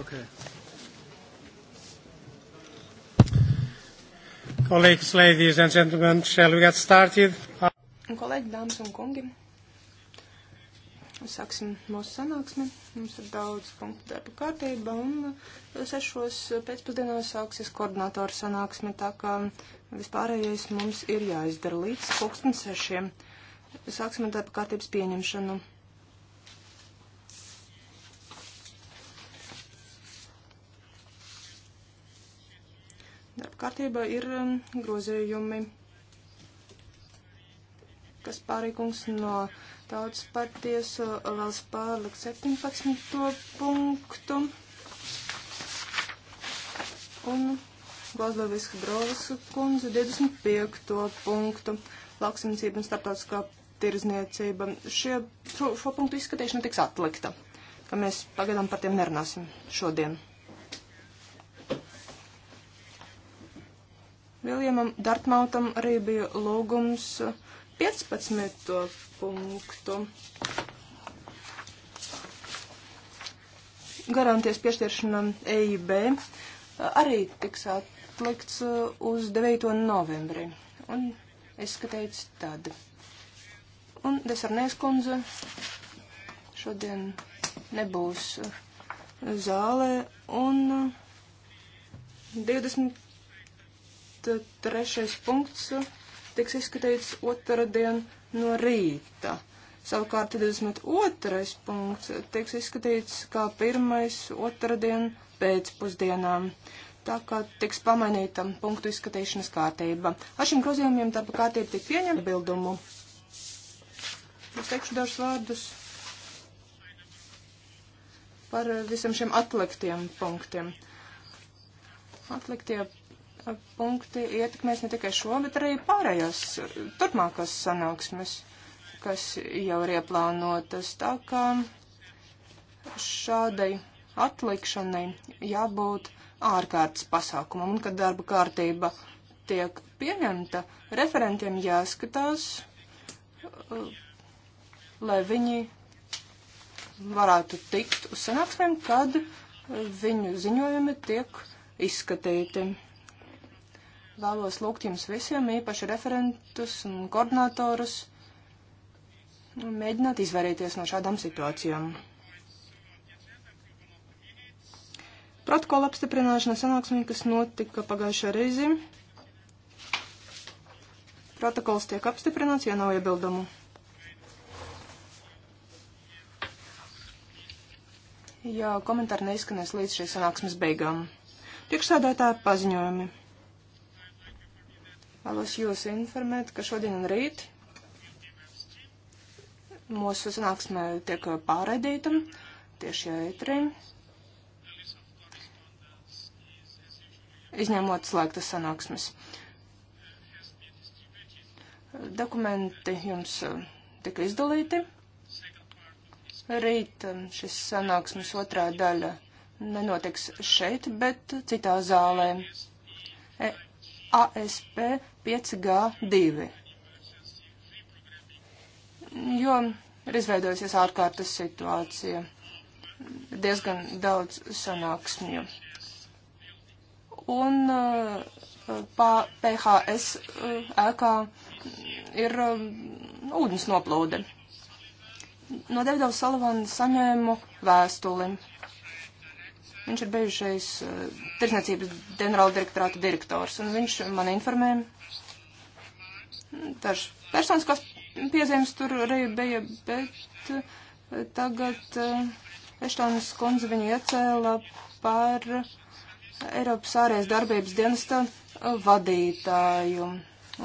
Okay. Colleagues, ladies and gentlemen, shall we get started? Un kolēģi, dāmas un kungi, sāksim mūsu sanāksmi. Mums ir daudz punktu darba kārtībā un sešos pēcpusdienā sāksies koordinātora sanāksme, tā kā vispārējais mums ir jāizdara līdz pulksten sešiem. Sāksim darba kārtības pieņemšanu. kārtībā ir um, grozījumi, kas pārīkums no tautas partijas uh, vēlas pārlikt 17. punktu. Un Gozloviska Brovas kundze 25. punktu. Lauksimniecība un starptautiskā tirzniecība. Šie, šo, šo punktu izskatīšana tiks atlikta, ka mēs pagaidām par tiem nerunāsim šodien. Viljamam Dartmautam arī bija lūgums 15. punktu. Garantijas piešķiršana EIB arī tiks atlikts uz 9. novembri. Un es skatēju tad. Un Desarnēs kundze šodien nebūs zālē un 20. Eh, trešais punkts eh, tiks izskatīts otrdien no rīta. Savukārt 22. punkts eh, tiks izskatīts kā pirmais otrdien pēcpusdienām. Tā kā tiks pamainīta punktu izskatīšanas kārtība. Ar šiem grozījumiem tā pa kārtība tik pieņem bildumu. Es teikšu dažus vārdus par visiem šiem atliktiem punktiem. Atliktie punkti ietekmēs ne tikai šo, bet arī pārējās turpmākās sanāksmes, kas jau ir ieplānotas. Tā kā šādai atlikšanai jābūt ārkārtas pasākumam, un kad darba kārtība tiek pieņemta, referentiem jāskatās, lai viņi varētu tikt uz sanāksmēm, kad viņu ziņojumi tiek izskatīti. Vēlos lūgt jums visiem, īpaši referentus un koordinatorus, un mēģināt izvairīties no šādām situācijām. Protokola apstiprināšana sanāksmī, kas notika pagājušā reizi. Protokols tiek apstiprināts, ja nav iebildumu. Ja komentāri neizskanēs līdz šīs sanāksmes beigām. Priekšsādātāja paziņojumi. Vēlos jūs informēt, ka šodien un rīt mūsu sanāksmē tiek pārraidīta tieši ētrī. E Izņemot slēgtas sanāksmes. Dokumenti jums uh, tika izdalīti. Rīt um, šis sanāksmes otrā daļa nenotiks šeit, bet citā zālē. E ASP 5G2. Jo ir izveidojusies ārkārtas situācija, diezgan daudz sanāksmju. Un pā, uh, PHS uh, ēkā ir um, ūdens noplūde. No Devdevas Salavana saņēmu vēstuli Viņš ir bijušais uh, tirsniecības ģenerāla direktorāta direktors, un viņš man informē. Dažs personiskās piezīmes tur arī bija, bet uh, tagad uh, eh, Eštānas kundze viņu iecēla par Eiropas ārējas darbības dienesta vadītāju,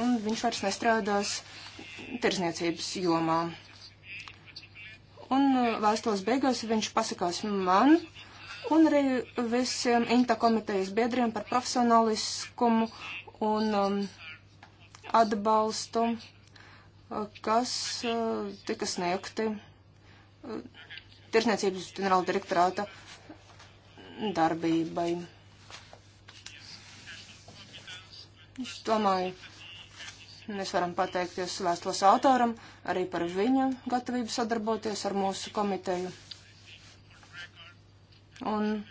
un viņš vairs nestrādās tirsniecības jomā. Un vēstules beigās viņš pasakās man, uh, un arī visiem INTA komitejas biedriem par profesionāliskumu un um, atbalstu, uh, kas uh, tika sniegti uh, Tirzniecības ģenerāla direktorāta darbībai. Es domāju, mēs varam pateikties vēstules autoram arī par viņa gatavību sadarboties ar mūsu komiteju un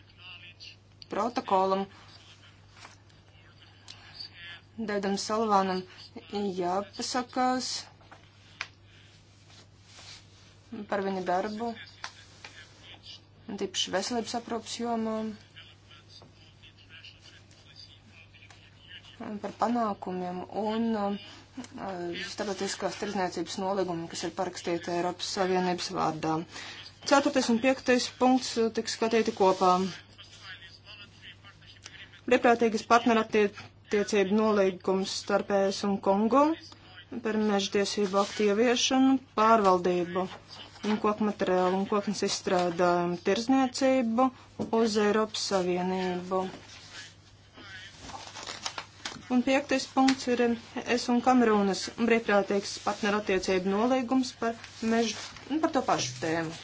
protokolam Dēdam Salvānam jāpasakās par viņa darbu, tīpaši veselības aprūpas jomām, par panākumiem un uh, starptautiskās tirdzniecības nolīgumi, kas ir parakstīti Eiropas Savienības vārdā. Uh, 4. un 5. punkts eh, tiks skatīti kopā. Brīvprātīgas partnerattiecību nolīgums starp ES un Kongo par mežtiesību aktīviešanu, pārvaldību un kokmateriālu un koknes izstrādājumu tirzniecību uz Eiropas Savienību. Un piektais punkts ir es un Kamerūnas brīvprātīgs partnerattiecību nolīgums par mežu, nu, par to pašu tēmu.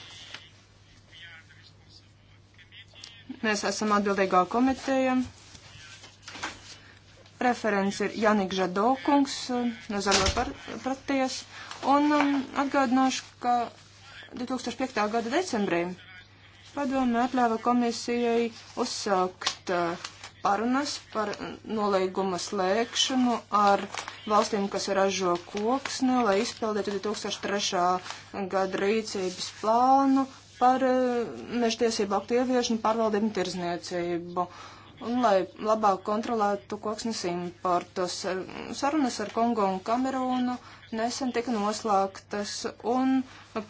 Mēs esam atbildīgā komiteja. Referents ir Janik Žadokungs no Zaļo partijas. Un um, atgādināšu, ka 2005. gada decembrī padome atļāva komisijai uzsākt uh, parunas par nolīguma slēgšanu ar valstīm, kas ražo koksni, lai izpildītu 2003. gada rīcības plānu par eh, mežtiesību aktu ieviešanu pārvaldību tirzniecību. Un, lai labāk kontrolētu koksnes importus, sarunas ar Kongo un Kamerūnu nesen tika noslēgtas, un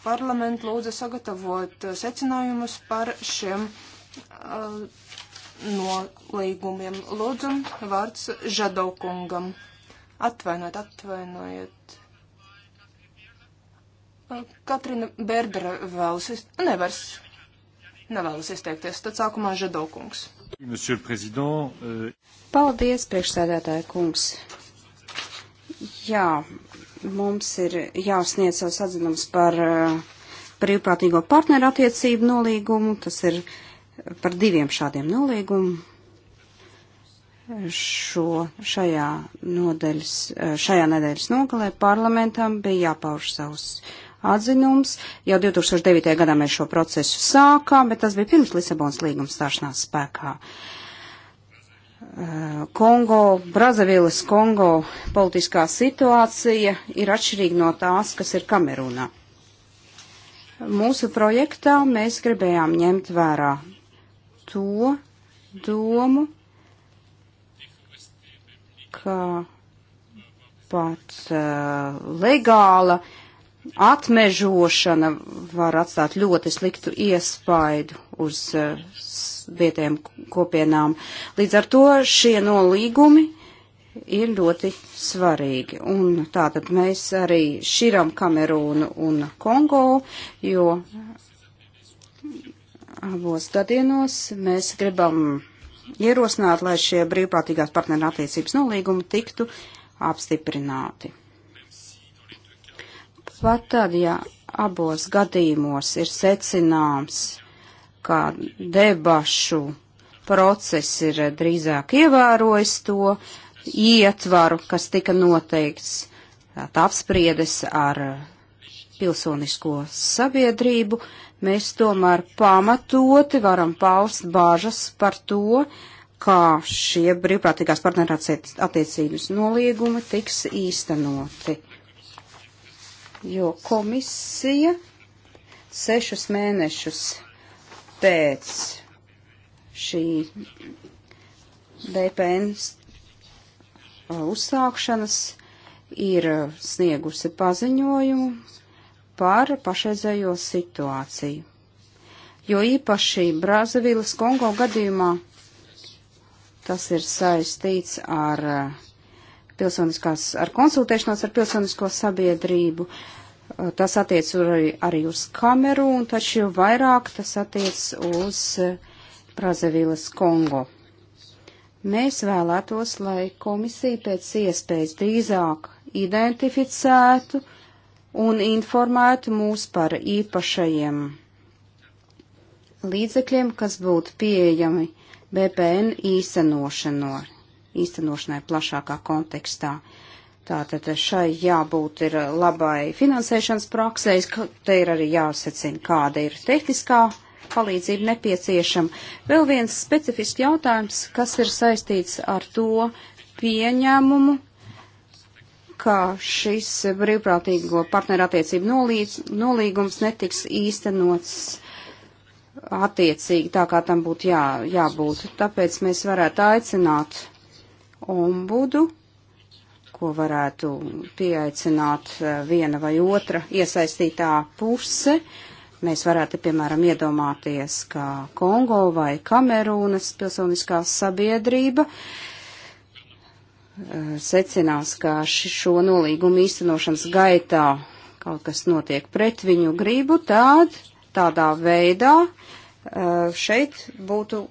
parlamentu lūdza sagatavot secinājumus par šiem uh, nolīgumiem. Lūdzu, vārds Žadokungam. Atvainojiet, atvainojiet. Katrina Berbera vēlas, iz... nevars, nevēlas izteikties, tad sākumā Žadokungs. Euh, Paldies, priekšsēdētāja kungs. Jā, mums ir jāsniedz savs atzinums uh, par brīvprātīgo partneru attiecību nolīgumu. Tas ir par diviem šādiem nolīgumiem. Šo, šajā, nodaļas, uh, šajā nedēļas nogalē parlamentam bija jāpauž savus uh, atzinums. Jau 2009. gadā mēs šo procesu sākām, bet tas bija pirms Lisabonas līguma stāšanās spēkā. Eh, Kongo, Brazavilas Kongo politiskā situācija ir atšķirīga no tās, kas ir Kamerunā. Mūsu projektā mēs gribējām ņemt vērā to domu, ka pat uh, legāla uh, atmežošana var atstāt ļoti sliktu iespaidu uz eh, vietējiem kopienām. Līdz ar to šie nolīgumi ir ļoti svarīgi. Un tātad mēs arī širam Kamerūnu un Kongo, jo abos gadienos mēs gribam ierosināt, lai šie brīvprātīgās partneru attiecības nolīgumi tiktu apstiprināti. Pat tad, ja abos gadījumos ir secināms, ka debašu process ir eh, drīzāk ievērojis to ietvaru, kas tika noteikts apspriedes ar eh, pilsonisko sabiedrību, mēs tomēr pamatoti varam paust bāžas par to, kā šie brīvprātīgās partnerattiecības noliegumi tiks īstenoti jo komisija sešus mēnešus pēc šī DPN uzsākšanas ir sniegusi paziņojumu par pašreizējo situāciju. Jo īpaši Brazavilas Kongo gadījumā tas ir saistīts ar uh, pilsoniskās, ar konsultēšanos ar pilsonisko sabiedrību. Uh, tas attiec arī, arī uz kameru, un taču vairāk tas attiec uz uh, Brazavilas Kongo. Mēs vēlētos, lai komisija pēc iespējas drīzāk identificētu un informētu mūs par īpašajiem līdzekļiem, kas būtu pieejami BPN īstenošanai īstenošanai plašākā kontekstā. Tātad šai jābūt ir labai finansēšanas praksēs, te ir arī jāsacina, kāda ir tehniskā palīdzība nepieciešama. Vēl viens specifisks jautājums, kas ir saistīts ar to pieņēmumu, ka šis brīvprātīgo partnerattiecību nolīdz, nolīgums netiks īstenots attiecīgi tā, kā tam būtu jā, jābūt. Tāpēc mēs varētu aicināt ombudu, ko varētu pieaicināt eh, viena vai otra iesaistītā puse. Mēs varētu, piemēram, iedomāties, ka Kongo vai Kamerūnas pilsoniskā sabiedrība eh, secinās, ka šo nolīgumu īstenošanas gaitā kaut kas notiek pret viņu gribu, tād, tādā veidā eh, šeit būtu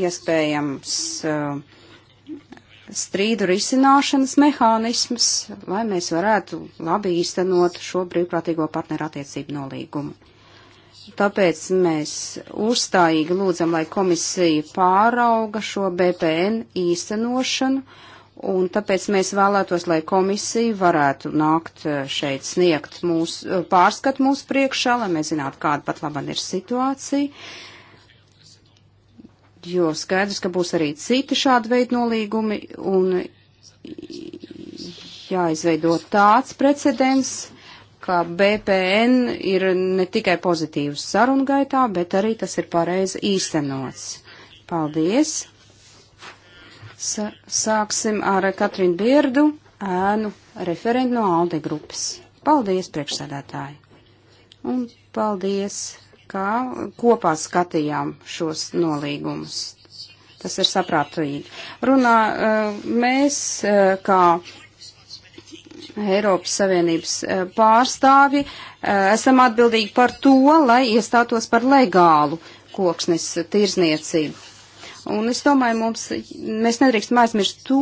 iespējams uh, strīdu risināšanas mehānismus, lai mēs varētu labi īstenot šo brīvprātīgo partneru attiecību nolīgumu. Tāpēc mēs uzstājīgi lūdzam, lai komisija pārauga šo BPN īstenošanu, un tāpēc mēs vēlētos, lai komisija varētu nākt eh, šeit sniegt mūsu, eh, pārskat mūsu priekšā, lai mēs zinātu, kāda pat laban ir situācija. Uh, jo skaidrs, ka būs arī citi šādi veidi nolīgumi un jāizveido tāds precedents, ka BPN ir ne tikai pozitīvs sarunu gaitā, bet arī tas ir pareizi īstenots. Paldies! S sāksim ar Katrinu Bierdu, ēnu referentu no Alde grupas. Paldies, priekšsēdētāji! Un paldies kā kopā skatījām šos nolīgumus. Tas ir saprātīgi. Runā, eh, mēs eh, kā Eiropas Savienības eh, pārstāvi esam atbildīgi par to, lai iestātos par legālu koksnes tirzniecību. Un es domāju, mums, mēs nedrīkstam aizmirst to,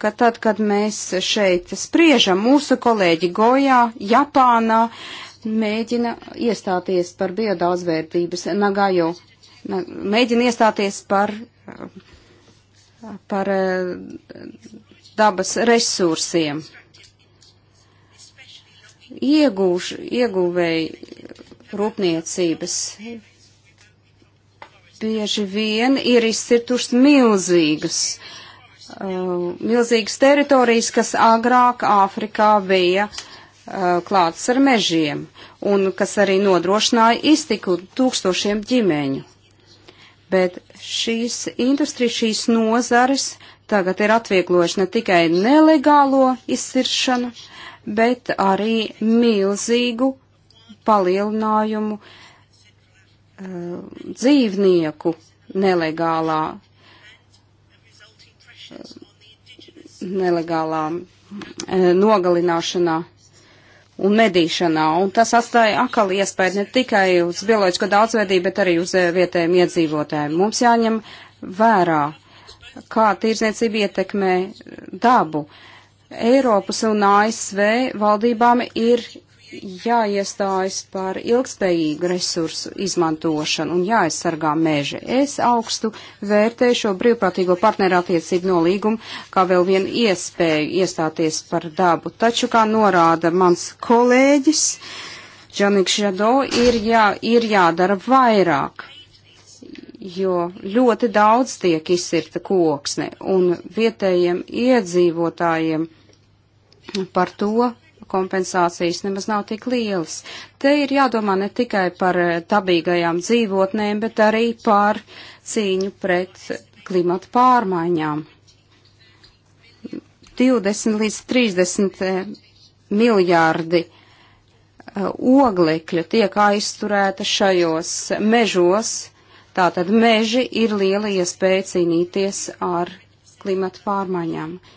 ka tad, kad mēs šeit spriežam mūsu kolēģi Gojā, Japānā, uh, mēģina iestāties par biodaudzvērtības nagājo, mēģina iestāties par, par eh, dabas resursiem. Iegūš, ieguvēji rūpniecības bieži vien ir izcirtušas milzīgas, uh, milzīgas teritorijas, kas agrāk Āfrikā bija uh, Uh, klāts ar mežiem, un kas arī nodrošināja iztiku tūkstošiem ģimeņu. Bet šīs industrijas, šīs nozares tagad ir atvieglojuši ne tikai nelegālo izciršanu, bet arī milzīgu palielinājumu uh, dzīvnieku nelegālā, uh, nelegālā uh, nogalināšanā un medīšanā, un tas atstāja akal iespēju ne tikai uz bioloģisko daudzveidību, bet arī uz eh, vietējiem iedzīvotājiem. Mums jāņem vērā, kā tīrzniecība ietekmē dabu. Eiropas un ASV valdībām ir jāiestājas par ilgspējīgu resursu izmantošanu un jāaizsargā meža. Es augstu vērtēju šo brīvprātīgo partnerattiecību nolīgumu kā vēl vienu iespēju iestāties par dabu. Taču, kā norāda mans kolēģis, Džaniks Žado, ir, jā, ir jādara vairāk, jo ļoti daudz tiek izsirta koksne un vietējiem iedzīvotājiem par to kompensācijas nemaz nav tik lielas. Te ir jādomā ne tikai par eh, dabīgajām dzīvotnēm, bet arī par cīņu pret klimatu pārmaiņām. 20 līdz 30 eh, miljārdi eh, oglekļa tiek aizturēta šajos mežos. Tātad meži ir liela iespēja cīnīties ar klimatu pārmaiņām. Uh,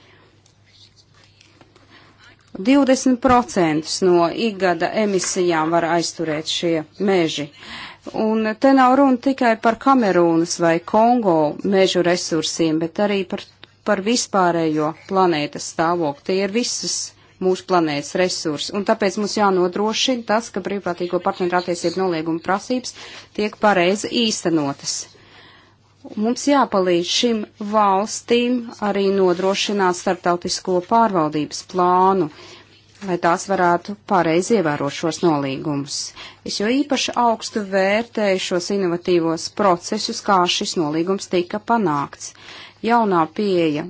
20% no ikgada emisijām var aizturēt šie meži. Un te nav runa tikai par Kamerūnas vai Kongo mežu resursiem, bet arī par, par vispārējo planētas stāvokli. Tie ir visas mūsu planētas resursi. Un tāpēc mums jānodrošina tas, ka brīvprātīgo partneru attiecību nolieguma prasības tiek pareizi īstenotas. Mums jāpalīdz šim valstīm arī nodrošināt starptautisko pārvaldības plānu, lai tās varētu pareizi ievērot šos nolīgumus. Es jo īpaši augstu vērtēju šos inovatīvos procesus, kā šis nolīgums tika panākts. Jaunā pieeja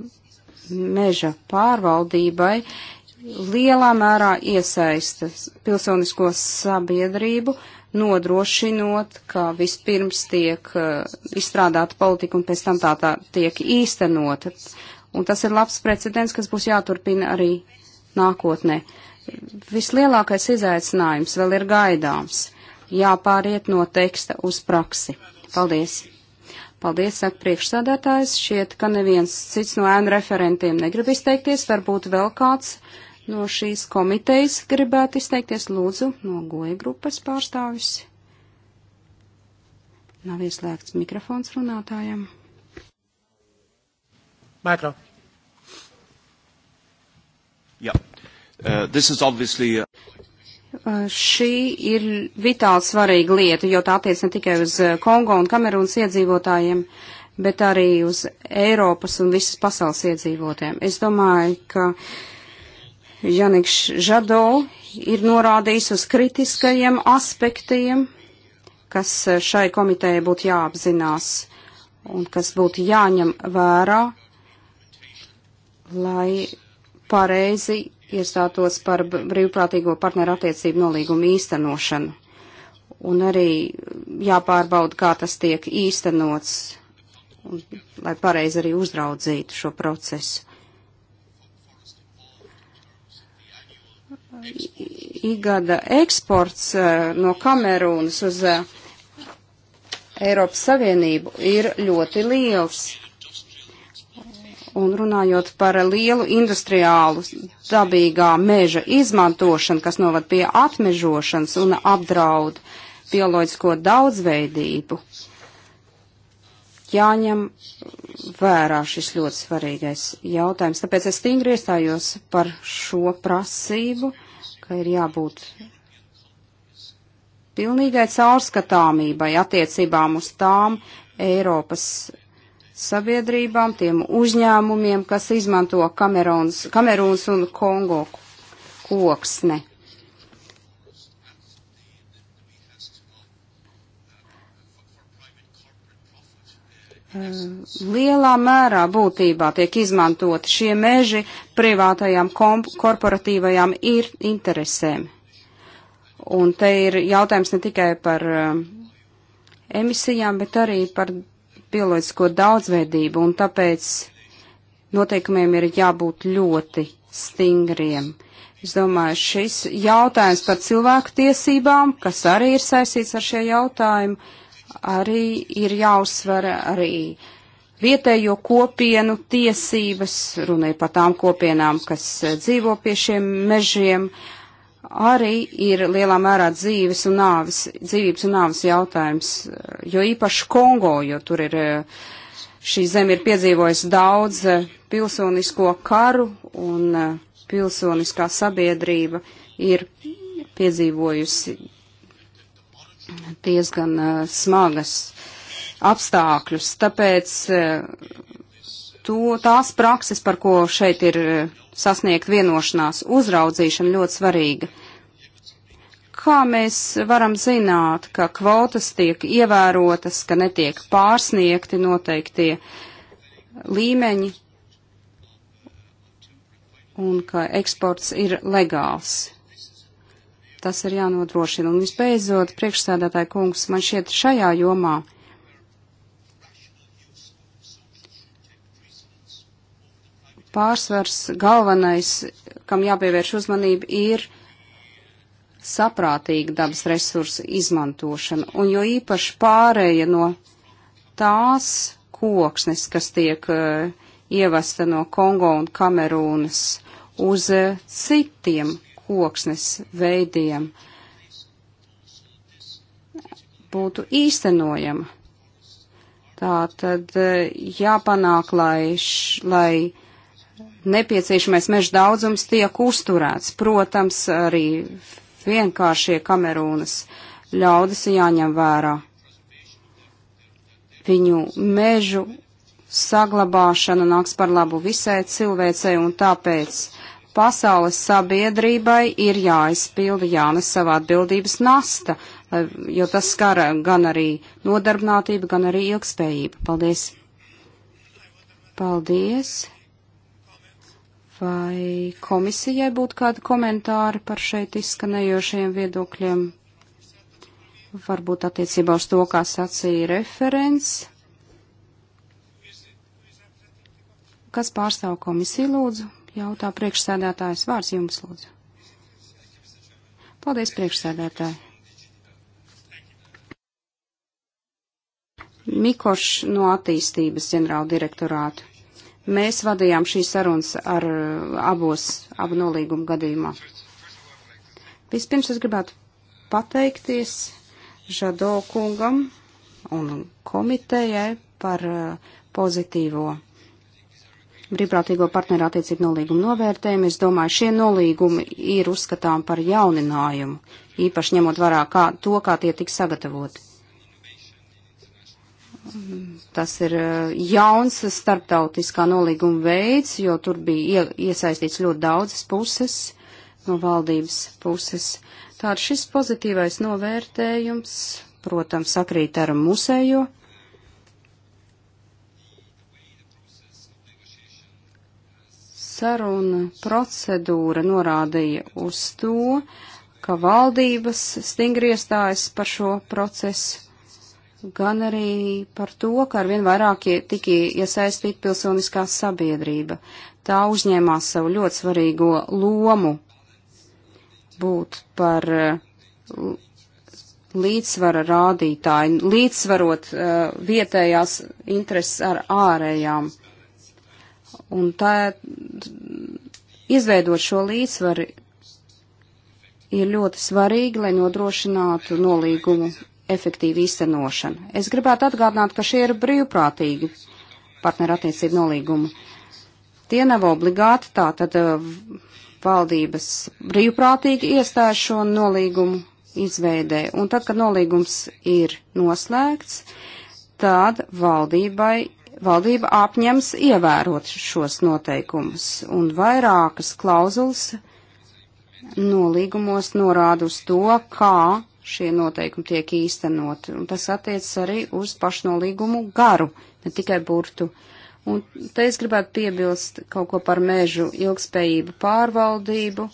meža pārvaldībai lielā mērā iesaista pilsonisko sabiedrību, nodrošinot, ka vispirms tiek eh, izstrādāta politika un pēc tam tā, tā tiek īstenota. Un tas ir labs precedents, kas būs jāturpina arī nākotnē. Vislielākais izaicinājums vēl ir gaidāms. Jāpāriet no teksta uz praksi. Paldies! Paldies, saka priekšsādātājs. Šiet, ka neviens cits no ēnu referentiem negrib izteikties, varbūt vēl kāds no šīs komitejas gribētu izteikties lūdzu no goja grupas pārstāvis. Nav ieslēgts mikrofons runātājam. Mikro. Jā. Yeah. Uh, this is obviously uh... Šī ir vitāli svarīga lieta, jo tā attiec ne tikai uz uh, Kongo un Kamerūnas iedzīvotājiem, bet arī uz Eiropas un visas pasaules iedzīvotājiem. Es domāju, ka Janikš Žado ir norādījis uz kritiskajiem aspektiem, kas eh, šai komitejai būtu jāapzinās un kas būtu jāņem vērā, lai pareizi iestātos par brīvprātīgo partneru attiecību nolīgumu īstenošanu. Un arī jāpārbauda, kā tas tiek īstenots, un, lai pareizi arī uzraudzītu šo procesu. igada eksports eh, no Kamerūnas uz eh, Eiropas Savienību ir ļoti liels. Un runājot par lielu industriālu dabīgā meža izmantošanu, kas novad pie atmežošanas un apdraud bioloģisko daudzveidību, jāņem vērā šis ļoti svarīgais jautājums. Tāpēc es stingri iestājos par šo prasību ka ir jābūt pilnīgai caurskatāmībai attiecībām uz tām Eiropas sabiedrībām, tiem uzņēmumiem, kas izmanto Kamerons, Kamerons un Kongo koksne. Eh, lielā mērā būtībā tiek izmantoti šie meži privātajām korporatīvajām ir interesēm. Un te ir jautājums ne tikai par um, emisijām, bet arī par bioloģisko daudzveidību, un tāpēc noteikumiem ir jābūt ļoti stingriem. Es domāju, šis jautājums par cilvēku tiesībām, kas arī ir saistīts ar šie jautājumu, uh, arī ir jāuzsver arī vietējo kopienu tiesības, runai par tām kopienām, kas eh, dzīvo pie šiem mežiem, arī ir lielā mērā dzīves un nāvis, dzīvības un nāvis jautājums, eh, jo īpaši Kongo, jo tur ir eh, šī zeme ir piedzīvojusi daudz pilsonisko karu un pilsoniskā sabiedrība ir piedzīvojusi diezgan eh, smagas apstākļus. Tāpēc eh, to, tās prakses, par ko šeit ir eh, sasniegt vienošanās, uzraudzīšana ļoti svarīga. Kā mēs varam zināt, ka kvotas tiek ievērotas, ka netiek pārsniegti noteiktie līmeņi un ka eksports ir legāls? tas ir jānodrošina. Un visbeidzot, priekšstādātāja kungs, man šķiet šajā jomā pārsvars galvenais, kam jāpievērš uzmanība, ir saprātīga dabas resursu izmantošana, un jo īpaši pārēja no tās koksnes, kas tiek uh, ievesta no Kongo un Kamerūnas, uz uh, citiem koksnes veidiem būtu īstenojama. Tā tad e, jāpanāk, lai, š, lai nepieciešamais meža daudzums tiek uzturēts. Protams, arī vienkāršie kamerūnas ļaudis jāņem vērā. Viņu mežu saglabāšana nāks par labu visai cilvēcei un tāpēc pasaules sabiedrībai ir jāizpilda, jānes savā atbildības nasta, jo tas skar gan arī nodarbinātību, gan arī ilgspējību. Paldies! Paldies! Vai komisijai būtu kādi komentāri par šeit izskanējošiem viedokļiem? Varbūt attiecībā uz to, kā sacīja referents. Kas pārstāv komisiju, lūdzu? jautā priekšsēdētājs. Vārds jums, lūdzu. Paldies, priekšsēdētāji. Mikoš no attīstības ģenerāla direktorātu. Mēs vadījām šīs sarunas ar uh, abos, abu nolīgumu gadījumā. Vispirms es gribētu pateikties Žado kungam un komitejai par uh, pozitīvo brīvprātīgo partneru attiecību nolīgumu novērtējumu. Es domāju, šie nolīgumi ir uzskatām par jauninājumu, īpaši ņemot vērā kā, to, kā tie tika sagatavoti. Tas ir eh, jauns starptautiskā nolīguma veids, jo tur bija iesaistīts ļoti daudzas puses no valdības puses. Tātad šis pozitīvais novērtējums, protams, sakrīt ar musējo saruna procedūra norādīja uz to, ka valdības stingri iestājas par šo procesu, gan arī par to, ka arvien vairāk tika iesaistīta pilsoniskā sabiedrība. Tā uzņēmās savu ļoti svarīgo lomu būt par uh, līdzsvara rādītāji, līdzsvarot uh, vietējās intereses ar ārējām. Un tā izveidot šo līdzsvaru ir ļoti svarīgi, lai nodrošinātu nolīgumu efektīvu īstenošanu. Es gribētu atgādināt, ka šie ir brīvprātīgi partnerattiecību nolīgumi. Tie nav obligāti, tā tad eh, valdības brīvprātīgi iestāja šo nolīgumu izveidē. Un tad, kad nolīgums ir noslēgts, tad valdībai valdība apņems ievērot šos noteikumus, un vairākas klauzulas nolīgumos norāda uz to, kā šie noteikumi tiek īstenot, un tas attiecas arī uz pašnolīgumu garu, ne tikai burtu. Un te es gribētu piebilst kaut ko par mežu ilgspējību pārvaldību,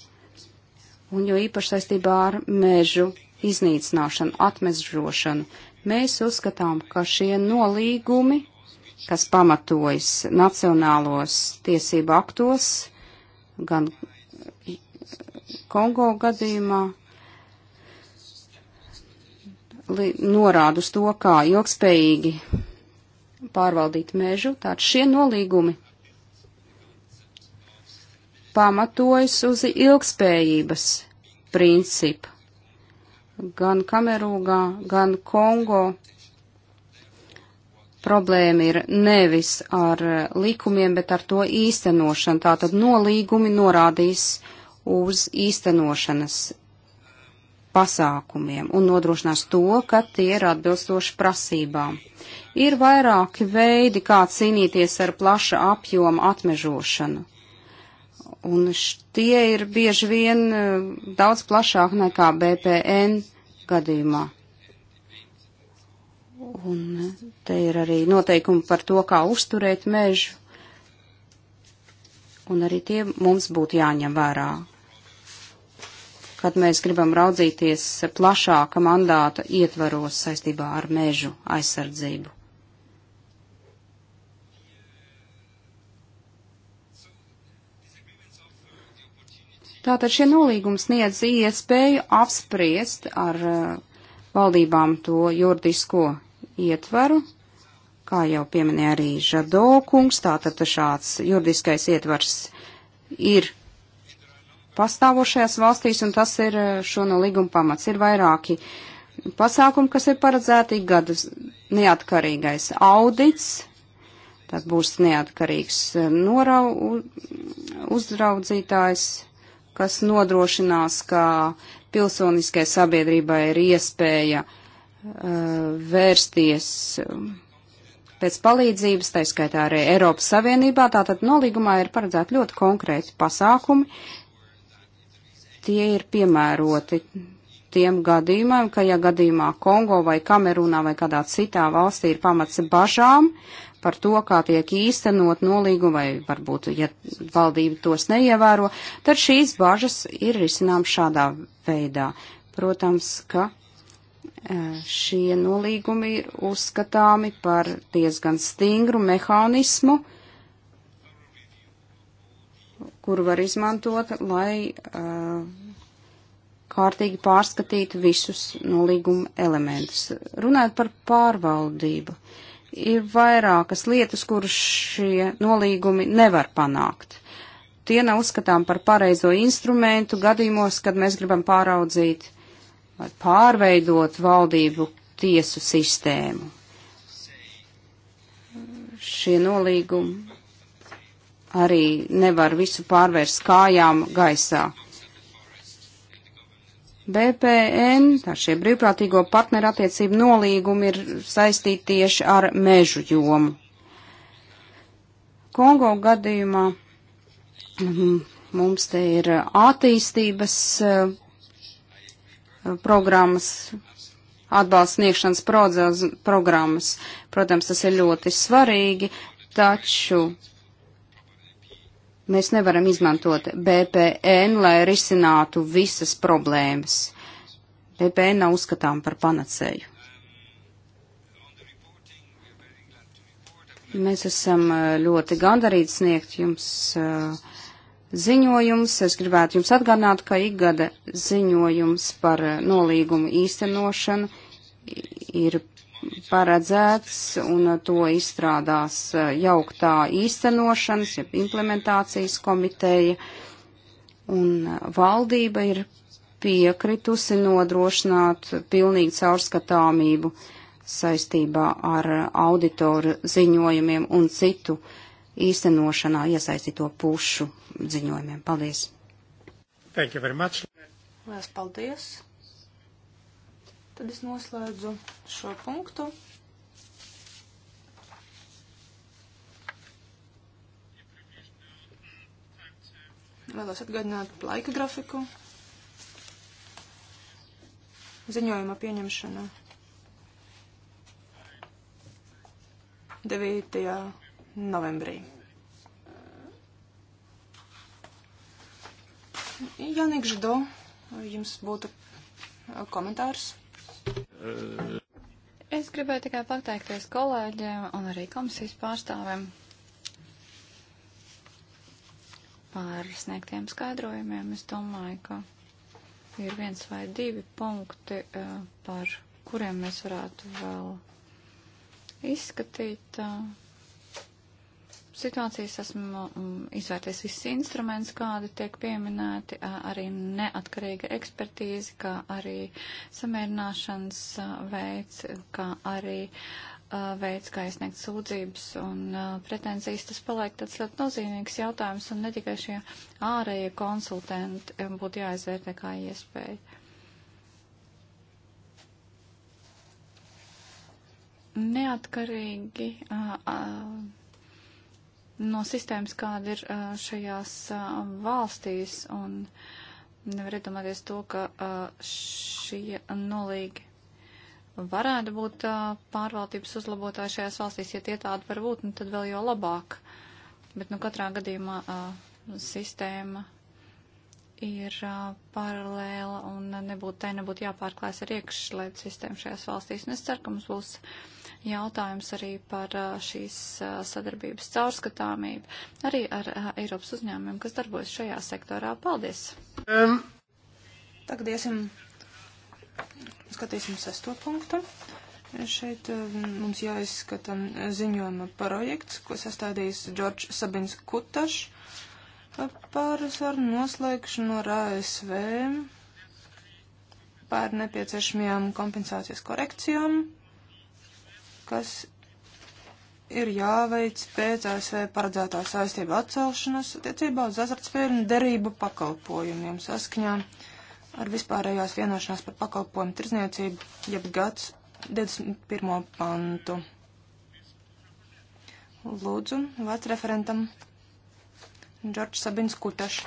un jo īpaši saistībā ar mežu iznīcināšanu, atmezžošanu. Mēs uzskatām, ka šie nolīgumi kas pamatojas nacionālos tiesību aktos, gan Kongo gadījumā, norāda uz to, kā ilgspējīgi pārvaldīt mežu. Tātad šie nolīgumi pamatojas uz ilgspējības principu. Gan Kamerūgā, gan Kongo problēma ir nevis ar eh, likumiem, bet ar to īstenošanu. Tātad nolīgumi norādīs uz īstenošanas pasākumiem un nodrošinās to, ka tie ir atbilstoši prasībām. Ir vairāki veidi, kā cīnīties ar plaša apjoma atmežošanu. Un tie ir bieži vien eh, daudz plašāk nekā BPN gadījumā. Un te ir arī noteikumi par to, kā uzturēt mežu. Un arī tie mums būtu jāņem vērā. Kad mēs gribam raudzīties plašāka mandāta ietvaros saistībā ar mežu aizsardzību. Tātad šie nolīgumi sniedz iespēju apspriest ar uh, valdībām to juridisko ietvaru, kā jau pieminēja arī Žado kungs, tātad šāds juridiskais ietvars ir pastāvošajās valstīs, un tas ir eh, šo no līguma pamats. Ir vairāki pasākumi, kas ir paredzēti gadus neatkarīgais audits, tad būs neatkarīgs eh, norau, uzraudzītājs, kas nodrošinās, ka pilsoniskai sabiedrībai ir iespēja uh, Uh, vērsties pēc palīdzības, tā skaitā arī Eiropas Savienībā. Tātad nolīgumā ir paredzēti ļoti konkrēti pasākumi. Tie ir piemēroti tiem gadījumiem, ka ja gadījumā Kongo vai Kamerunā vai kādā citā valstī ir pamats bažām par to, kā tiek īstenot nolīgumi vai varbūt, ja valdība tos neievēro, tad šīs bažas ir risinām šādā veidā. Protams, ka šie nolīgumi ir uzskatāmi par diezgan stingru mehānismu, kuru var izmantot, lai uh, kārtīgi pārskatītu visus nolīguma elementus. Runājot par pārvaldību, ir vairākas lietas, kuras šie nolīgumi nevar panākt. Tie nav uzskatām par pareizo instrumentu gadījumos, kad mēs gribam pāraudzīt lai pārveidot valdību tiesu sistēmu. Šie nolīgumi arī nevar visu pārvērst kājām gaisā. BPN, tā šie brīvprātīgo partnerattiecību nolīgumi ir saistīti tieši ar mežu jomu. Kongo gadījumā mm, mums te ir attīstības eh, programmas, atbalsts sniegšanas prodzēs, programmas. Protams, tas ir ļoti svarīgi, taču mēs nevaram izmantot BPN, lai risinātu visas problēmas. BPN nav uzskatām par panacēju. Mēs esam eh, ļoti gandarīti sniegt jums uh, ziņojums. Es gribētu jums atgādināt, ka ikgada ziņojums par eh, nolīgumu īstenošanu ir paredzēts un eh, to izstrādās eh, jauktā īstenošanas, jeb implementācijas komiteja. Un valdība ir piekritusi nodrošināt pilnīgu caurskatāmību saistībā ar auditoru ziņojumiem un citu uh, īstenošanā iesaistīto pušu ziņojumiem. Paldies! Thank you very much. Lielas paldies! Tad es noslēdzu šo punktu. Vēlos atgādināt laika grafiku. Ziņojuma pieņemšana 9 novembrī. Janik Žado, jums būtu uh, komentārs? Es gribēju tikai pateikties kolēģiem un arī komisijas pārstāvēm par sniegtiem skaidrojumiem. Es domāju, ka ir viens vai divi punkti, uh, par kuriem mēs varētu vēl izskatīt. Uh, situācijas esmu mm, izvērties visi instruments, kādi tiek pieminēti, arī neatkarīga ekspertīze, kā arī samierināšanas veids, kā arī veids, kā iesniegt sūdzības un pretenzijas. Tas paliek tāds ļoti nozīmīgs jautājums, un ne tikai šie ārējie konsultanti um, būtu jāizvērtē kā iespēja. Neatkarīgi. Uh, uh, no sistēmas, kāda ir šajās valstīs, un nevar iedomāties to, ka šie nolīgi varētu būt pārvaldības uzlabotāji šajās valstīs, ja tie tādi var būt, nu tad vēl jau labāk. Bet, nu, katrā gadījumā sistēma ir uh, paralēla un nebūtu, tai nebūtu jāpārklājas ar iekšlietu sistēmu šajās valstīs. Un es ceru, ka mums būs jautājums arī par šīs sadarbības caurskatāmību, arī ar Eiropas uzņēmumiem, kas darbojas šajā sektorā. Paldies! Um. Tagad iesim, skatīsim sesto punktu. Šeit mums jāizskata ziņojuma projekts, ko sastādījis Džordžs Sabins Kutašs par sarunu noslēgšanu ar ASV par nepieciešamajām kompensācijas korekcijām kas ir jāveic pēc ASV paredzētā saistība atcelšanas attiecībā uz azartspēļu un derību pakalpojumiem saskaņā ar vispārējās vienošanās par pakalpojumu tirzniecību, jeb gads 21. pantu. Lūdzu, vārds referentam. Džordžs Sabins Kutaš.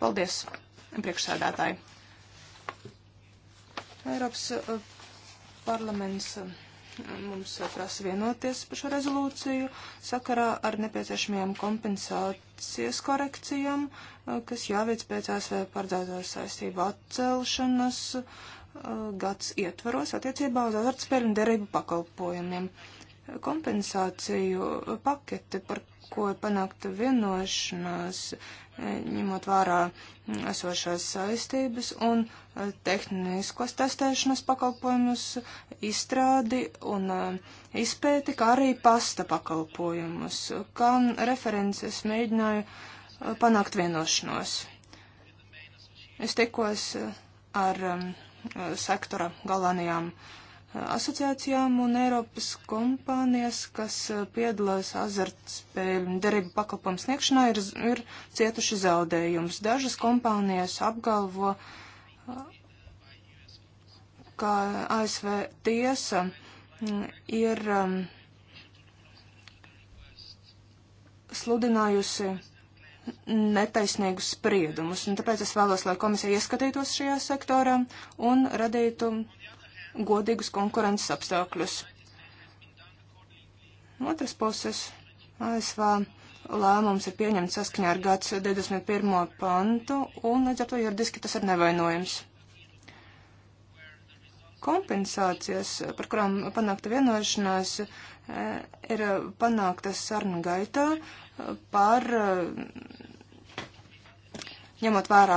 Paldies, priekšsēdētāji. Eiropas eh, parlaments eh, Mums prasa vienoties par šo rezolūciju sakarā ar nepieciešamajām kompensācijas korekcijām, eh, kas jāveic pēc ASV paredzētās saistību atcelšanas eh, gads ietvaros attiecībā uz azartspēļu un derību pakalpojumiem. Uh, kompensāciju paketi, par ko ir panākta vienošanās, eh, ņemot vērā esošās saistības un eh, tehniskos testēšanas pakalpojumus, izstrādi un eh, izpēti, kā arī pasta pakalpojumus, kā references mēģināju panākt vienošanos. Es tikos ar sektora galvenajām uh, asociācijām un Eiropas kompānijas, kas eh, piedalās azartspēļu un derību pakalpojumu sniegšanā, ir, ir cietuši zaudējumus. Dažas kompānijas apgalvo, eh, ka ASV tiesa mm, ir mm, sludinājusi netaisnīgus spriedumus, un tāpēc es vēlos, lai komisija ieskatītos šajā sektorā un radītu godīgus konkurences apstākļus. No otras puses, ASV lēmums ir pieņemts saskaņā ar gads 21. pantu, un līdz ar to juridiski tas ir nevainojams. Kompensācijas, par kurām panākta vienošanās, e, ir panāktas sarunu gaitā par e, ņemot vērā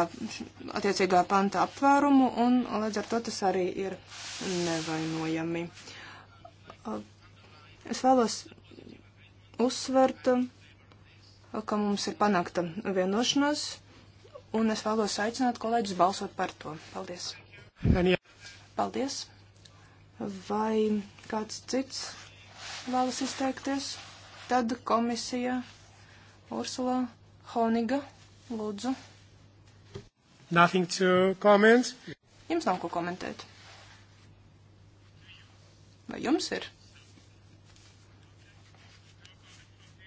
attiecīgā panta aptvērumu, un līdz ar to tas arī ir nevainojami. Uh, es vēlos uzsvert, uh, ka mums ir panākta vienošanās, un es vēlos aicināt kolēģus balsot par to. Paldies! Paldies! Vai kāds cits vēlas izteikties? Tad komisija Ursula Honiga, lūdzu. Nothing to comment. Jums nav ko komentēt. Vai jums ir?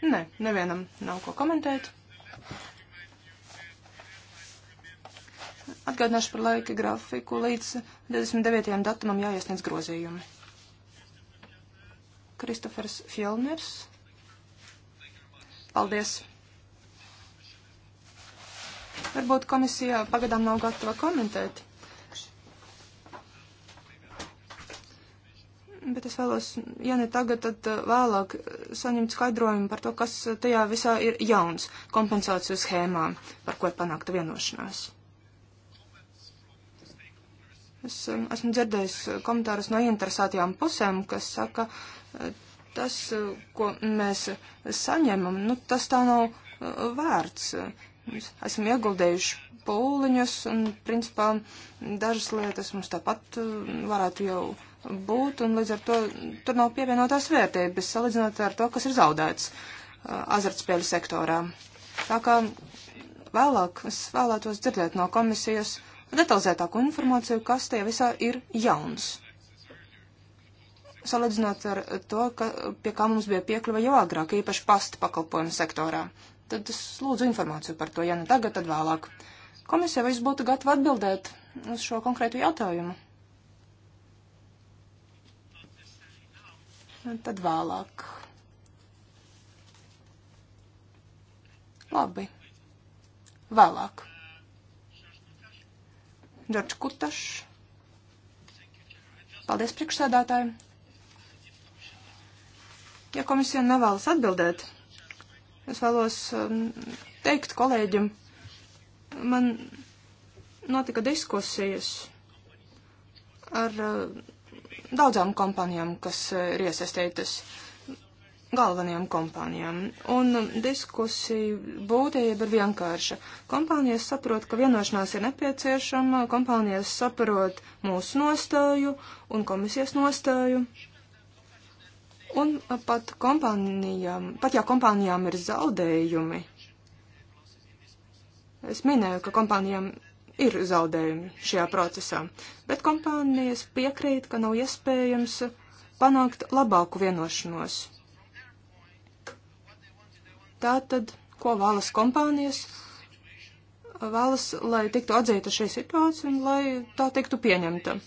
Nē, nevienam nav ko komentēt. Atgādināšu par laika grafiku. Līdz 29. datumam jāiesniedz grozījumi. Kristofers Fjellners. Paldies! Varbūt komisija pagadām nav gatava komentēt. Bet es vēlos, ja ne tagad, tad uh, vēlāk saņemt skaidrojumu par to, kas tajā visā ir jauns kompensāciju schēmā, par ko ir panākta vienošanās. Es um, esmu dzirdējis komentārus no interesētajām pusēm, kas saka, uh, tas, uh, ko mēs saņemam, nu, tas tā nav vērts esam ieguldējuši pūliņus un, principā, dažas lietas mums tāpat uh, varētu jau būt, un līdz ar to tur nav pievienotās vērtības, salīdzinot ar to, kas ir zaudēts uh, azartspēļu sektorā. Tā kā vēlāk es vēlētos dzirdēt no komisijas detalizētāku informāciju, kas tajā visā ir jauns. Salīdzinot ar to, ka, pie kā mums bija piekļuva jau agrāk, īpaši pasta pakalpojumu sektorā tad es lūdzu informāciju par to, ja ne nu tagad, tad vēlāk. Komisija vai jūs būtu gatavi atbildēt uz šo konkrētu jautājumu? Un nu, tad vēlāk. Labi. Vēlāk. Džordž Kutašs. Paldies priekšsēdātājiem. Ja komisija nevēlas atbildēt, Es vēlos um, teikt kolēģim, man notika diskusijas ar uh, daudzām kompānijām, kas uh, ir iesaistītas galvenajām kompānijām. Un um, diskusija būtība ir vienkārša. Kompānijas saprot, ka vienošanās ir nepieciešama, kompānijas saprot mūsu nostāju un komisijas nostāju. Uh, Un uh, pat kompānijām, pat ja kompānijām ir zaudējumi, es minēju, ka kompānijām ir zaudējumi šajā procesā, bet kompānijas piekrīt, ka nav iespējams panākt labāku vienošanos. Tātad, ko vēlas kompānijas? Vēlas, lai tiktu atzīta šī situācija un lai tā tiktu pieņemta.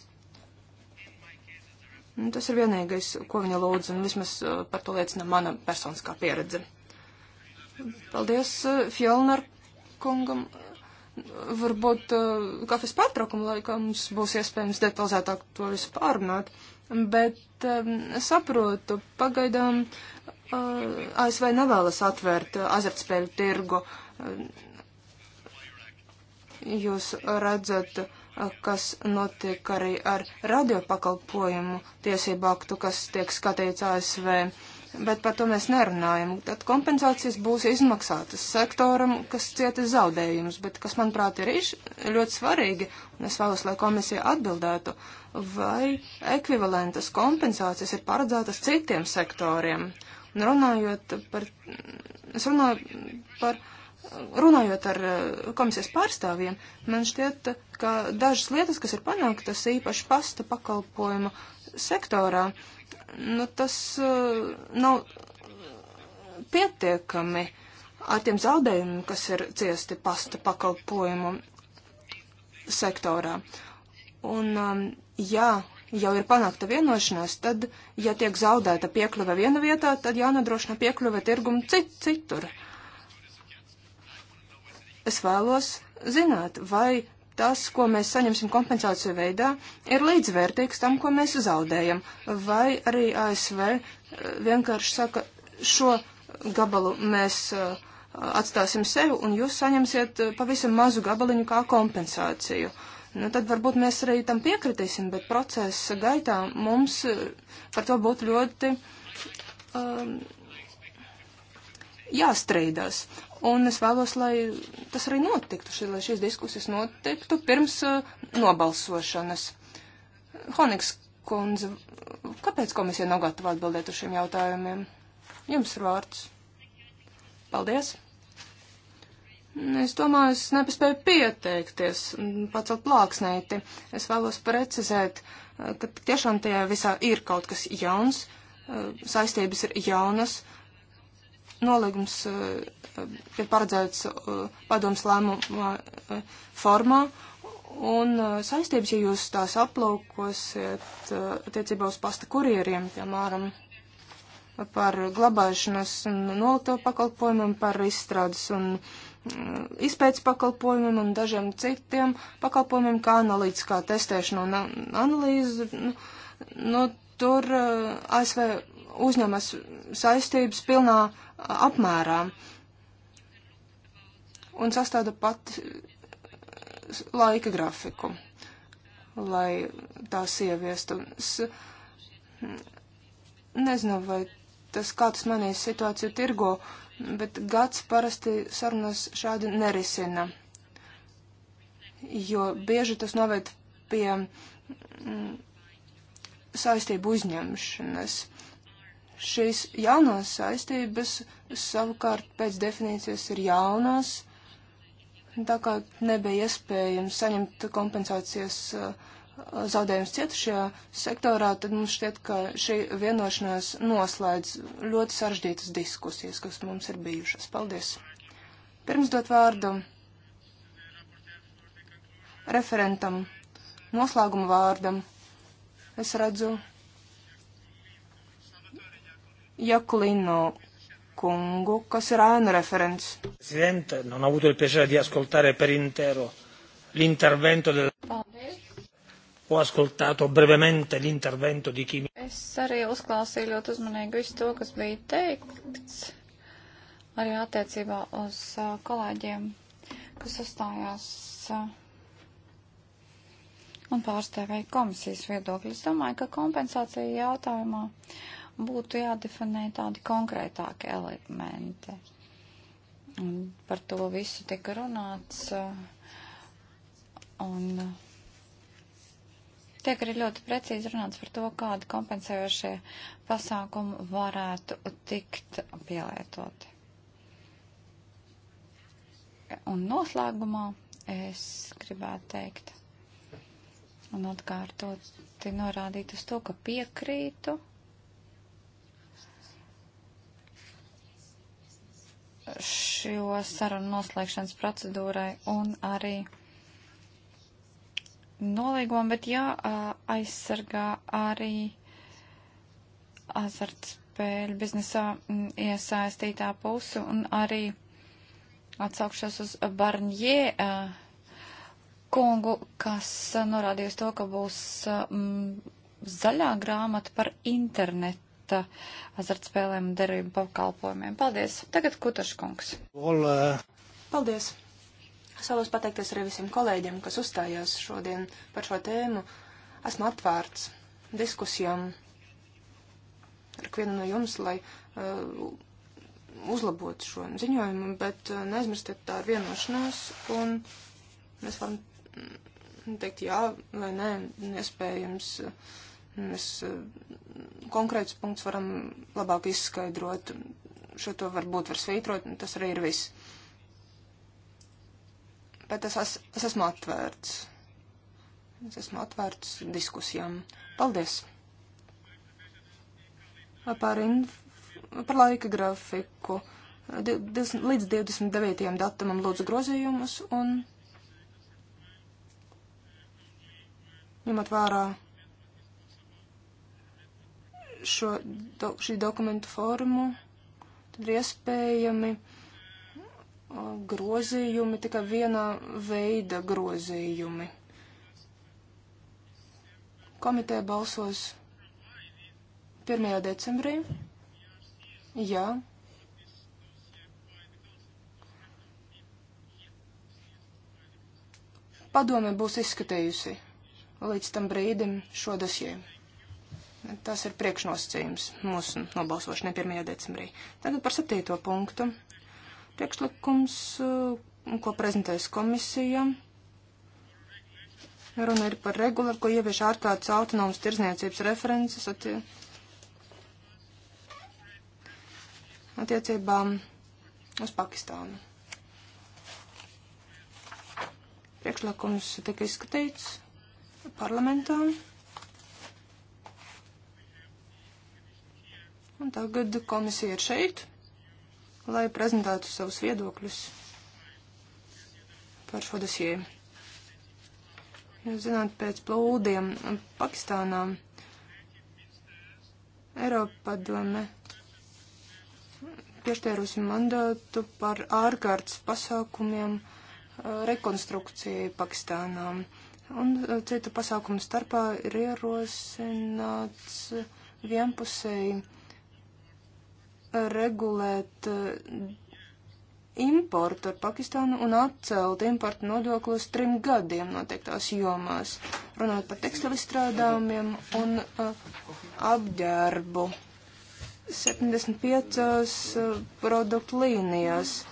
Nu, tas ir vienīgais, ko viņa lūdz, un vismaz uh, par to liecina mana personiskā pieredze. Paldies uh, Fjellner kungam. Varbūt uh, kafijas pārtraukuma laikā mums būs iespējams detalizētāk to visu pārunāt, bet um, saprotu, pagaidām ASV nevēlas atvērt azartspēļu tirgu. Jūs redzat, uh, kas notiek arī ar radiopakalpojumu tiesību aktu, kas tiek skatīts ASV, bet par to mēs nerunājam. Tad kompensācijas būs izmaksātas sektoram, kas cieta zaudējumus, bet kas, manuprāt, ir iš, ļoti svarīgi, un es vēlos, lai komisija atbildētu, vai ekvivalentas kompensācijas ir paredzētas citiem sektoriem. Un runājot par, es runāju par runājot ar eh, komisijas pārstāvjiem, man šķiet, ka dažas lietas, kas ir panāktas īpaši pasta pakalpojumu sektorā, nu, tas eh, nav pietiekami ar tiem zaudējumiem, kas ir ciesti pasta pakalpojumu sektorā. Un, um, ja jau ir panākta vienošanās, tad, ja tiek zaudēta piekļuve viena vietā, tad jānodrošina piekļuve tirgumu cit, citur. Uh, Es vēlos zināt, vai tas, ko mēs saņemsim kompensāciju veidā, ir līdzvērtīgs tam, ko mēs zaudējam. Vai arī ASV eh, vienkārši saka, šo gabalu mēs eh, atstāsim sev un jūs saņemsiet eh, pavisam mazu gabaliņu kā kompensāciju. Nu, tad varbūt mēs arī tam piekritīsim, bet procesa gaitā mums par to būtu ļoti um, jāstrīdās un es vēlos, lai tas arī notiktu, šī, lai šīs diskusijas notiktu pirms uh, nobalsošanas. Honiks kundze, kāpēc komisija nav gatava atbildēt uz šiem jautājumiem? Jums ir vārds. Paldies. Es domāju, es nepaspēju pieteikties un mm, pacelt plāksnēti. Es vēlos precizēt, uh, ka tiešām tajā visā ir kaut kas jauns, uh, saistības ir jaunas, nolīgums eh, ir paredzēts eh, padoms lēmuma eh, formā, un saistības, ja jūs tās aplaukosiet attiecībā uz pasta kurieriem, piemēram, par glabāšanas un noliktavu pakalpojumiem, par izstrādes un izpētes pakalpojumiem un dažiem citiem pakalpojumiem, kā analītiskā testēšana un analīze, nu, nu tur ASV uzņemas saistības pilnā apmērā un sastāda pat laika grafiku, lai tās ieviestu. Es nezinu, vai tas kāds manīs situāciju tirgo, bet gads parasti sarunas šādi nerisina, jo bieži tas noved pie mm, saistību uzņemšanas. Uh, Šīs jaunās saistības savukārt pēc definīcijas ir jaunās, tā kā nebija iespējams saņemt kompensācijas uh, zaudējums cietušajā sektorā, tad mums šķiet, ka šī vienošanās noslēdz ļoti sarežģītas diskusijas, kas mums ir bijušas. Paldies! Pirms dot vārdu referentam, noslēguma vārdam, es redzu Jakulino kungu, kas ir ēnu referents. Presidente, non ho avuto il piacere di ascoltare per intero l'intervento del... Paldies. Ho ascoltato brevemente l'intervento di chi... Es arī uzklausīju ļoti uzmanīgi visu to, kas bija teikts, arī attiecībā uz uh, kolēģiem, kas uzstājās uh, un pārstāvēja komisijas viedokļus. Domāju, ka kompensācija jautājumā. Uh, būtu jādefinē tādi konkrētāki elementi. Un par to visu tika runāts. Uh, un tiek arī ļoti precīzi runāts par to, kādi kompensējošie pasākumi varētu tikt pielietoti. Un noslēgumā es gribētu teikt un atkārtot, norādīt uz to, ka piekrītu šo sarunu noslēgšanas procedūrai un arī nolīgumam, bet jāaizsargā arī azartspēļu biznesā iesaistītā puse un arī atsaukšos uz Barņie kungu, kas norādījusi to, ka būs m, zaļā grāmata par internetu pret uh, azartspēlēm un derību pakalpojumiem. Paldies! Tagad Kutaškungs. Olē. Paldies! Es vēlos pateikties arī visiem kolēģiem, kas uzstājās šodien par šo tēmu. Esmu atvērts diskusijām ar ikvienu no jums, lai uh, uzlabotu šo ziņojumu, bet uh, neaizmirstiet tā ir vienošanās, un mēs varam teikt jā vai nē, iespējams. Uh, Mēs eh, konkrētus punktus varam labāk izskaidrot. Šo to varbūt var svītrot, un tas arī ir viss. Bet es, es, es esmu atvērts. Es esmu atvērts diskusijām. Paldies! Par, inf... par laika grafiku. 20, līdz 29. datumam lūdzu grozījumus un ņemot vērā šo, do, šī dokumentu formu, tad ir iespējami uh, grozījumi, tikai viena veida grozījumi. Komiteja balsos 1. decembrī. Jā. Padome būs izskatījusi līdz tam brīdim šo dosiju. Tas ir priekšnosacījums mūsu nobalsošanai 1. decembrī. Tagad par 7. punktu. Priekšlikums, uh, ko prezentēs komisija. Runa ir par regulu, ko ievieš ārkārtas autonomas tirzniecības references attie... attiecībām uz Pakistānu. Priekšlikums tika izskatīts parlamentā. Un tagad komisija ir šeit, lai prezentētu savus viedokļus par šo dosiju. Jūs zināt, pēc plūdiem Pakistānā Eiropadome piešķērusi mandātu par ārkārtas pasākumiem uh, rekonstrukcijai Pakistānā. Un uh, citu pasākumu starpā ir ierosināts vienpusēji regulēt eh, importu ar Pakistānu un atcelt importu nodokli uz trim gadiem noteiktās jomās, runāt par tekstilizstrādājumiem un uh, apģērbu 75 uh, eh, produktu līnijās, uh,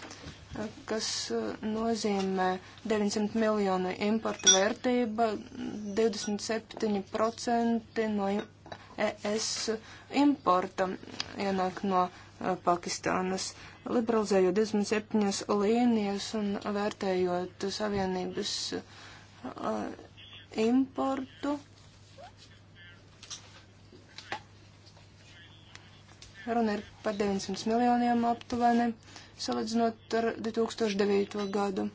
kas uh, nozīmē 900 miljonu importu vērtība, 27% no e-, ES importa ienāk no Pakistāna Eh, Pakistānas, liberalizējot 27 līnijas un vērtējot savienības eh, importu. Runa ir par 900 miljoniem aptuveni, salīdzinot ar 2009. gadu.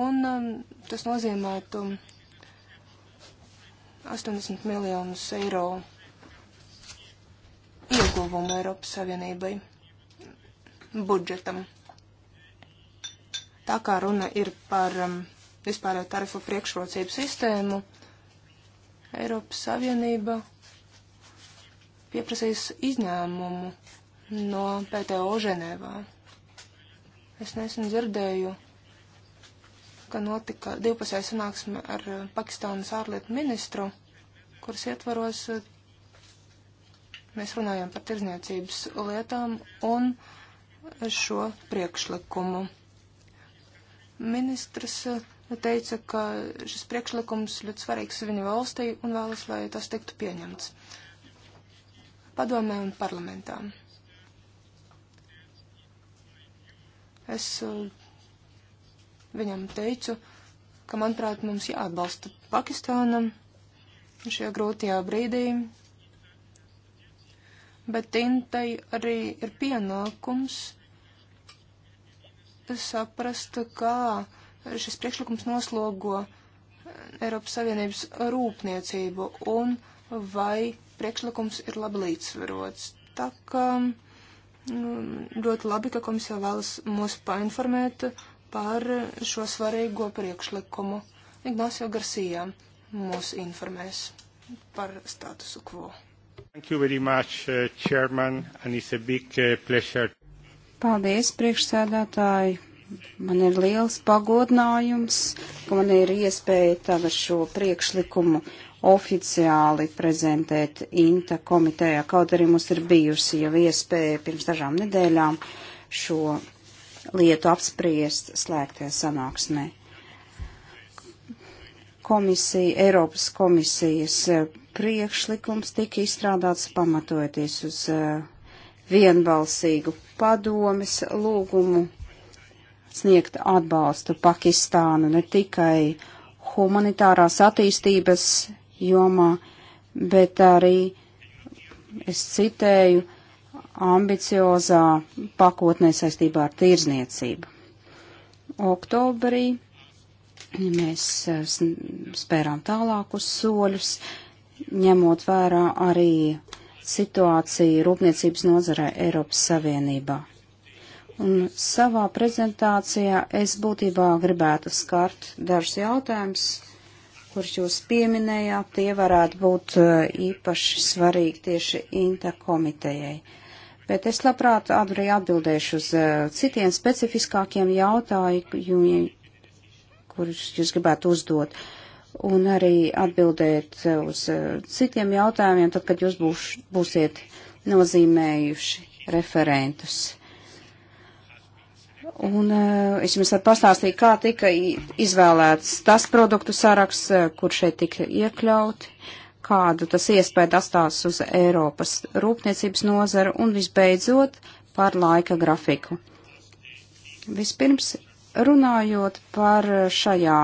Un um, tas nozīmētu 80 miljonus eiro ieguvumu Eiropas Savienībai budžetam. Tā kā runa ir par um, vispārējo tarifu priekšrocību sistēmu, Eiropas Savienība pieprasīs izņēmumu no PTO Ženēvā. Es nesen dzirdēju, ka notika divpusēja sanāksme ar Pakistānas ārlietu ministru, kuras ietvaros Mēs runājam par tirzniecības lietām un šo priekšlikumu. Ministrs teica, ka šis priekšlikums ļoti svarīgs viņa valstī un vēlas, lai tas tiktu pieņemts padomē un parlamentā. Es uh, viņam teicu, ka, manuprāt, mums jāatbalsta Pakistānam šajā grūtajā brīdī, bet Intai arī ir pienākums saprast, kā šis priekšlikums noslogo Eiropas Savienības rūpniecību un vai priekšlikums ir labi līdzsvarots. Tā kā nu, ļoti labi, ka komisija vēlas mūs painformēt par šo svarīgo priekšlikumu. Ignācio Garcija mūs informēs par statusu quo. Thank you very much, uh, Chairman, and it's a big uh, pleasure. Paldies, priekšsēdētāji. Man ir liels pagodinājums, ka man ir iespēja tagad šo priekšlikumu oficiāli prezentēt INTA komitejā, kaut arī mums ir bijusi jau iespēja pirms dažām nedēļām šo lietu apspriest slēgtajā sanāksmē. Komisija, Eiropas komisijas priekšlikums tika izstrādāts pamatojoties uz uh, vienbalsīgu padomes lūgumu sniegt atbalstu Pakistānu ne tikai humanitārās attīstības jomā, bet arī, es citēju, ambiciozā pakotnē saistībā ar tirzniecību. Oktobrī mēs eh, spērām tālākus soļus, ņemot vērā arī situāciju rūpniecības nozarē Eiropas Savienībā. Un savā prezentācijā es būtībā gribētu skart dažus jautājumus, kurus jūs pieminējāt, tie varētu būt uh, īpaši svarīgi tieši INTA komitejai. Bet es labprāt arī atbildēšu uz uh, citiem specifiskākiem jautājumiem, kurus jūs gribētu uzdot. Uh, un arī atbildēt uz eh, citiem jautājumiem, tad, kad jūs būš, būsiet nozīmējuši referentus. Un eh, es jums varu pastāstīt, kā tika izvēlēts tas produktu saraksts, eh, kur šeit tika iekļauti, kādu tas iespēju atstās uz Eiropas rūpniecības nozaru un visbeidzot par laika grafiku. Vispirms runājot par šajā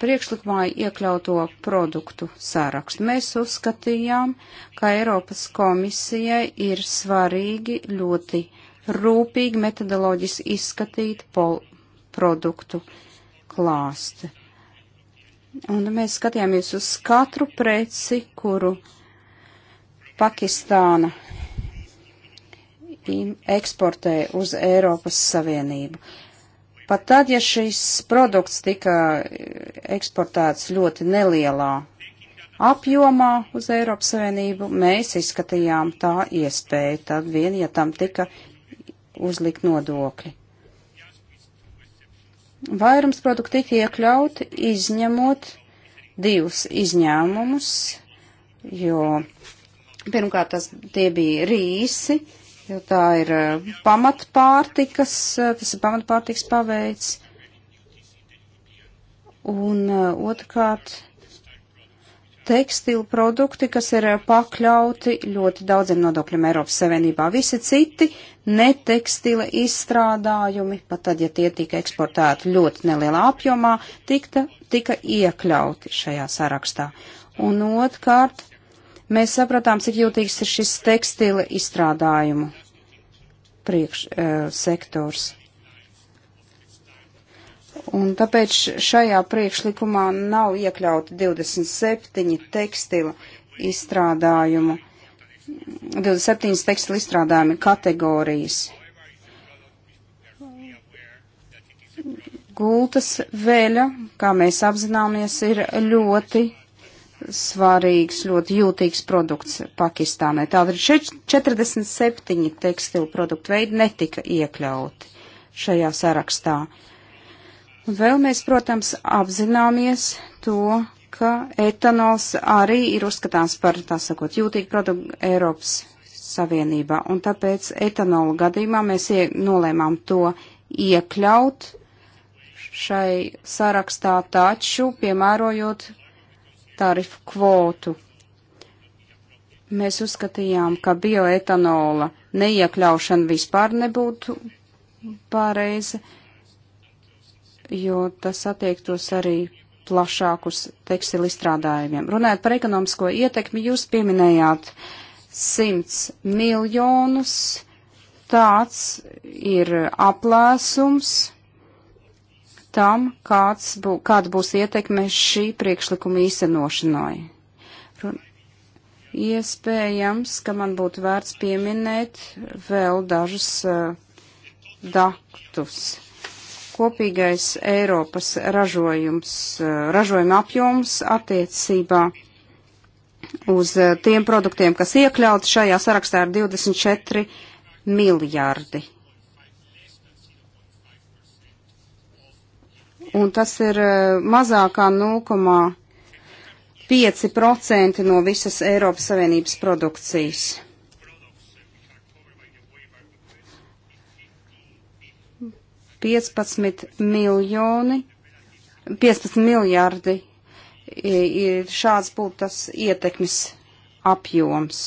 priekšlikumā iekļauto produktu sārakstu. Mēs uzskatījām, ka Eiropas komisijai ir svarīgi ļoti rūpīgi metodoloģiski izskatīt produktu klāsti. Un mēs skatījāmies uz katru preci, kuru Pakistāna eksportē uz Eiropas Savienību. Pat tad, ja šis produkts tika eksportēts ļoti nelielā apjomā uz Eiropas Savienību, mēs izskatījām tā iespēju, tad vien, ja tam tika uzlikt nodokļi. Vairums produktu tika iekļauti, izņemot divus izņēmumus, jo pirmkārt tas tie bija rīsi, jo tā ir eh, pamatpārtikas, eh, tas ir pamatpārtikas paveids. Un eh, otrkārt, tekstilu produkti, kas ir pakļauti ļoti daudziem nodokļiem Eiropas Savienībā. Visi citi netekstila izstrādājumi, pat tad, ja tie tika eksportēti ļoti nelielā apjomā, tikta, tika iekļauti šajā sarakstā. Un otrkārt, Mēs sapratām, cik jūtīgs ir šis tekstila izstrādājumu priekš, e, sektors. Un tāpēc šajā priekšlikumā nav iekļauti 27 tekstila izstrādājumu, 27 tekstila izstrādājumi kategorijas. Gultas vēļa, kā mēs apzināmies, ir ļoti svarīgs, ļoti jūtīgs produkts Pakistānai. Tātad 47 tekstilu produktu veidi netika iekļauti šajā sarakstā. Un vēl mēs, protams, apzināmies to, ka etanols arī ir uzskatāms par, tā sakot, jūtīgu produktu Eiropas Savienībā. Un tāpēc etanola gadījumā mēs ie, nolēmām to iekļaut šai sarakstā, taču piemērojot tarifu kvotu. Mēs uzskatījām, ka bioetanola neiekļaušana vispār nebūtu pareizi, jo tas attiektos arī plašāk uz tekstilu izstrādājumiem. Runājot par ekonomisko ietekmi, jūs pieminējāt 100 miljonus, tāds ir aplēsums, tam, kāds bū, kāda būs ietekme šī priekšlikuma īstenošanai. Iespējams, ka man būtu vērts pieminēt vēl dažus uh, eh, daktus. Kopīgais Eiropas ražojums, uh, ražojuma apjoms attiecībā uz uh, tiem produktiem, kas iekļauti šajā sarakstā ar 24 miljardi un tas ir eh, mazākā 0,5% no visas Eiropas Savienības produkcijas. Piecpadsmit miljoni, piecpadsmit miljardi ir šāds būtu tas ietekmes apjoms.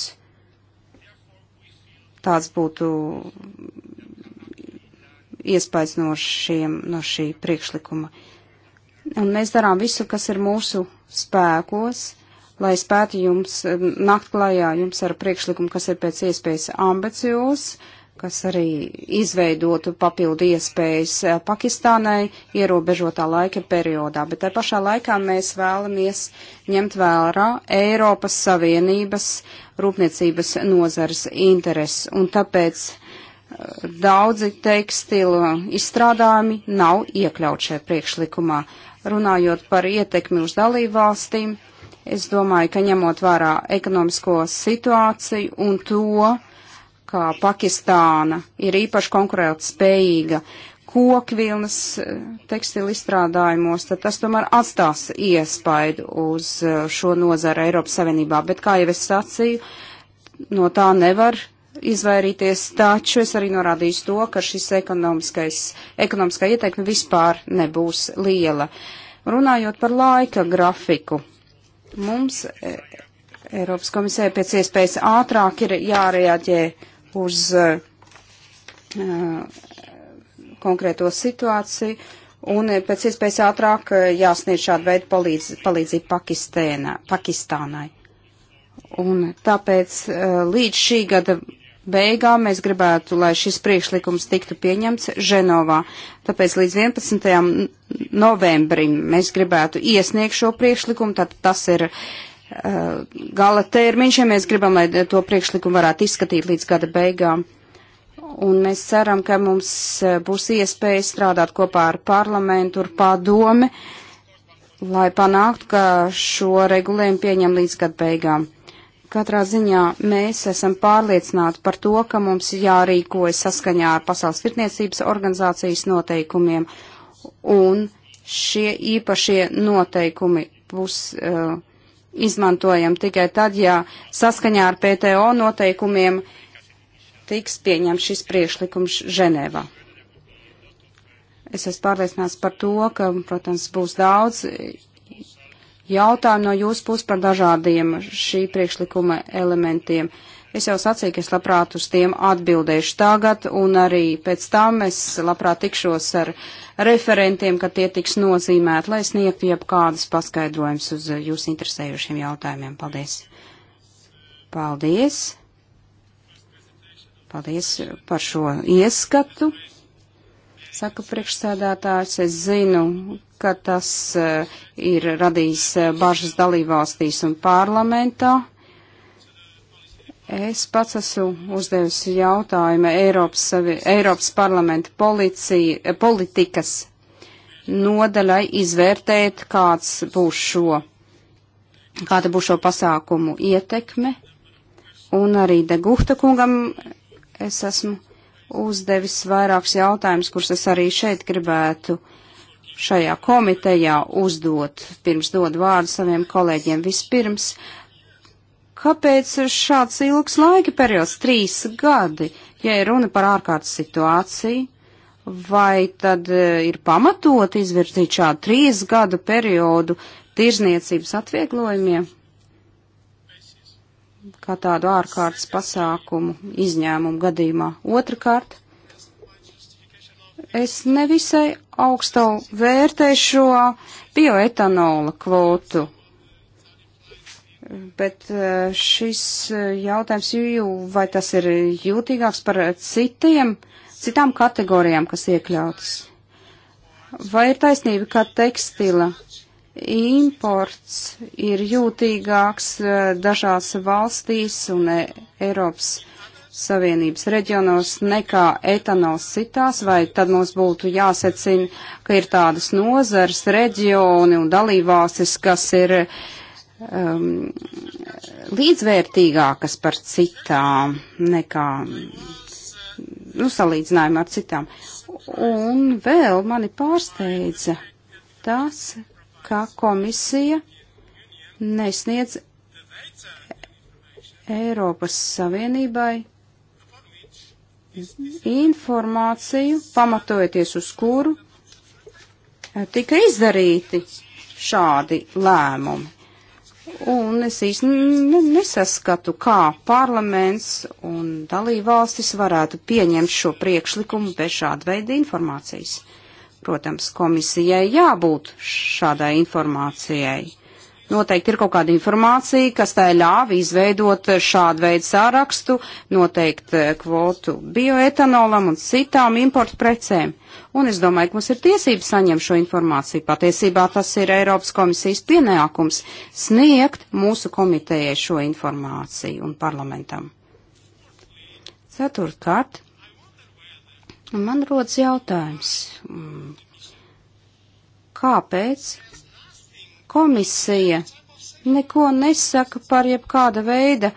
Tāds būtu iespējas no, šiem, no šī priekšlikuma. Un mēs darām visu, kas ir mūsu spēkos, lai spētu jums eh, nakt klajā jums ar priekšlikumu, kas ir pēc iespējas ambicios, kas arī izveidotu papildu iespējas eh, Pakistānai ierobežotā laika periodā. Bet tai pašā laikā mēs vēlamies ņemt vērā Eiropas Savienības rūpniecības nozares intereses. Un tāpēc daudzi tekstila izstrādājumi nav iekļaut šajā priekšlikumā. Runājot par ietekmi uz dalību valstīm, es domāju, ka ņemot vērā ekonomisko situāciju un to, kā Pakistāna ir īpaši konkurēt spējīga kokvilnas eh, tekstilu izstrādājumos, tad tas tomēr atstās iespaidu uz eh, šo nozaru Eiropas Savienībā. Bet, kā jau es sacīju, no tā nevar izvairīties, taču es arī norādīšu to, ka šis ekonomiskais, ekonomiskā ieteikme vispār nebūs liela. Runājot par laika grafiku, mums e, Eiropas komisē pēc iespējas ātrāk ir jārēģē uz uh, konkrēto situāciju un pēc iespējas ātrāk jāsniedz šādu veidu palīdz, palīdzību Pakistēnā, Pakistānai. Un tāpēc uh, līdz šī gada beigām mēs gribētu, lai šis priekšlikums tiktu pieņemts Ženovā. Tāpēc līdz 11. novembrim mēs gribētu iesniegt šo priekšlikumu, tad tas ir uh, gala termiņš, ja mēs gribam, lai to priekšlikumu varētu izskatīt līdz gada beigām. Un mēs ceram, ka mums uh, būs iespēja strādāt kopā ar parlamentu, ar padomi, lai panāktu, ka šo regulējumu pieņem līdz gada beigām. Katrā ziņā mēs esam pārliecināti par to, ka mums jārīkojas saskaņā ar Pasaules tirtniecības organizācijas noteikumiem, un šie īpašie noteikumi būs uh, izmantojami tikai tad, ja saskaņā ar PTO noteikumiem tiks pieņemts šis priekšlikums Ženēvā. Es esmu pārliecināts par to, ka, protams, būs daudz jautājumu no jūsu puses par dažādiem šī priekšlikuma elementiem. Es jau sacīju, ka es labprāt uz tiem atbildēšu tagad, un arī pēc tam es labprāt tikšos ar referentiem, ka tie tiks nozīmēti, lai sniegtu jebkādas paskaidrojums uz jūs interesējušiem jautājumiem. Paldies! Paldies! Paldies par šo ieskatu! Saka priekšsēdētājs, es zinu, ka tas eh, ir radījis eh, bažas dalībvalstīs un parlamentā. Es pats esmu uzdevusi jautājumu Eiropas, Eiropas parlamenta policija, eh, politikas nodaļai izvērtēt, kāds būs šo, kāda būs šo pasākumu ietekme. Un arī Degūta kungam es esmu uzdevis vairākus jautājumus, kurus es arī šeit gribētu šajā komitejā uzdot, pirms dod vārdu saviem kolēģiem vispirms. Kāpēc šāds ilgs laika periods, trīs gadi, ja ir runa par ārkārtas situāciju, vai tad e, ir pamatot izvirzīt šādu trīs gadu periodu tirzniecības atvieglojumiem? kā tādu ārkārtas pasākumu izņēmumu gadījumā. Otrakārt, es nevisai augstau vērtēju šo bioetanola kvotu, bet eh, šis eh, jautājums, vai tas ir jūtīgāks par citiem, citām kategorijām, kas iekļautas? Vai ir taisnība, ka tekstila imports ir jūtīgāks eh, dažās valstīs un eh, Eiropas Savienības reģionos nekā etanols citās, vai tad mums būtu jāsecina, ka ir tādas nozars, reģioni un dalībvalstis, kas ir um, līdzvērtīgākas par citām nekā, nu, salīdzinājumā ar citām. Un vēl mani pārsteidza tas, ka komisija nesniedz Eiropas Savienībai informāciju, pamatojoties uz kuru e, tika izdarīti šādi lēmumi. Un es īsti nesaskatu, kā parlaments un dalībvalstis varētu pieņemt šo priekšlikumu bez šāda veida informācijas. Protams, komisijai jābūt šādai informācijai. Noteikti ir kaut kāda informācija, kas tā ļāva izveidot šādu veidu sārakstu, noteikti eh, kvotu bioetanolam un citām importu precēm. Un es domāju, ka mums ir tiesības saņemt šo informāciju. Patiesībā tas ir Eiropas komisijas pienākums sniegt mūsu komitejai šo informāciju un parlamentam. Ceturtkārt, Un nu, man rodas jautājums, mm, kāpēc komisija neko nesaka par jebkāda veida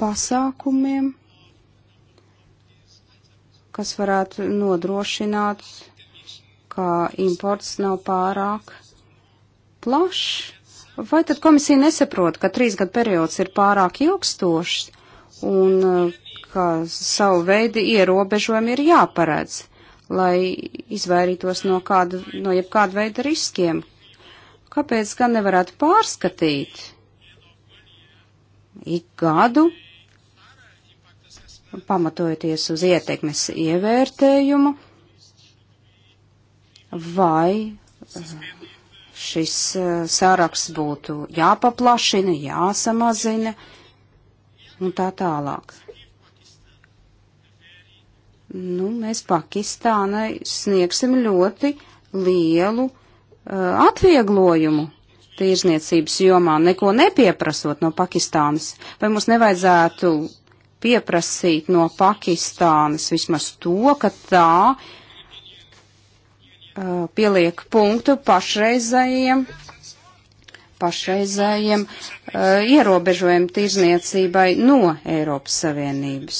pasākumiem, kas varētu nodrošināt, ka imports nav pārāk plašs. Vai tad komisija nesaprot, ka trīs gadu periods ir pārāk ilgstošs un eh, ka savu veidu ierobežojumi ir jāparedz, lai izvairītos no, kāda, no jebkāda veida riskiem? Kāpēc gan nevarētu pārskatīt ik gadu, pamatojoties uz ietekmes ievērtējumu, vai eh, šis eh, sāraksts būtu jāpaplašina, jāsamazina un tā tālāk. Nu, mēs Pakistānai sniegsim ļoti lielu uh, atvieglojumu tirzniecības jomā, neko nepieprasot no Pakistānas. Vai mums nevajadzētu pieprasīt no Pakistānas vismaz to, ka tā uh, Uh, pieliek punktu pašreizējiem, pašreizējiem uh, ierobežojumu tirzniecībai no Eiropas Savienības.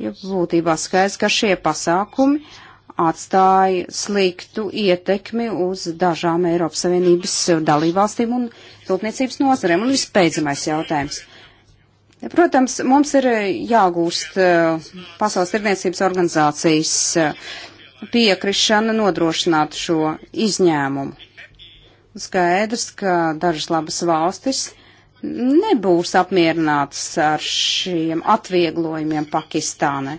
Jo būtībā skaidrs, ka šie pasākumi atstāja sliktu ietekmi uz dažām Eiropas Savienības dalībvalstīm un rūpniecības nozarēm. Un vispēcamais jautājums. Protams, mums ir uh, jāgūst uh, Pasaules tirdzniecības organizācijas uh, piekrišana nodrošinātu šo izņēmumu. Skaidrs, ka dažas labas valstis nebūs apmierinātas ar šiem atvieglojumiem Pakistānai.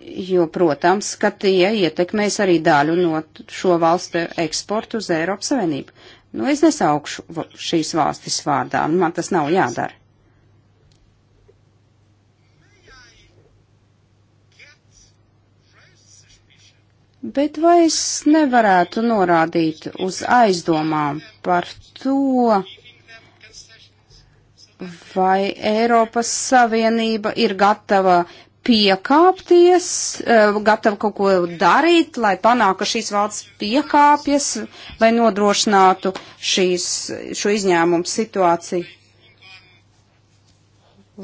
Jo, protams, ka tie ietekmēs arī daļu no šo valstu eksportu uz Eiropas Savienību. Nu, es nesaukšu šīs valstis vārdā, nu, man tas nav jādara. Bet vai es nevarētu norādīt uz aizdomām par to, vai Eiropas Savienība ir gatava piekāpties, eh, gatava kaut ko darīt, lai panāktu, ka šīs valsts piekāpjas, lai nodrošinātu šīs, šo izņēmumu situāciju?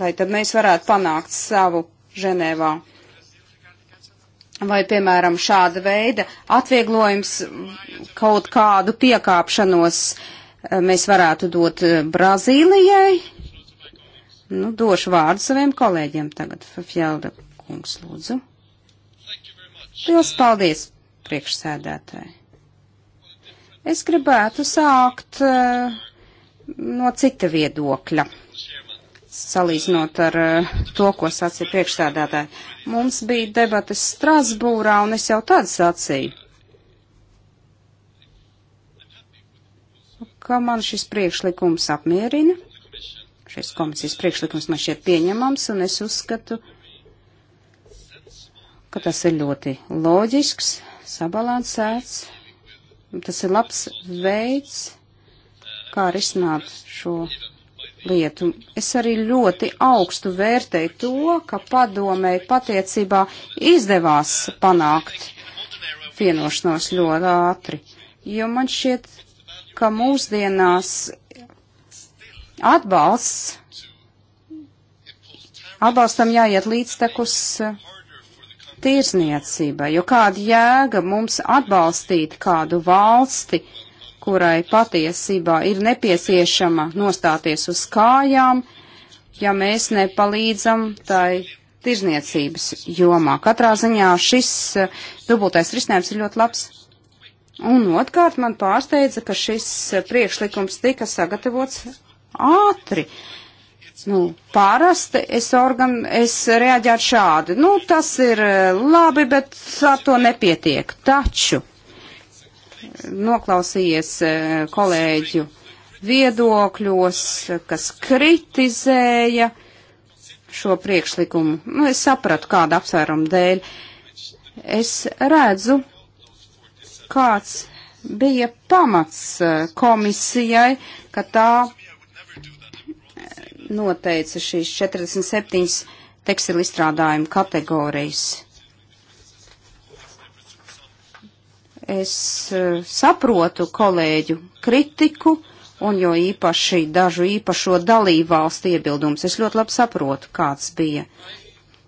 Lai tad mēs varētu panākt savu Ženēvā vai, piemēram, šāda veida atvieglojums kaut kādu piekāpšanos eh, mēs varētu dot eh, Brazīlijai. Nu, došu vārdu saviem kolēģiem tagad. Fjelda kungs, lūdzu. Liels paldies, priekšsēdētāji. Es gribētu sākt eh, no cita viedokļa salīdzinot ar eh, to, ko sacīja priekšstādātāji. Mums bija debates Strasbūrā, un es jau tad sacīju, ka man šis priekšlikums apmierina. Šis komisijas priekšlikums man šķiet pieņemams, un es uzskatu, ka tas ir ļoti loģisks, sabalansēts. Tas ir labs veids, kā risināt šo lietu. Es arī ļoti augstu vērtēju to, ka padomēji patiecībā izdevās panākt vienošanos ļoti ātri, jo man šķiet, ka mūsdienās atbalsts, atbalstam jāiet līdztekus tirzniecībai, jo kāda jēga mums atbalstīt kādu valsti, kurai patiesībā ir nepieciešama nostāties uz kājām, ja mēs nepalīdzam tai tirzniecības jomā. Katrā ziņā šis eh, dubultais risinājums ir ļoti labs. Un otrkārt man pārsteidza, ka šis eh, priekšlikums tika sagatavots ātri. Nu, parasti es, organ, es reaģētu šādi. Nu, tas ir eh, labi, bet ar to nepietiek. Taču noklausījies eh, kolēģu viedokļos, kas kritizēja šo priekšlikumu. Nu, es sapratu, kāda apsvēruma dēļ. Es redzu, kāds bija pamats eh, komisijai, ka tā noteica šīs 47 tekstilu izstrādājumu kategorijas. Es uh, saprotu kolēģu kritiku un jo īpaši dažu īpašo dalību valstu iebildumus. Es ļoti labi saprotu, kāds bija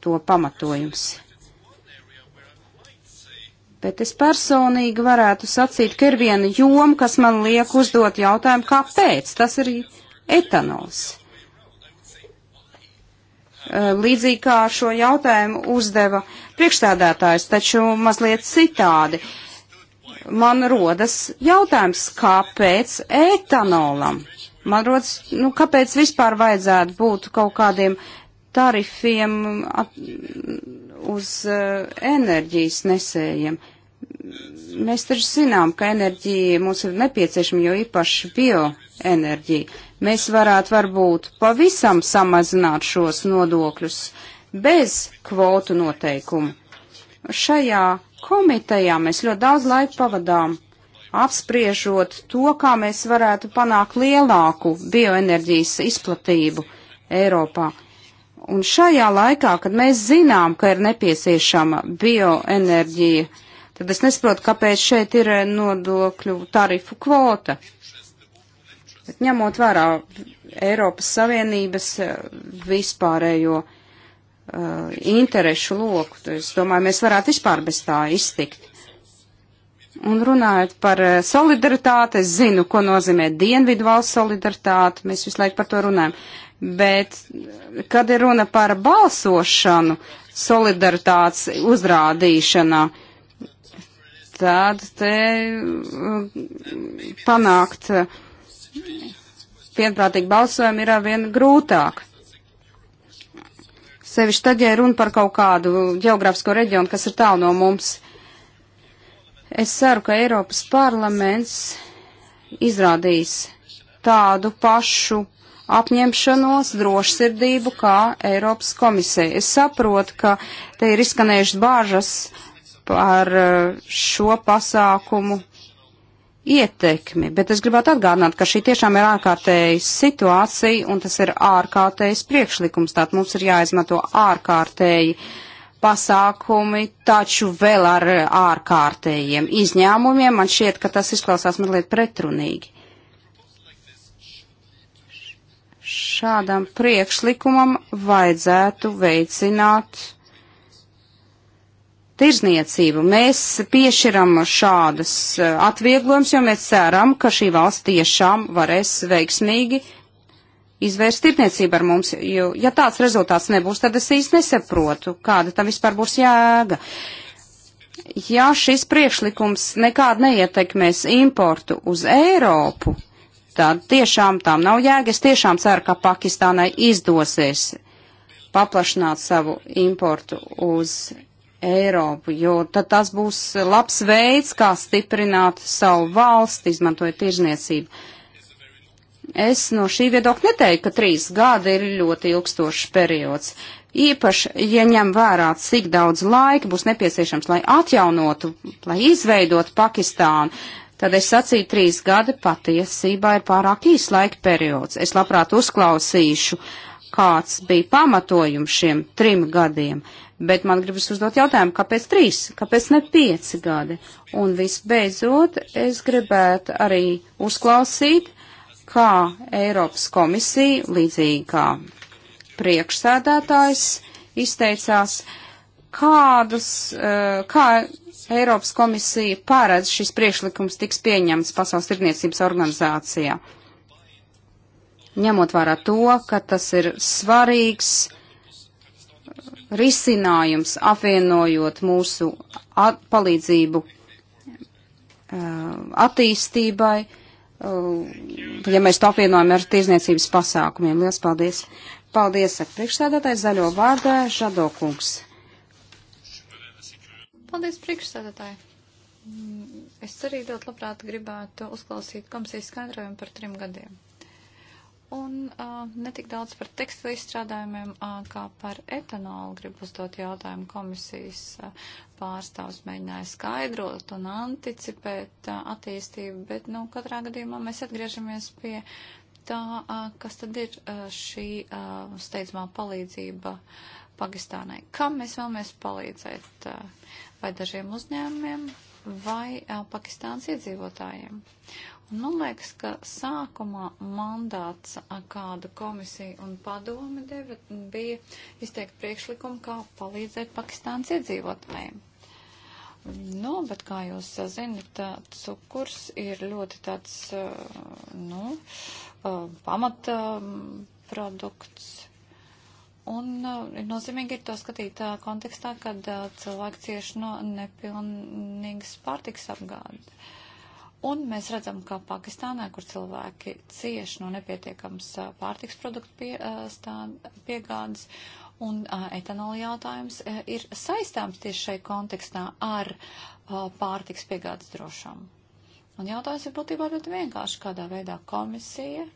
to pamatojums. Bet es personīgi varētu sacīt, ka ir viena joma, kas man liek uzdot jautājumu, kāpēc. Tas ir etanols. E, līdzīgi kā šo jautājumu uzdeva priekšstādātājs, taču mazliet citādi. Uh, man rodas jautājums, kāpēc etanolam? Man rodas, nu, kāpēc vispār vajadzētu būt kaut kādiem tarifiem at, uz uh, enerģijas nesējiem? Mēs taču zinām, ka enerģija mums ir nepieciešama, jo īpaši bioenerģija. Mēs varētu varbūt pavisam samazināt šos nodokļus bez kvotu noteikumu. Šajā komitejā mēs ļoti daudz laika pavadām apspriežot to, kā mēs varētu panākt lielāku bioenerģijas izplatību Eiropā. Un šajā laikā, kad mēs zinām, ka ir nepieciešama bioenerģija, tad es nesaprotu, kāpēc šeit ir nodokļu tarifu kvota. Bet ņemot vērā Eiropas Savienības eh, vispārējo uh, uh, interešu loku. Es domāju, mēs varētu vispār bez tā iztikt. Un runājot par uh, solidaritāti, es zinu, ko nozīmē dienvidu valsts solidaritāte, mēs visu laiku par to runājam. Bet, uh, kad ir runa par balsošanu, solidaritātes uzrādīšanā, tad te uh, panākt vienprātīgi balsojumu ir arvien grūtāk. Sevišķi tad, ja runa par kaut kādu geogrāfisko reģionu, kas ir tālu no mums. Es ceru, ka Eiropas parlaments izrādīs tādu pašu apņemšanos, drošsirdību kā Eiropas komisija. Es saprotu, ka te ir izskanējušas bāžas par eh, šo pasākumu ietekmi, bet es gribētu atgādināt, ka šī tiešām ir ārkārtēja situācija un tas ir ārkārtējs priekšlikums, tātad mums ir jāizmanto ārkārtēji pasākumi, taču vēl ar ārkārtējiem izņēmumiem. Man šķiet, ka tas izklausās mazliet pretrunīgi. Šādam priekšlikumam vajadzētu veicināt tirzniecību. Mēs piešķiram šādas e, atvieglojumus, jo mēs ceram, ka šī valsts tiešām varēs veiksmīgi izvērst tirniecību ar mums, jo, ja tāds rezultāts nebūs, tad es īsti nesaprotu, kāda tam vispār būs jēga. Ja šis priekšlikums nekād neietekmēs importu uz Eiropu, tad tiešām tam nav jēga. Es tiešām ceru, ka Pakistānai izdosies paplašināt savu importu uz Eiropu Eiropu, jo tad tas būs labs veids, kā stiprināt savu valsti, izmantojot tirzniecību. Es no šī viedokļa neteiktu, ka trīs gadi ir ļoti ilgstošs periods. Īpaši, ja ņem vērā, cik daudz laika būs nepieciešams, lai atjaunotu, lai izveidotu Pakistānu, tad es sacīju, trīs gadi patiesībā ir pārāk īs laika periods. Es labprāt uzklausīšu, kāds bija pamatojums šiem trim gadiem. Uh, Bet man gribas uzdot jautājumu, kāpēc trīs, kāpēc ne pieci gadi? Un visbeidzot, es gribētu arī uzklausīt, kā Eiropas komisija, līdzīgi kā priekšsēdētājs, izteicās, kādus, eh, kā Eiropas komisija pārēdz šis priekšlikums tiks pieņemts Pasaules tirdzniecības organizācijā. Ņemot vērā to, ka tas ir svarīgs, risinājums apvienojot mūsu at palīdzību uh, attīstībai, uh, ja mēs to apvienojam ar tirzniecības pasākumiem. Lielas paldies! Paldies, saka priekšsēdētājs zaļo vārdā Žadokungs. Paldies, priekšsēdētāji! Mm, es arī ļoti labprāt gribētu uzklausīt komisijas skaidrojumu par trim gadiem. Un uh, netik daudz par tekstu izstrādājumiem, uh, kā par etanolu gribu uzdot jautājumu komisijas uh, pārstāvs mēģināja skaidrot un anticipēt uh, attīstību, bet, nu, katrā gadījumā mēs atgriežamies pie tā, uh, kas tad ir uh, šī uh, steidzamā palīdzība Pakistānai. Kam mēs vēlamies palīdzēt? Uh, vai dažiem uzņēmumiem, vai uh, Pakistāns iedzīvotājiem? Nu, liekas, ka sākumā mandāts, kādu komisija un padomi deva, bija izteikt priekšlikumu, kā palīdzēt Pakistānas iedzīvotājiem. Nu, bet kā jūs zinat, cukurs ir ļoti tāds, nu, pamata produkts. Un ir nozīmīgi ir to skatīt kontekstā, kad cilvēki cieši no nepilnīgas pārtiks apgādes. Un mēs redzam, ka Pakistānā, kur cilvēki cieši no nepietiekams pārtiks produktu pie, stād, piegādes, un etanola jautājums ir saistāms tieši šai kontekstā ar pārtiks piegādes drošumu. Un jautājums ir būtībā ļoti vienkārši, kādā veidā komisija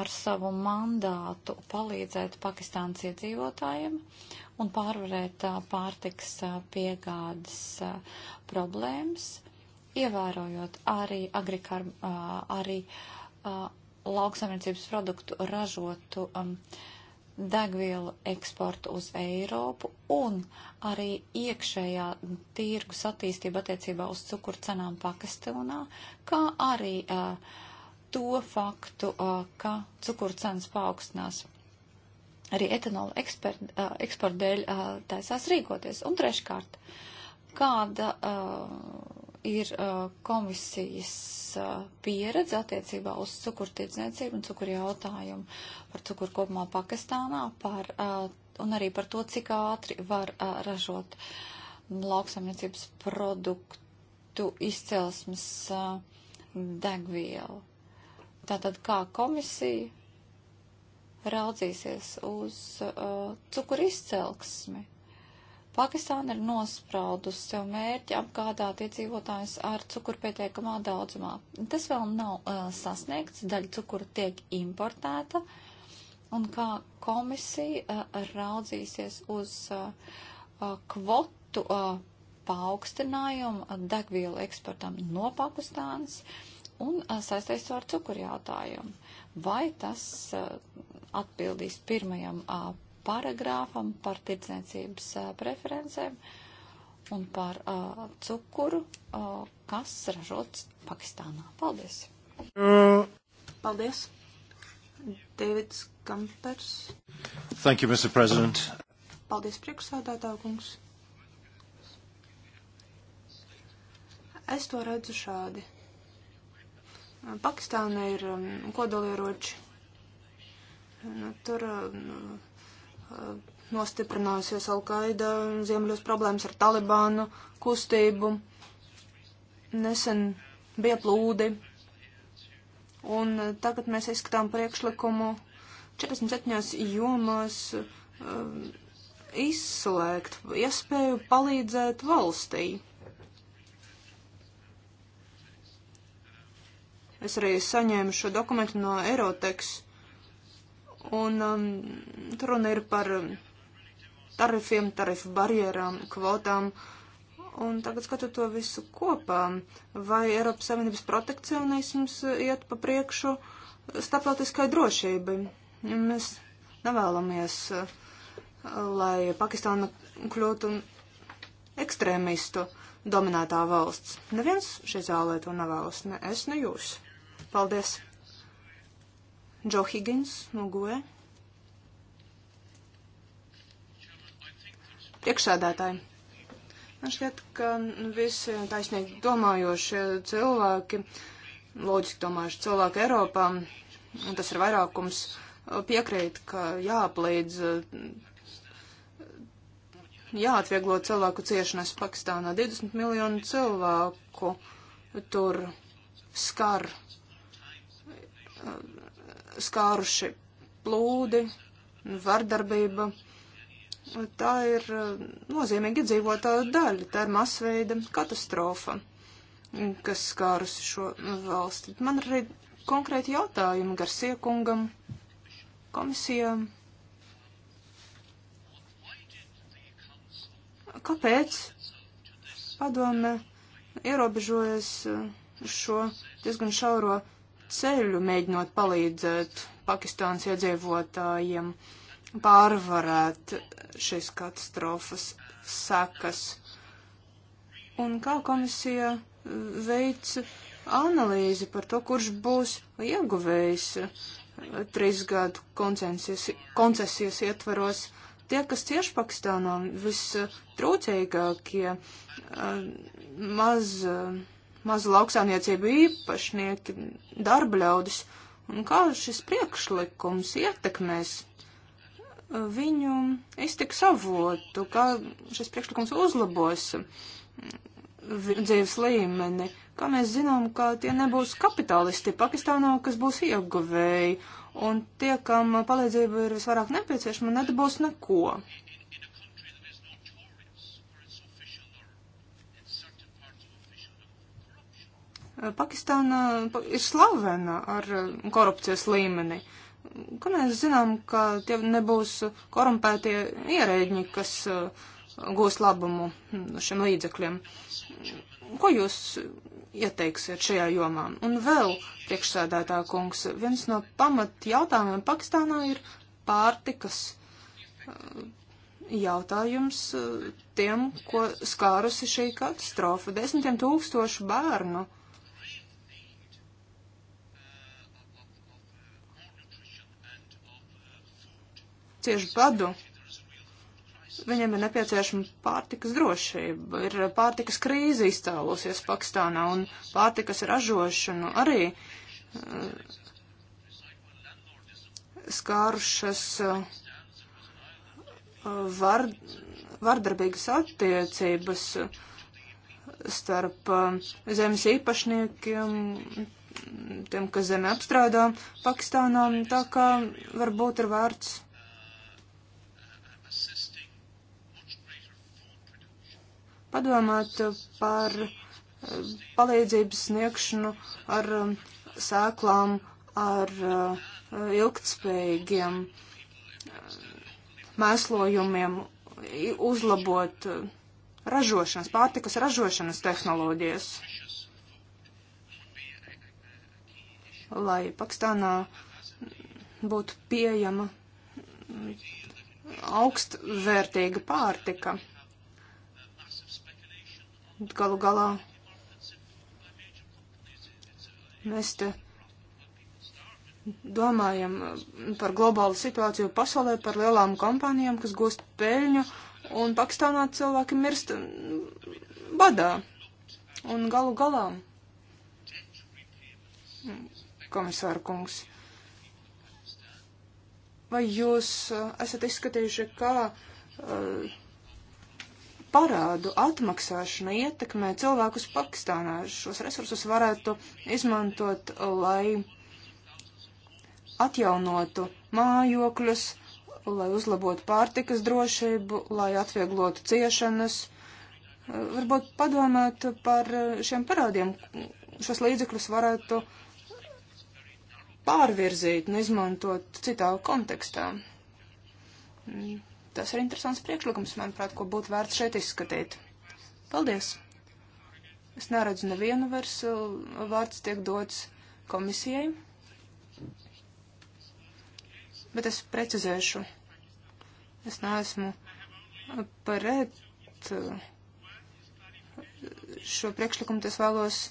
ar savu mandātu palīdzēt Pakistānas iedzīvotājiem un pārvarēt pārtiks piegādes problēmas ievērojot arī agrikar, arī lauksaimniecības produktu ražotu um, degvielu eksportu uz Eiropu un arī iekšējā tirgus attīstība attiecībā uz cukuru cenām Pakistānā, kā arī uh, to faktu, uh, ka cukuru cenas paaugstinās arī etanola eksporta uh, eksport dēļ uh, taisās rīkoties. Un treškārt, kāda uh, ir uh, komisijas uh, pieredze attiecībā uz cukurtirdzniecību un cukuru jautājumu par cukuru kopumā Pakistānā par, uh, un arī par to, cik ātri var uh, ražot lauksamniecības produktu izcelsmes uh, degvielu. Tātad kā komisija raudzīsies uz uh, cukuru izcelksmi? Pakistāna ir nospraudusi sev mērķi apgādāt iedzīvotājus ar cukuru pietiekamā daudzumā. Tas vēl nav uh, sasniegts, daļa cukura tiek importēta, un kā komisija uh, raudzīsies uz uh, kvotu uh, paaugstinājumu degvielu eksportam no Pakistānas un uh, saistēs to ar cukuru jautājumu. Vai tas uh, atbildīs pirmajam uh, paragrāfam par tirdzniecības preferencēm un par uh, cukuru, uh, kas ražots Pakistānā. Paldies! Paldies! Davids Kampers. Thank you, Mr. President. Paldies, priekšsādātā kungs. Es to redzu šādi. Pakistāna ir um, kodolieroči. Nu, tur um, nostiprinājusies Alkaida, Ziemļos problēmas ar Talibānu kustību, nesen bija plūdi, un eh, tagad mēs izskatām priekšlikumu 47 jomās uh, izslēgt iespēju palīdzēt valstī. Es arī saņēmu šo dokumentu no Eirotekas Un um, tur runa ir par tarifiem, tarifu barjerām, kvotām. Un tagad skatu to visu kopā. Vai Eiropas Savienības protekcionisms iet pa priekšu starptautiskai drošībai? Mēs nevēlamies, uh, lai Pakistāna kļūtu ekstrēmistu dominētā valsts. Neviens šeit zālē to nevēlas, ne es, ne jūs. Paldies! Joe Higgins no Goe. Priekšsēdētāji. Man šķiet, ka visi taisnīgi domājošie cilvēki, loģiski domājuši cilvēki Eiropā, un tas ir vairākums, piekrīt, ka jāaplīdz jāatvieglo cilvēku ciešanas Pakistānā. 20 miljonu cilvēku tur skar skāruši plūdi, vardarbība. Tā ir e, nozīmīga iedzīvotā daļa, tā ir masveida katastrofa, kas skārusi šo valsti. Man ir arī konkrēti jautājumi Garsiekungam, komisijām. Kāpēc padome ierobežojas e, šo diezgan šauro ceļu, mēģinot palīdzēt Pakistānas iedzīvotājiem pārvarēt šīs katastrofas sekas. Un kā komisija veic analīzi par to, kurš būs ieguvējis trīs gadu koncesijas, koncesijas ietvaros. Tie, kas cieši Pakistānā, vistrūcīgākie, eh, maz. Uh, mazu lauksaimniecību īpašnieki, darba ļaudis, un kā šis priekšlikums ietekmēs uh, viņu iztiks avotu, kā šis priekšlikums uzlabos mm, dzīves līmeni. Kā mēs zinām, ka tie nebūs kapitalisti Pakistānā, kas būs ieguvēji, un tie, kam palīdzība ir visvairāk nepieciešama, nedabūs neko. Pakistāna ir slavena ar uh, korupcijas līmeni. Kā mēs zinām, ka tie nebūs korumpētie ierēģi, kas uh, gūs labumu no šiem līdzekļiem. Ko jūs ieteiksiet šajā jomā? Un vēl, priekšsēdētā kungs, viens no pamat jautājumiem Pakistānā ir pārtikas uh, jautājums tiem, ko skārusi šī katastrofa. Desmitiem tūkstošu bērnu cieši badu. Viņiem ir nepieciešama pārtikas drošība, ir pārtikas krīze izcēlusies Pakistānā, un pārtikas ražošanu arī uh, skārušas uh, var, vardarbīgas attiecības eh, starp uh, zemes īpašniekiem, tiem, kas zemi apstrādā Pakistānā, tā kā varbūt ir vērts padomāt par eh, palīdzības sniegšanu ar um, sēklām, ar eh, ilgtspējīgiem eh, mēslojumiem, uzlabot ražošanas, pārtikas ražošanas tehnoloģijas. Lai Pakistānā būtu pieejama mm, augstvērtīga pārtika. Galu galā mēs te domājam mm, par globālu situāciju pasaulē, par lielām kompānijām, kas gūst peļņu, un Pakistānā cilvēki mirst mm, badā. Un galu galā, mm, komisāra kungs, vai jūs uh, esat izskatījuši, kā uh, parādu atmaksāšana ietekmē cilvēkus Pakistānā. Šos resursus varētu izmantot, lai atjaunotu mājokļus, lai uzlabotu pārtikas drošību, lai atvieglotu ciešanas. Varbūt padomāt par šiem parādiem. Šos līdzekļus varētu pārvirzīt un izmantot citā kontekstā. Tas ir interesants priekšlikums, manuprāt, ko būtu vērts šeit izskatīt. Paldies! Es neredzu nevienu vairs uh, vārds tiek dots komisijai, bet es precizēšu. Es neesmu uh, pret uh, šo priekšlikumu, tas vēlos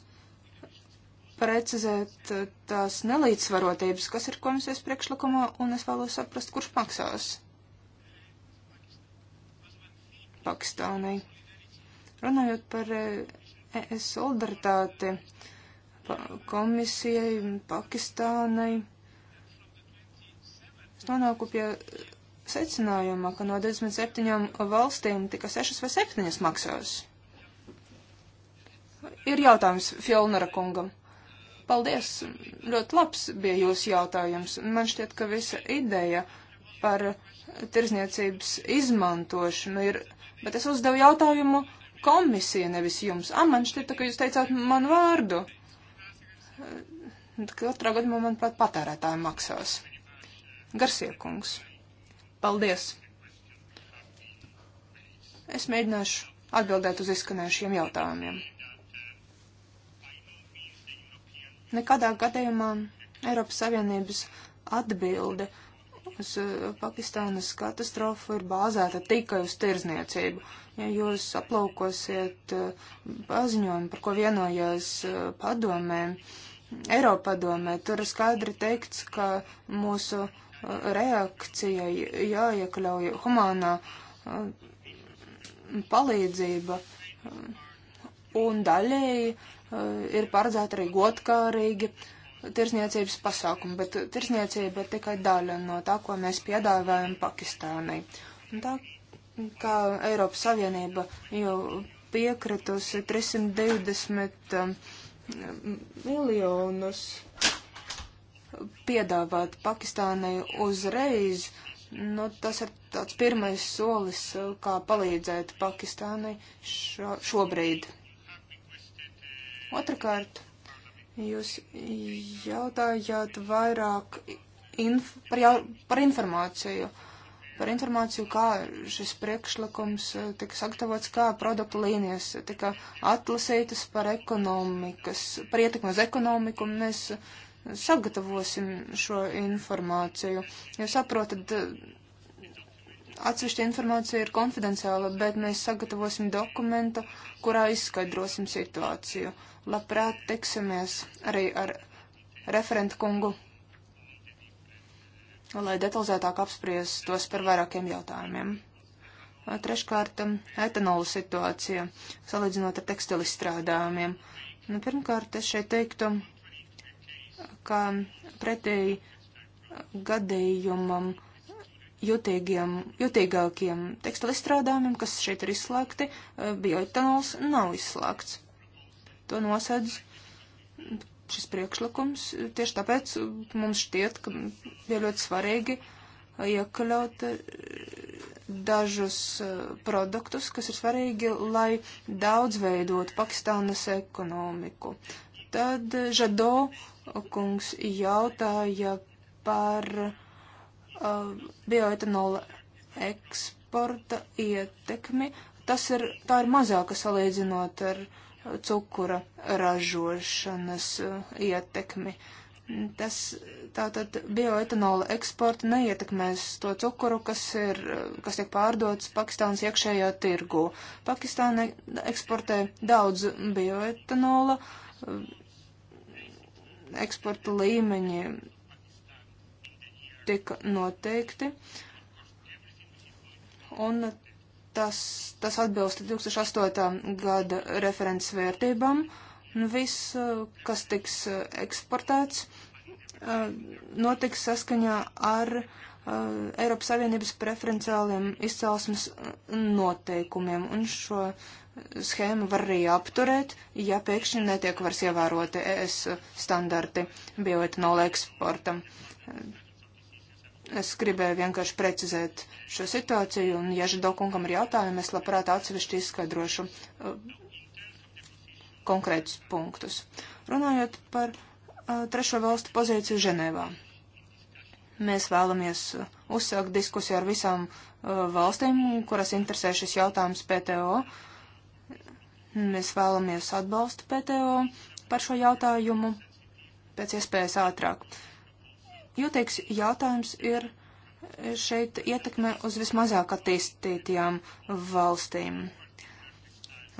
precizēt tās nelīdzsvarotības, kas ir komisijas priekšlikumā, un es vēlos saprast, kurš maksās. Pakistānai. Runājot par eh, ES solidaritāti pa komisijai, Pakistānai, es nonāku pie secinājuma, ka no 27 valstīm tikai 6 vai 7 maksās. Ir jautājums Fjolnara kungam. Paldies, ļoti labs bija jūsu jautājums. Man šķiet, ka visa ideja par tirzniecības izmantošanu ir, bet es uzdevu jautājumu komisija, nevis jums. Ah, man šķita, ka jūs teicāt manu vārdu. Katrā gadījumā, manuprāt, patērētāji maksās. Garsiekungs. Paldies. Es mēģināšu atbildēt uz izskanējušiem jautājumiem. Nekādā gadījumā Eiropas Savienības atbilde uh, uz uh, Pakistānas katastrofu ir bāzēta tikai uz tirzniecību. Ja jūs aplaukosiet uh, paziņojumu, par ko vienojās uh, padomē, Eiropa padomē, tur ir skaidri teikts, ka mūsu reakcijai jāiekļauj humānā palīdzība un daļēji ir paredzēta arī godkārīgi. Uh, tirsniecības pasākumu, bet tirsniecība ir tikai daļa no tā, ko mēs piedāvājam Pakistānai. Un tā kā Eiropas Savienība jau piekritusi 320 um, miljonus piedāvāt Pakistānai uzreiz, nu, tas ir tāds pirmais solis, uh, kā palīdzēt Pakistānai šo, šobrīd. Otrakārt, Jūs jautājāt vairāk inf par, jau par informāciju, par informāciju, kā šis priekšlikums eh, tika sagatavots, kā produktu līnijas tika atlasītas par ekonomikas, par ietekmi uz ekonomiku, un mēs sagatavosim šo informāciju. Jūs saprotat, Atsevišķa informācija ir konfidenciāla, bet mēs sagatavosim dokumentu, kurā izskaidrosim situāciju. Labprāt tiksimies arī ar referentu kungu, lai detalizētāk apspriestos par vairākiem jautājumiem. Treškārt, um, etanola situācija, salīdzinot ar tekstilizstrādājumiem. Nu, pirmkārt, es šeit teiktu, ka pretēji gadījumam jutīgākiem tekstilizstrādājumiem, kas šeit ir izslēgti, eh, bioetanols nav izslēgts. To nosedz šis priekšlikums. Tieši tāpēc eh, mums šķiet, ka bija ļoti svarīgi eh, iekļaut dažus produktus, kas ir svarīgi, lai daudzveidot Pakistānas ekonomiku. Tad Žado kungs jautāja par uh, Uh, bioetanola eksporta ietekmi. Tas ir, tā ir mazāka salīdzinot ar cukura ražošanas uh, ietekmi. Tas tātad bioetanola eksporta neietekmēs to cukuru, kas, ir, uh, kas tiek pārdots Pakistānas iekšējā tirgu. Pakistāna eksportē daudz bioetanola, eksporta līmeņi tika noteikti. Un tas, tas atbilst 2008. gada referents vērtībām. Un viss, kas tiks eksportēts, notiks saskaņā ar eh, Eiropas Savienības preferenciāliem izcelsmes noteikumiem. Un šo schēmu var arī apturēt, ja pēkšņi netiek vairs ievēroti ES standarti bioetanola eksportam. Es gribēju vienkārši precizēt šo situāciju, un, ja Židokungam ir jautājumi, es labprāt atsevišķi izskaidrošu uh, konkrētus punktus. Runājot par uh, trešo valstu pozīciju Ženēvā. Mēs vēlamies uh, uzsākt diskusiju ar visām uh, valstīm, kuras interesē šis jautājums PTO. Mēs vēlamies atbalstu PTO par šo jautājumu pēc iespējas ātrāk. Uh, jūtīgs jautājums ir šeit ietekme uz vismazāk attīstītajām valstīm.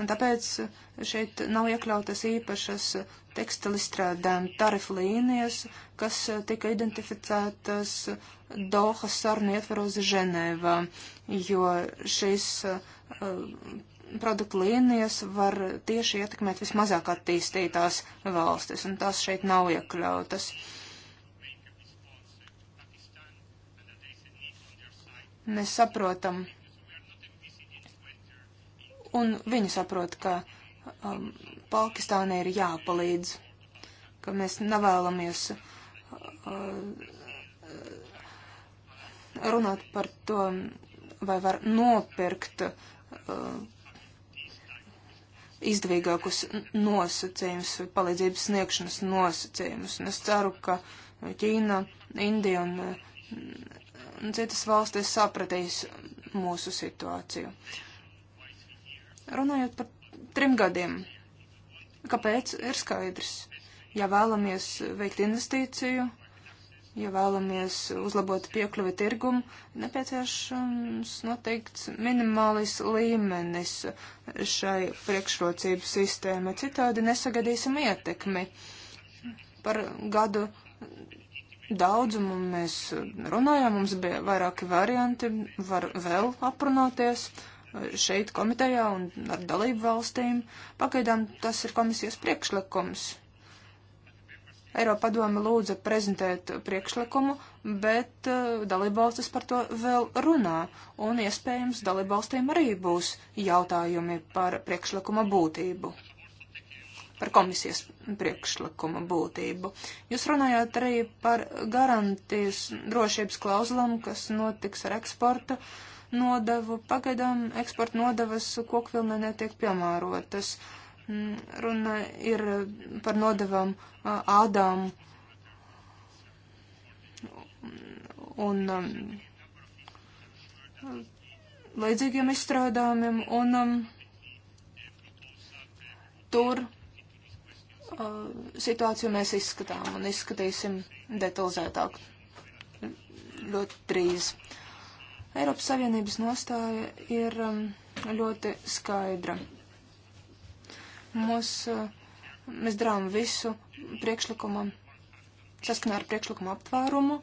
Un tāpēc šeit nav iekļautas īpašas tekstilizstrādājuma tarifu līnijas, kas tika identificētas Dohas sarunu ietvaros Ženēvā, jo šīs uh, produktu līnijas var tieši ietekmēt vismazāk attīstītās valstis, un tās šeit nav iekļautas. Uh, nesaprotam. Un viņi saprot, ka um, Pakistānai ir jāpalīdz, ka mēs nevēlamies uh, runāt par to, vai var nopirkt uh, izdevīgākus nosacījumus, palīdzības sniegšanas nosacījumus. Un es ceru, ka Ķīna, Indija un uh, un citas valstis sapratīs mūsu situāciju. Runājot par trim gadiem, kāpēc ir skaidrs. Ja vēlamies veikt investīciju, ja vēlamies uzlabot piekļuvi tirgumu, nepieciešams noteikts minimālis līmenis šai priekšrocību sistēmai. Citādi nesagadīsim ietekmi par gadu daudzumu mēs runājām, mums bija vairāki varianti, var vēl aprunāties e, šeit komitejā un ar dalību valstīm. Pagaidām tas ir komisijas priekšlikums. Eiropa padome lūdza prezentēt priekšlikumu, bet e, dalību valstis par to vēl runā, un iespējams dalību valstīm arī būs jautājumi par priekšlikuma būtību par komisijas priekšlikuma būtību. Jūs runājāt arī par garantijas drošības klauzulam, kas notiks ar eksporta nodevu. Pagaidām eksporta nodevas kokvilnē netiek piemērotas. Mm, runa ir par nodevām ādām un um, līdzīgiem izstrādājumiem, un um, tur situāciju mēs izskatām un izskatīsim detalizētāk ļoti drīz. Eiropas Savienības nostāja ir ļoti skaidra. Mūs, mēs darām visu priekšlikumam, saskanā ar priekšlikumu aptvērumu.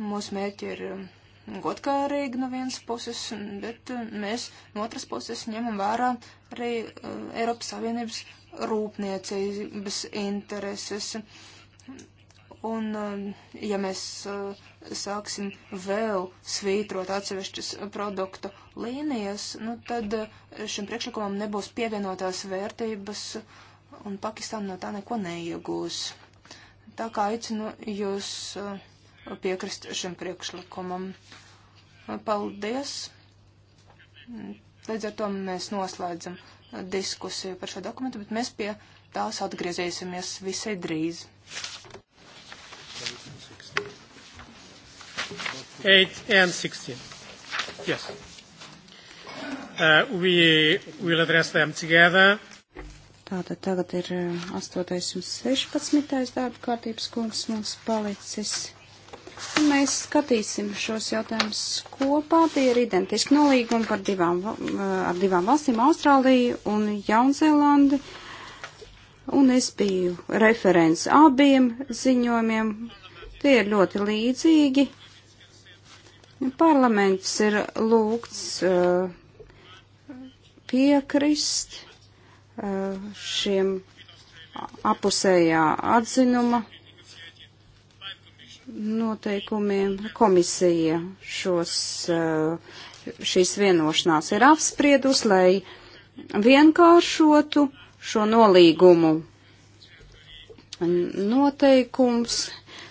Mūsu mērķi ir godkārīgi no vienas puses, bet mēs no otras puses ņemam vērā arī Eiropas Savienības rūpniecības intereses. Un, um, ja mēs uh, sāksim vēl svītrot atsevišķas produktu līnijas, nu, tad uh, šim priekšlikumam nebūs pievienotās vērtības, un Pakistāna no tā neko neiegūs. Tā kā aicinu jūs uh, piekrist šim priekšlikumam. Paldies! Līdz ar to mēs noslēdzam diskusiju par šo dokumentu, bet mēs pie tās atgriezīsimies visai drīz. Eight and sixteen. Yes. Uh, we will address them together. Tātad tagad ir 8. Uh, un 16. darba kārtības kungs mums palicis. Un mēs skatīsim šos jautājumus kopā. Tie ir identiski nolīgumi par divām, eh, ar divām valstīm - Austrāliju un Jaunzēlandi. Un es biju referents abiem ziņojumiem. Tie ir ļoti līdzīgi. Parlaments ir lūgts eh, piekrist eh, šiem apusējā atzinuma noteikumiem komisija šos, eh, šīs vienošanās ir apspriedus, lai vienkāršotu šo nolīgumu noteikums,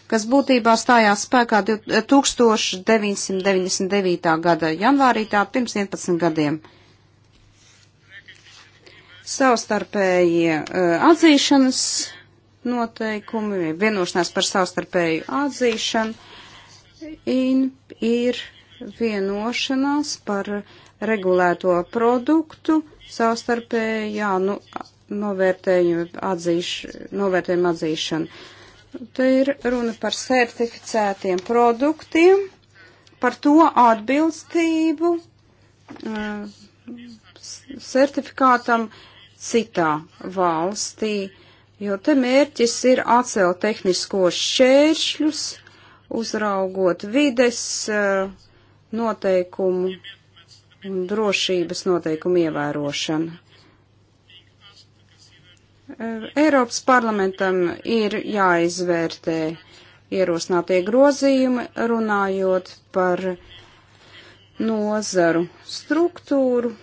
kas būtībā stājās spēkā 1999. Eh, gada janvārī, tā pirms 11 gadiem. Savstarpēji eh, atzīšanas noteikumi, vienošanās par savstarpēju atzīšanu, in, ir vienošanās par regulēto produktu savstarpējā nu, novērtējumu, atzīš, novērtējumu atzīšanu. Te ir runa par certificētiem produktiem, par to atbilstību eh, certifikātam uh, citā valstī. Uh, jo te mērķis ir atcelt tehniskos šķēršļus, uzraugot vides eh, noteikumu un drošības noteikumu ievērošanu. Eh, Eiropas parlamentam ir jāizvērtē ierosinātie grozījumi, runājot par nozaru struktūru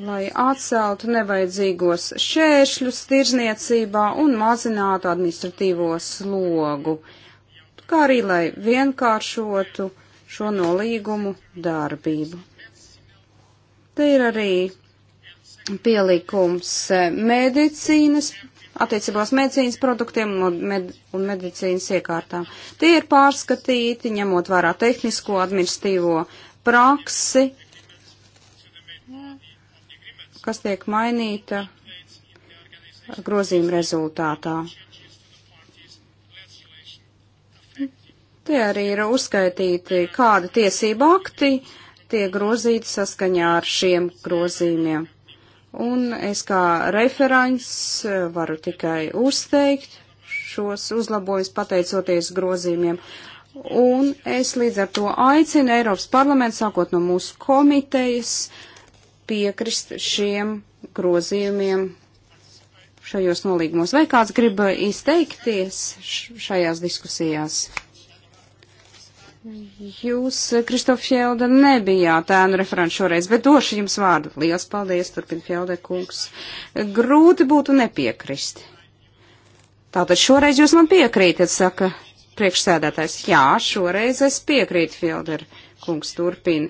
lai atceltu nevajadzīgos šķēršļus tirzniecībā un mazinātu administratīvo slogu, kā arī lai vienkāršotu šo nolīgumu darbību. Te ir arī pielikums eh, medicīnas, attiecībā uz medicīnas produktiem med, un medicīnas iekārtām. Tie ir pārskatīti, ņemot vērā tehnisko administīvo praksi, kas tiek mainīta grozījuma rezultātā. Tie arī ir uzskaitīti, kāda tiesība akti tiek grozīti saskaņā ar šiem grozījumiem. Un es kā referents varu tikai uzteikt šos uzlabojumus pateicoties grozījumiem. Un es līdz ar to aicinu Eiropas parlamentu, sākot no mūsu komitejas, uh, piekrist šiem grozījumiem šajos nolīgumos. Vai kāds grib izteikties šajās diskusijās? Jūs, Kristof Fjelde, nebijāt ēnu referents šoreiz, bet došu jums vārdu. Lielas paldies, turpina Fjelde kungs. Grūti būtu nepiekrist. Tātad šoreiz jūs man piekrītat, saka priekšsēdētājs. Jā, šoreiz es piekrītu Fjelderu kungs turpina.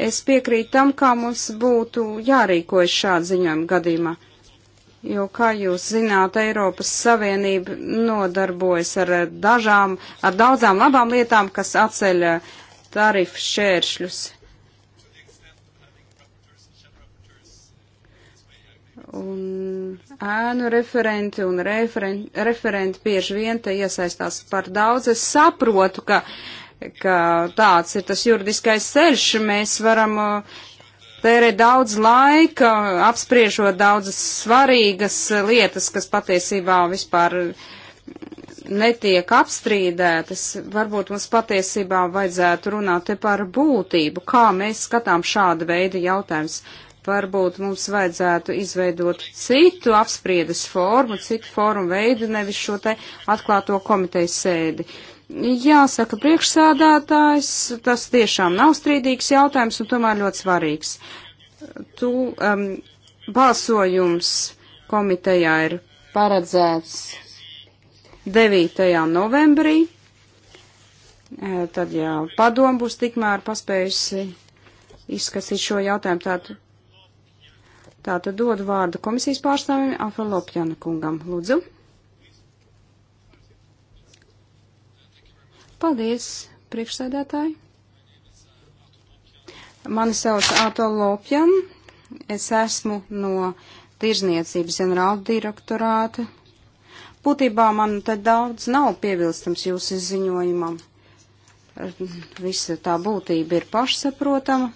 Es piekrītu tam, kā mums būtu jārīkojas šāda ziņojuma gadījumā. Jo, kā jūs zināt, Eiropas Savienība nodarbojas ar eh, dažām, ar daudzām labām lietām, kas atceļ eh, tarifu šķēršļus. Un ēnu referenti un referen, referenti bieži vien te iesaistās par daudz. Es saprotu, ka uh, ka tāds ir tas juridiskais ceļš. Mēs varam uh, tērēt daudz laika, apspriežot daudzas svarīgas lietas, kas patiesībā vispār netiek apstrīdētas. Varbūt mums patiesībā vajadzētu runāt te par būtību, kā mēs skatām šāda veida jautājums. Varbūt mums vajadzētu izveidot citu apspriedes formu, citu formu veidu, nevis šo te atklāto komitejas sēdi. Uh, Jāsaka, priekšsādātājs, tas tiešām nav strīdīgs jautājums un tomēr ļoti svarīgs. Tu, um, balsojums komitejā ir paredzēts 9. novembrī. E, tad, ja padom būs tikmēr paspējusi izskatīt šo jautājumu, tātad Tātad dodu vārdu komisijas pārstāvim Afelopjana kungam. Lūdzu. Paldies, priekšsēdētāji. Mani sauc Ato Lopjan. Es esmu no Tirzniecības ģenerāla direktorāta. Būtībā man te daudz nav piebilstams jūsu izziņojumam. Visa tā būtība ir pašsaprotama.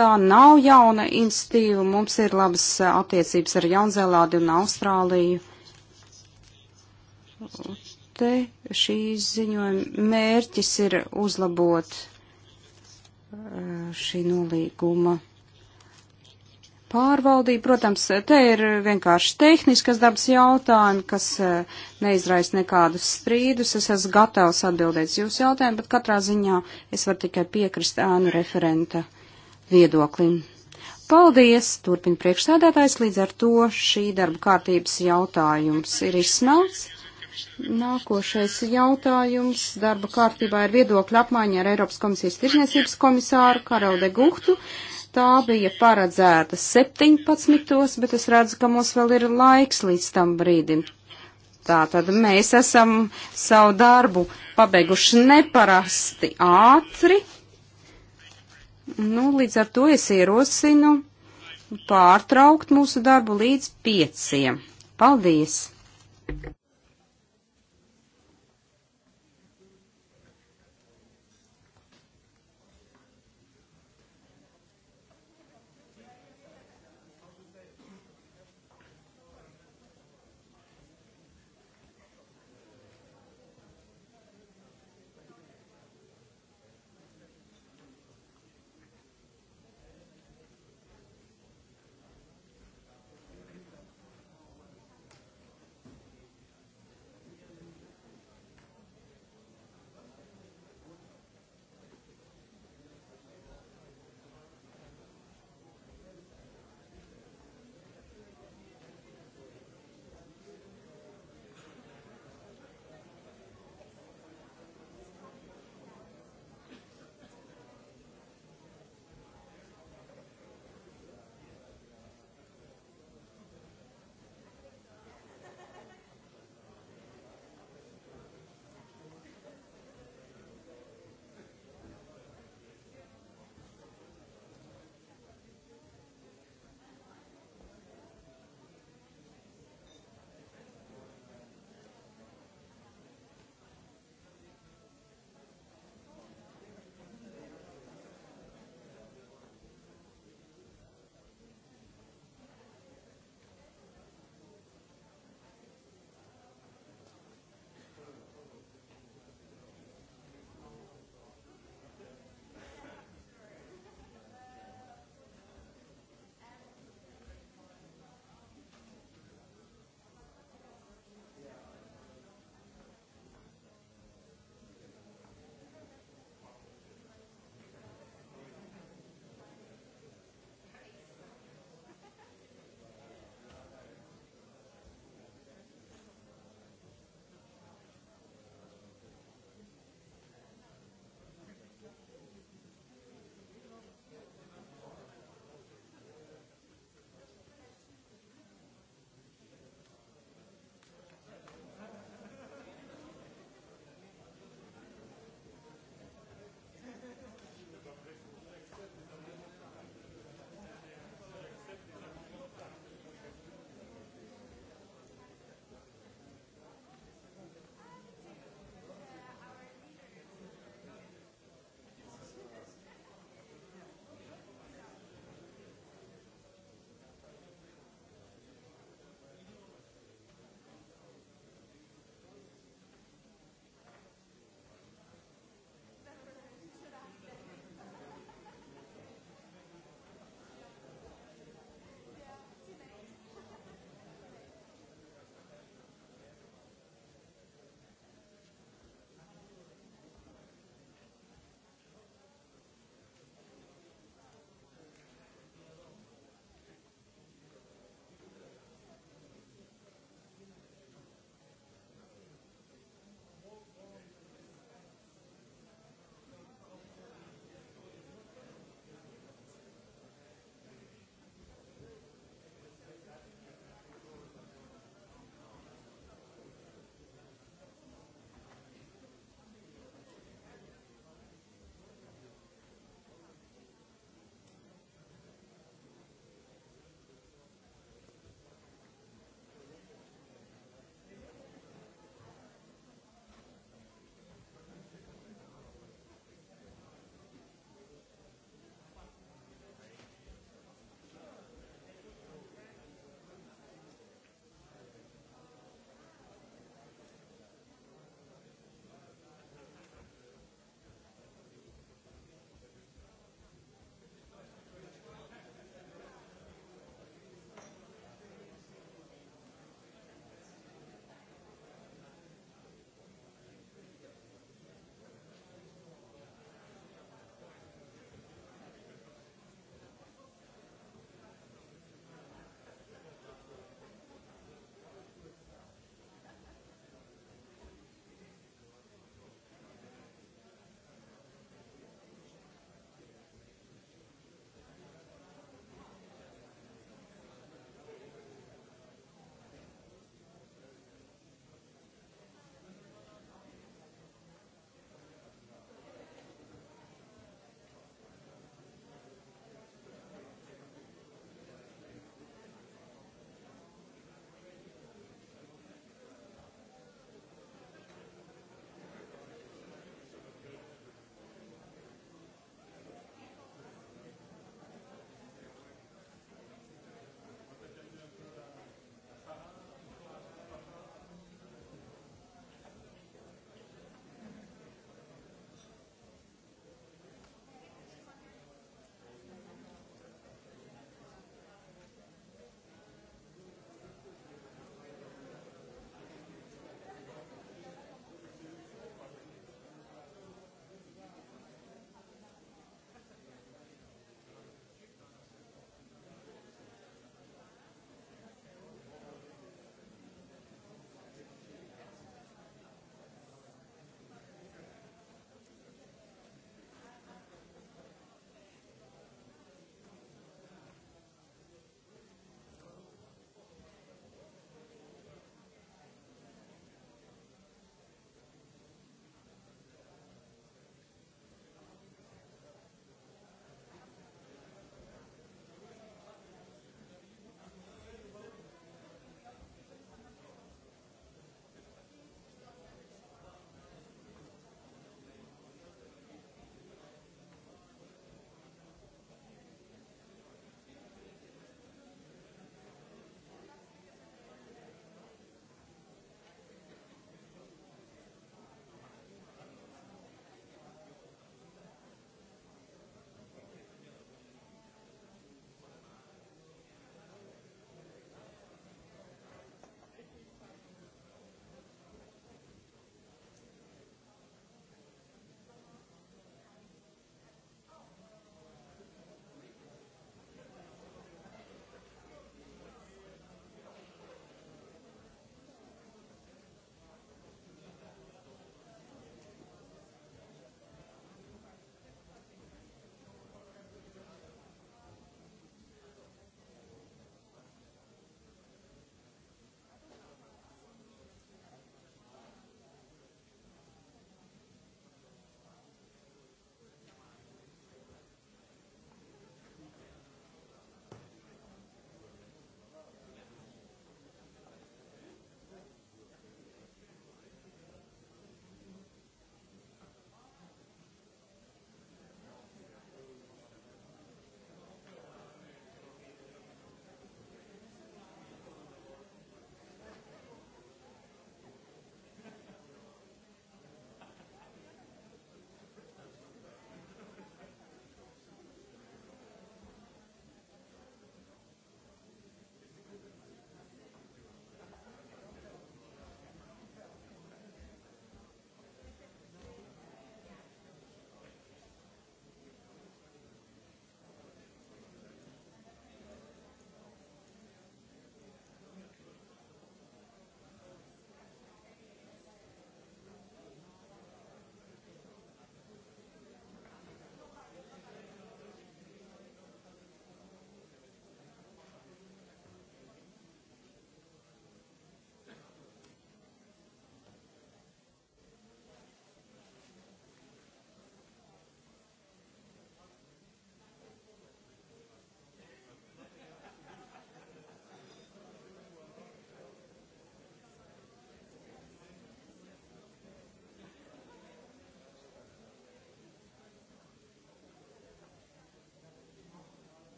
Tā nav jauna institīva. Mums ir labas attiecības ar Jaunzēlādi un Austrāliju te šī ziņojuma mērķis ir uzlabot eh, šī nolīguma pārvaldību. Protams, te ir vienkārši tehniskas dabas jautājumi, kas eh, neizraisa nekādus strīdus. Es esmu gatavs atbildēt jūsu jautājumu, bet katrā ziņā es varu tikai piekrist ēnu referenta viedoklim. Paldies! Turpin priekšsēdētājs, līdz ar to šī darba kārtības jautājums ir izsmelts. Nākošais jautājums darba kārtībā ir viedokļa apmaiņa ar Eiropas komisijas tirzniecības komisāru Karolde Guhtu. Tā bija paredzēta 17. bet es redzu, ka mums vēl ir laiks līdz tam brīdim. Tātad mēs esam savu darbu pabeiguši neparasti ātri. Nu, līdz ar to es ierosinu pārtraukt mūsu darbu līdz pieciem. Paldies!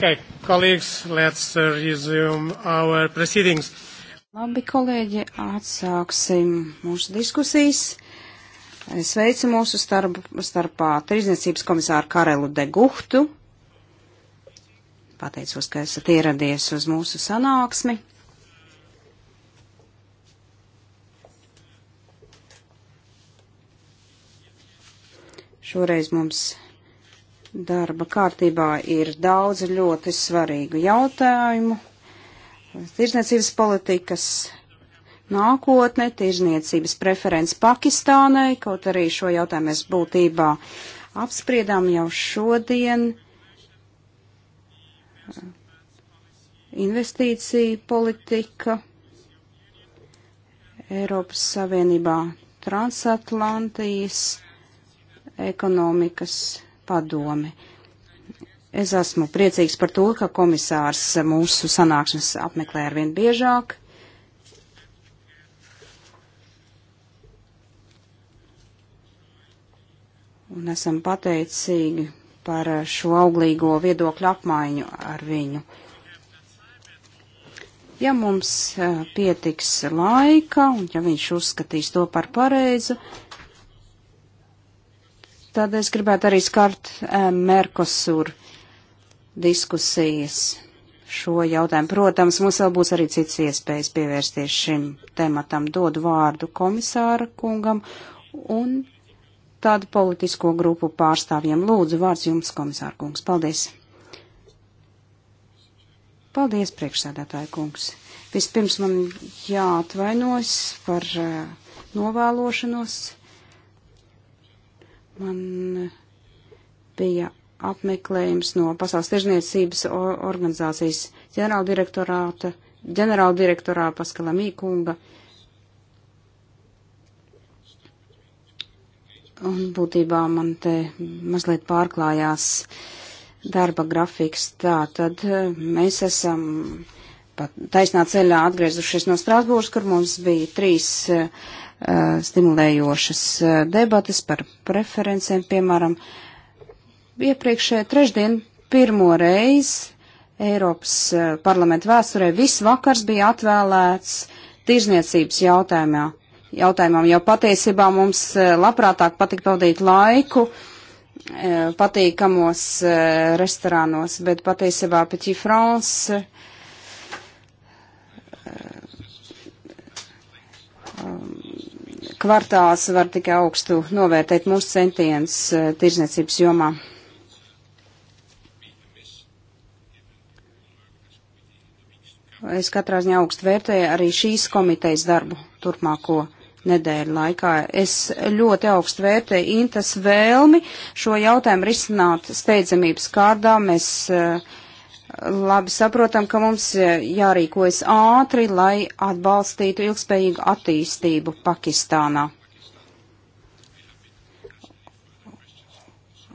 Okay, colleagues, let's uh, resume our proceedings. Labi, kolēģi, atsāksim mūsu diskusijas. Sveicu mūsu starp, starpā Trīsniecības komisāru Karelu de Guhtu. Pateicos, ka esat ieradies uz mūsu sanāksmi. Šoreiz mums Darba kārtībā ir daudz ļoti svarīgu jautājumu. Tirzniecības politikas nākotne, tirzniecības preferences Pakistānai, kaut arī šo jautājumu mēs būtībā apspriedām jau šodien. Investīcija politika Eiropas Savienībā transatlantijas ekonomikas padomi. Es esmu priecīgs par to, ka komisārs mūsu sanāksmes apmeklē arvien biežāk. Un esam pateicīgi par šo auglīgo viedokļu apmaiņu ar viņu. Ja mums eh, pietiks laika, un ja viņš uzskatīs to par pareizu, Tad es gribētu arī skart eh, Merkosur diskusijas šo jautājumu. Protams, mums vēl būs arī cits iespējas pievērsties šim tematam. Dodu vārdu komisāra kungam un tādu politisko grupu pārstāvjiem. Lūdzu, vārds jums, komisāra kungs. Paldies! Paldies, priekšsēdētāja kungs! Vispirms man jāatvainojas par eh, novēlošanos. Man eh, bija apmeklējums no Pasaules tirzniecības organizācijas ģenerāldirektorāta, ģenerāldirektorā Paskala Mīkunga. Un būtībā man te mazliet pārklājās darba grafiks. Tā tad eh, mēs esam pat taisnā ceļā atgriezušies no Strasbūras, kur mums bija trīs uh, stimulējošas debatas par preferencēm, piemēram, iepriekšējā trešdien pirmo reizi Eiropas parlamenta vēsturē viss vakars bija atvēlēts tirzniecības jautājumā. jautājumam, jo patiesībā mums labprātāk patika pavadīt laiku patīkamos restorānos, bet patiesībā Petit France kvartāls var tikai augstu novērtēt mūsu centienus eh, tirzniecības jomā. Es katrā ziņā augstu vērtēju arī šīs komitejas darbu turpmāko nedēļu laikā. Es ļoti augstu vērtēju Intas vēlmi šo jautājumu risināt steidzamības kārdā. Mēs uh, labi saprotam, ka mums e, jārīkojas ātri, lai atbalstītu ilgspējīgu attīstību Pakistānā.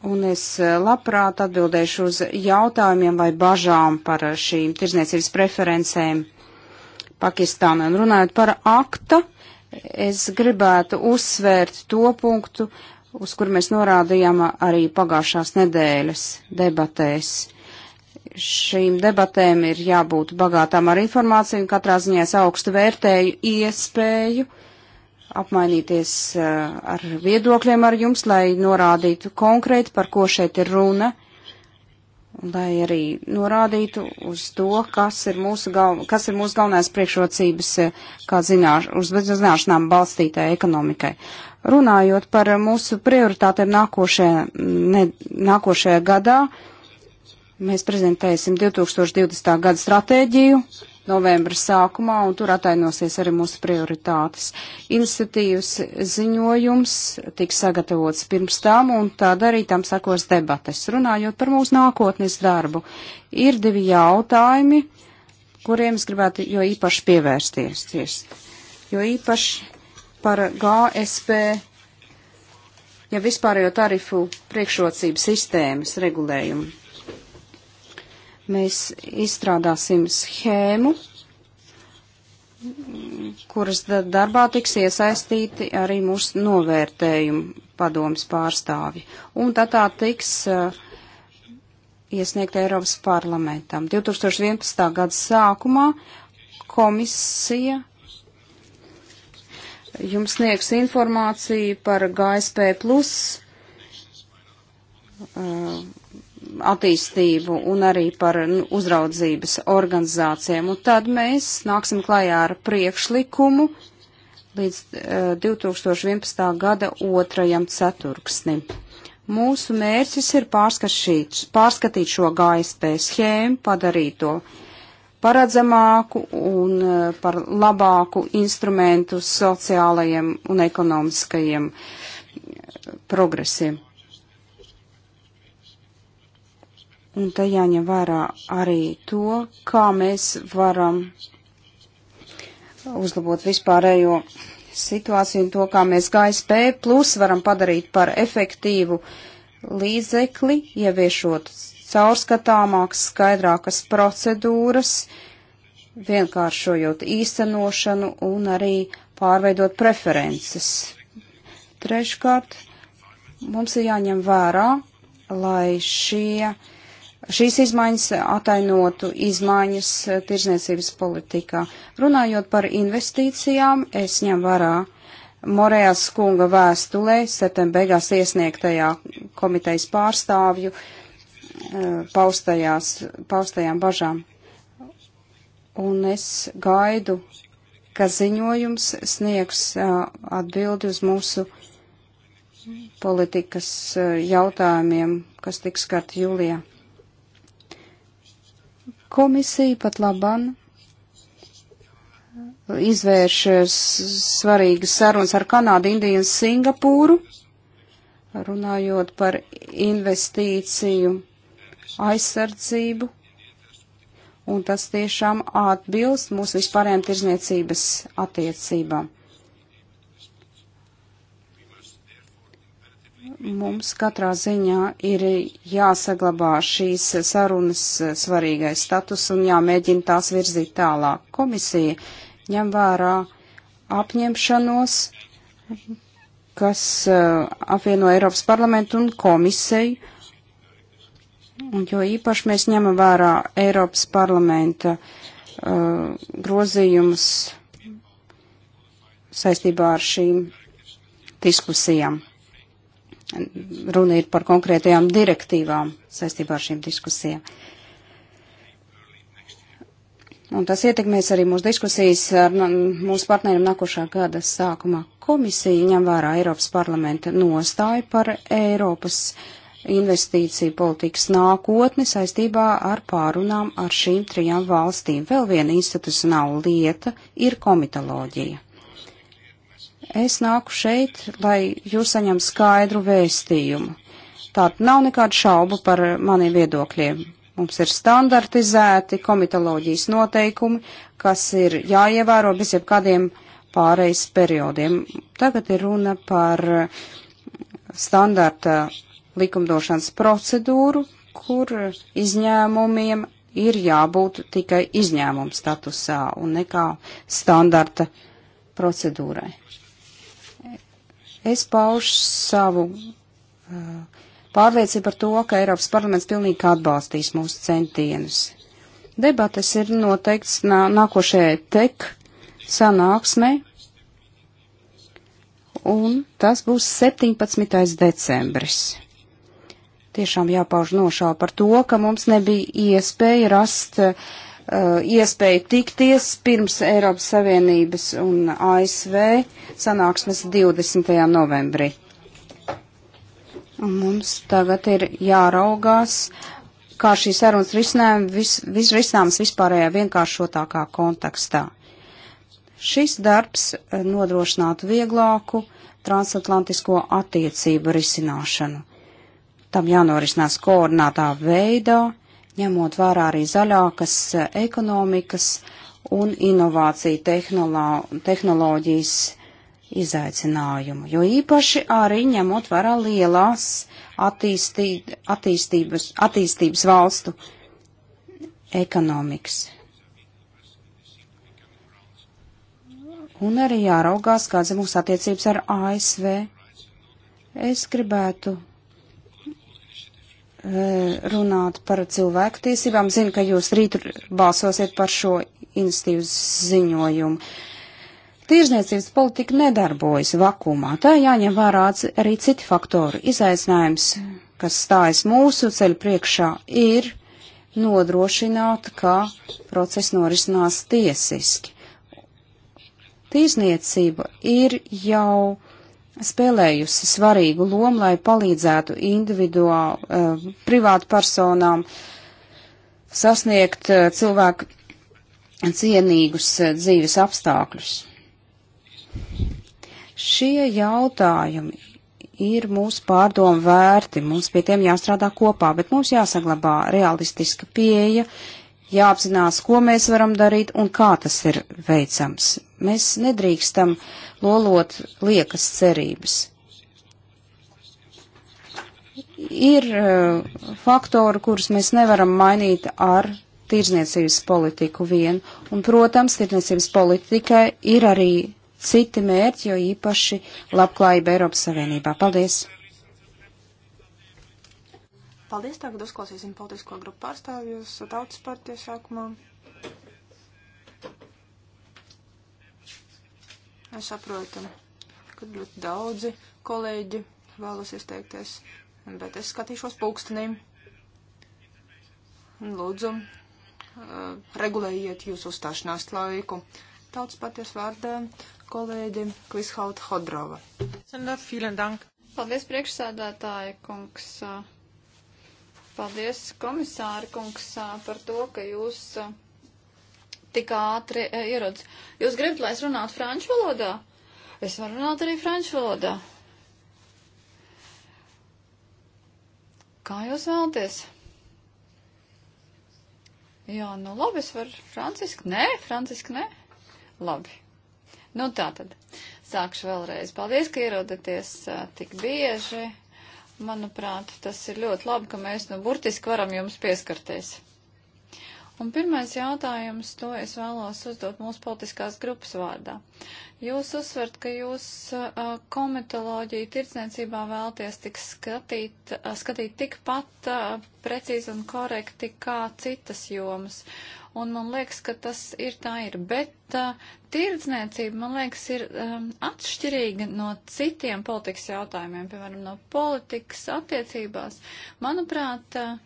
Un es e, labprāt atbildēšu uz jautājumiem vai bažām par e, šīm tirzniecības preferencēm Pakistānā. Un runājot par akta, es gribētu uzsvērt to punktu, uz kur mēs norādījām arī pagājušās nedēļas debatēs šīm debatēm ir jābūt bagātām ar informāciju, un katrā ziņā es augstu vērtēju iespēju apmainīties eh, ar viedokļiem ar jums, lai norādītu konkrēti, par ko šeit ir runa, un lai arī norādītu uz to, kas ir mūsu, gal, kas ir mūsu galvenais priekšrocības, eh, kā zināš, uz zināšanām balstītai ekonomikai. Runājot par mūsu prioritātēm nākošajā, ne, nākošajā gadā, uh, Mēs prezentēsim 2020. gada stratēģiju novembra sākumā, un tur atainosies arī mūsu prioritātes. Iniciatīvas ziņojums tiks sagatavots pirms tam, un tad arī tam sakos debates. Runājot par mūsu nākotnes darbu, ir divi jautājumi, kuriem es gribētu jo īpaši pievērsties. Ties. Jo īpaši par GSP, ja vispārējo tarifu priekšrocību sistēmas regulējumu Mēs izstrādāsim schēmu, kuras darbā tiks iesaistīti arī mūsu novērtējumu padomas pārstāvi. Un tad tā tiks uh, iesniegta Eiropas parlamentam. 2011. gada sākumā komisija jums sniegs informāciju par GSP plus uh, attīstību un arī par uzraudzības organizācijām. Un tad mēs nāksim klajā ar priekšlikumu līdz uh, e, 2011. gada otrajam ceturksnim. Mūsu mērķis ir pārskatīt, pārskatīt šo GSP schēmu, padarīt to paredzamāku un e, par labāku instrumentu sociālajiem un ekonomiskajiem e, progresiem. Un te jāņem vērā arī to, kā mēs varam uzlabot vispārējo situāciju un to, kā mēs GSP plus varam padarīt par efektīvu līdzekli, ieviešot caurskatāmākas, skaidrākas procedūras, vienkāršojot īstenošanu un arī pārveidot preferences. Treškārt, mums ir jāņem vērā, lai šie šīs izmaiņas atainotu izmaiņas eh, tirzniecības politikā. Runājot par investīcijām, es ņem vērā Morējas kunga vēstulē septembra beigās iesniegtajā komitejas pārstāvju eh, paustajās, paustajām bažām. Un es gaidu, ka ziņojums sniegs eh, atbildi uz mūsu politikas jautājumiem, kas tiks skart jūlijā. Komisija pat laban izvērš svarīgas sarunas ar Kanādu, Indiju un Singapūru, runājot par investīciju aizsardzību un tas tiešām atbilst mūsu vispārējām tirzniecības attiecībām. Mums katrā ziņā ir jāsaglabā šīs sarunas svarīgais status un jāmēģina tās virzīt tālāk. Komisija ņem vērā apņemšanos, kas uh, apvieno Eiropas parlamentu un komisiju, un jo īpaši mēs ņemam vērā Eiropas parlamenta uh, grozījumus saistībā ar šīm diskusijām. Runa ir par konkrētajām direktīvām saistībā ar šīm diskusijām. Un tas ietekmēs arī mūsu diskusijas ar nu, mūsu partneriem nākošā gada sākumā. Komisija ņem vērā Eiropas parlamenta nostāju par Eiropas investīciju politikas nākotni saistībā ar pārunām ar šīm trijām valstīm. Vēl viena institucionāla lieta ir komitoloģija. Es nāku šeit, lai jūs saņem skaidru vēstījumu. Tātad nav nekāda šauba par maniem viedokļiem. Mums ir standartizēti komitoloģijas noteikumi, kas ir jāievēro bez jebkādiem pārejas periodiem. Tagad ir runa par standarta likumdošanas procedūru, kur izņēmumiem ir jābūt tikai izņēmuma statusā un nekā standarta procedūrai. Es paušu savu uh, pārliecību par to, ka Eiropas parlaments pilnīgi atbalstīs mūsu centienus. Debates ir noteikts nā, nākošajai tek sanāksmei, un tas būs 17. decembris. Tiešām jāpauž nošā par to, ka mums nebija iespēja rast uh, Uh, iespēju tikties pirms Eiropas Savienības un ASV sanāksmes 20. novembrī. Un mums tagad ir jāraugās, kā šīs sarunas risinājumi vis, vis, risināmas vispārējā vienkāršotākā kontekstā. Šis darbs uh, nodrošinātu vieglāku transatlantisko attiecību risināšanu. Tam jānorisinās koordinātā veidā, ņemot vērā arī zaļākas eh, ekonomikas un inovāciju tehnoloģijas izaicinājumu, jo īpaši arī ņemot vērā lielās attīstī, attīstības, attīstības valstu ekonomikas. Un arī jāraugās, kāds ir mūsu attiecības ar ASV. Es gribētu Eh, runāt par cilvēku tiesībām. Zinu, ka jūs rīt balsosiet par šo institīvas ziņojumu. Tirzniecības politika nedarbojas vakumā. Tā jāņem vērā arī citi faktori. Izaicinājums, kas stājas mūsu ceļu priekšā, ir nodrošināt, ka process norisinās tiesiski. Tirzniecība ir jau spēlējusi svarīgu lomu, lai palīdzētu individuāli, uh, eh, privātu personām sasniegt uh, cilvēku cienīgus uh, dzīves apstākļus. Šie jautājumi ir mūsu pārdomu vērti, mums pie tiem jāstrādā kopā, bet mums jāsaglabā realistiska pieeja, jāapzinās, ko mēs varam darīt un kā tas ir veicams. Mēs nedrīkstam lolot liekas cerības. Ir uh, faktori, kurus mēs nevaram mainīt ar tirzniecības politiku vien, un, protams, tirzniecības politikai ir arī citi mērķi, jo īpaši labklājība Eiropas Savienībā. Paldies! Paldies, tagad uzklausīsim politisko grupu pārstāvjus tautas partijas sākumā. Es saprotu, ka ļoti daudzi kolēģi vēlas izteikties, bet es skatīšos pulkstenī. Lūdzu, eh, regulējiet jūsu uzstāšanās laiku. Tautas paties vārdā kolēģi Kvishaut Hodrova. Paldies, priekšsēdētāja kungs. Uh, Paldies, komisāri kungs, par to, ka jūs tik ātri ierodas. Jūs gribat, lai es runātu franču valodā? Es varu runāt arī franču valodā. Kā jūs vēlaties? Jā, nu labi, es varu franciski. Nē, franciski nē. Labi. Nu tā tad. Sākšu vēlreiz. Paldies, ka ierodaties tik bieži. Manuprāt, tas ir ļoti labi, ka mēs nu burtiski varam jums pieskarties. Un pirmais jautājums, to es vēlos uzdot mūsu politiskās grupas vārdā. Jūs uzsvert, ka jūs komitoloģiju tirdzniecībā vēlties tik skatīt, skatīt tikpat precīzi un korekti kā citas jomas. Un man liekas, ka tas ir tā ir. Bet tirdzniecība, man liekas, ir um, atšķirīga no citiem politikas jautājumiem, piemēram, no politikas attiecībās. Manuprāt, uh,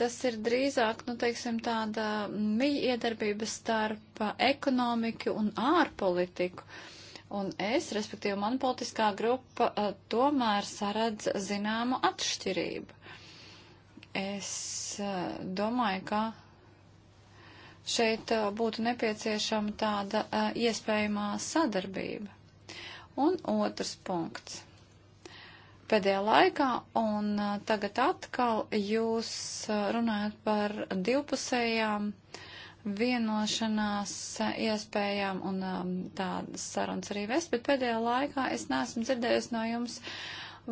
Tas ir drīzāk, nu, teiksim, tāda mīja iedarbība starp ekonomiku un ārpolitiku. Un es, respektīvi, man politiskā grupa eh, tomēr saredz zināmu atšķirību. Es eh, domāju, ka šeit eh, būtu nepieciešama tāda iespējamā sadarbība. Un otrs punkts pēdējā laikā, un tagad atkal jūs runājat par divpusējām vienošanās iespējām un tādas sarunas arī vest, bet pēdējā laikā es neesmu dzirdējusi no jums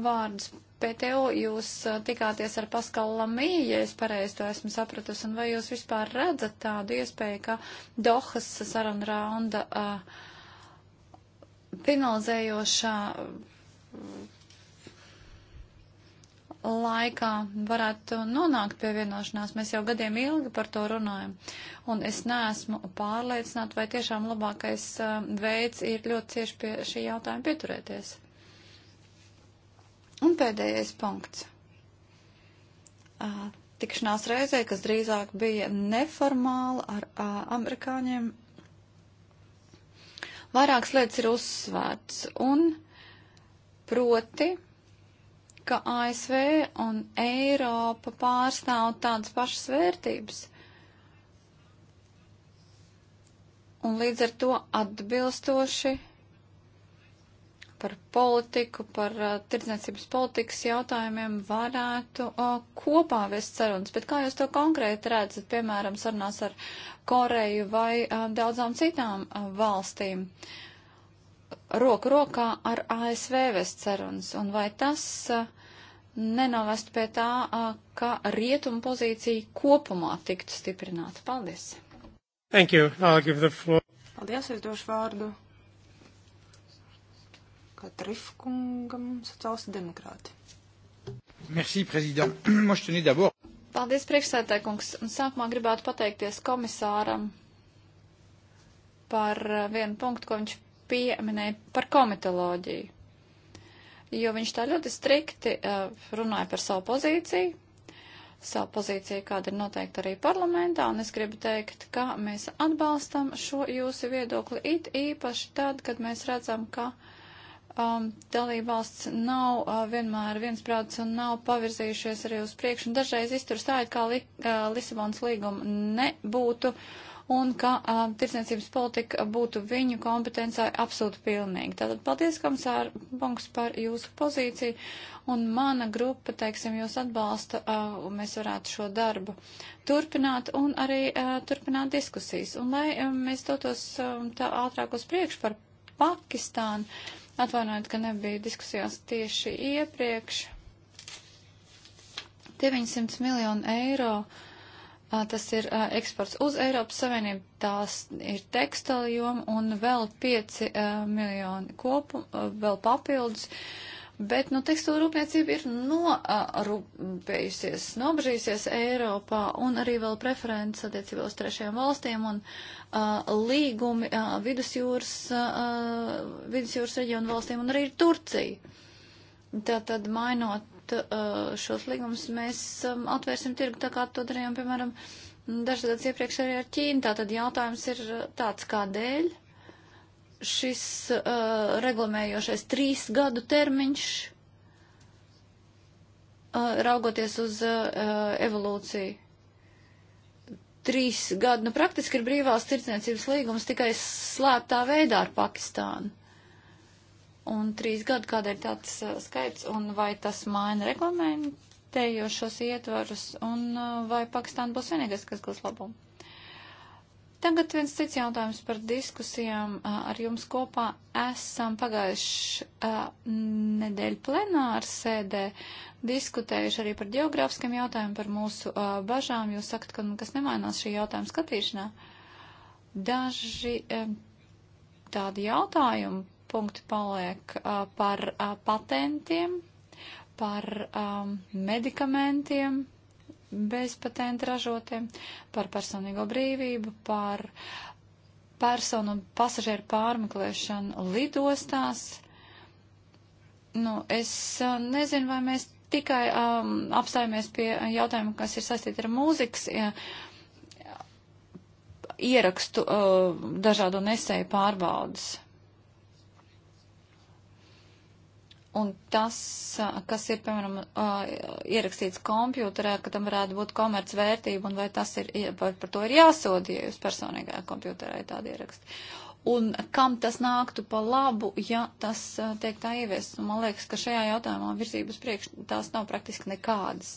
vārdus PTO. Jūs tikāties ar Paskalu Lamī, ja es pareizi to esmu sapratusi, un vai jūs vispār redzat tādu iespēju, ka Dohas saruna raunda uh, finalizējošā laikā varētu nonākt pie vienošanās. Mēs jau gadiem ilgi par to runājam. Un es neesmu pārliecināta, vai tiešām labākais uh, veids ir ļoti cieši pie šī jautājuma pieturēties. Un pēdējais punkts. Uh, tikšanās reizē, kas drīzāk bija neformāla ar uh, amerikāņiem, vairākas lietas ir uzsvērts. Un proti ka ASV un Eiropa pārstāv tādas pašas vērtības. Un līdz ar to atbilstoši par politiku, par uh, tirdzniecības politikas jautājumiem varētu uh, kopā vest sarunas. Bet kā jūs to konkrēti redzat, piemēram, sarunās ar Koreju vai uh, daudzām citām uh, valstīm? Roku rokā ar ASV vest sarunas. Un vai tas uh, nenovest pie tā, ka rietumu pozīcija kopumā tiktu stiprināta. Paldies! Thank you. I'll give the floor. Paldies, es došu vārdu. Kā Trifkungam, sociālisti demokrāti. Merci, prezident. Moi, je tenais d'abord. Paldies, priekšsētājkungs. Sākumā gribētu pateikties komisāram par vienu punktu, ko viņš pieminēja par komitoloģiju jo viņš tā ļoti strikti uh, runāja par savu pozīciju, savu pozīciju, kāda ir noteikta arī parlamentā, un es gribu teikt, ka mēs atbalstam šo jūsu viedokli it īpaši tad, kad mēs redzam, ka um, dalībvalsts nav uh, vienmēr viensprāts un nav pavirzījušies arī uz priekšu, un dažreiz izturst tā, it kā li, uh, Lisabonas līguma nebūtu. Uh, un ka uh, tirdzniecības politika būtu viņu kompetencē absolūti pilnīgi. Tātad paldies, komisār Bunks, par jūsu pozīciju, un mana grupa, teiksim, jūs atbalsta, uh, un mēs varētu šo darbu turpināt un arī uh, turpināt diskusijas. Un lai uh, mēs dotos uh, tā ātrāk uz priekšu par Pakistānu, atvainojiet, ka nebija diskusijās tieši iepriekš. 900 miljonu eiro uh, Tas ir eksports uz Eiropas Savienību, tās ir tekstila joma un vēl 5 miljoni kopu, vēl papildus. Bet, nu, tekstilu rūpniecība ir norūpējusies, nobrījusies Eiropā un arī vēl preferences attiecībā uz trešajām valstīm un uh, līgumi uh, vidusjūras, uh, vidusjūras reģionu valstīm un arī Turcija. Tātad mainot pieņemtu uh, šos līgumus, mēs um, atvērsim tirgu tā kā to darījām, piemēram, dažas gadus iepriekš arī ar Ķīnu. Tātad jautājums ir tāds, kādēļ šis uh, regulējošais trīs gadu termiņš, uh, raugoties uz uh, evolūciju trīs gadi, nu praktiski ir brīvās tirdzniecības līgums tikai slēptā veidā ar Pakistānu un trīs gadi, kādēļ tāds uh, skaits, un vai tas maina reglamentējošos ietvarus, un uh, vai Pakistāna būs vienīgais, kas gūs labumu. Tagad viens cits jautājums par diskusijām uh, ar jums kopā. Esam pagājuši nedēļu plenāru sēdē diskutējuši arī par geogrāfiskiem jautājumiem, par mūsu a, bažām. Jūs sakat, ka nekas nemainās šī jautājuma skatīšanā. Daži a, tādi jautājumi punkti paliek uh, par uh, patentiem, par um, medikamentiem bez patenta ražotiem, par personīgo brīvību, par personu un pasažieru pārmeklēšanu lidostās. Nu, es uh, nezinu, vai mēs tikai um, apstājamies pie jautājuma, kas ir saistīti ar mūzikas. Ja, ierakstu uh, dažādu nesēju pārbaudas. Un tas, kas ir, piemēram, ierakstīts kompjūterē, ka tam varētu būt komerc vērtība, un vai tas ir, par, par to ir jāsodi, ja jūs personīgajā kompjūterē ir tādi ieraksti. Un kam tas nāktu pa labu, ja tas tiek tā ieviests? Man liekas, ka šajā jautājumā virzības priekš tās nav praktiski nekādas.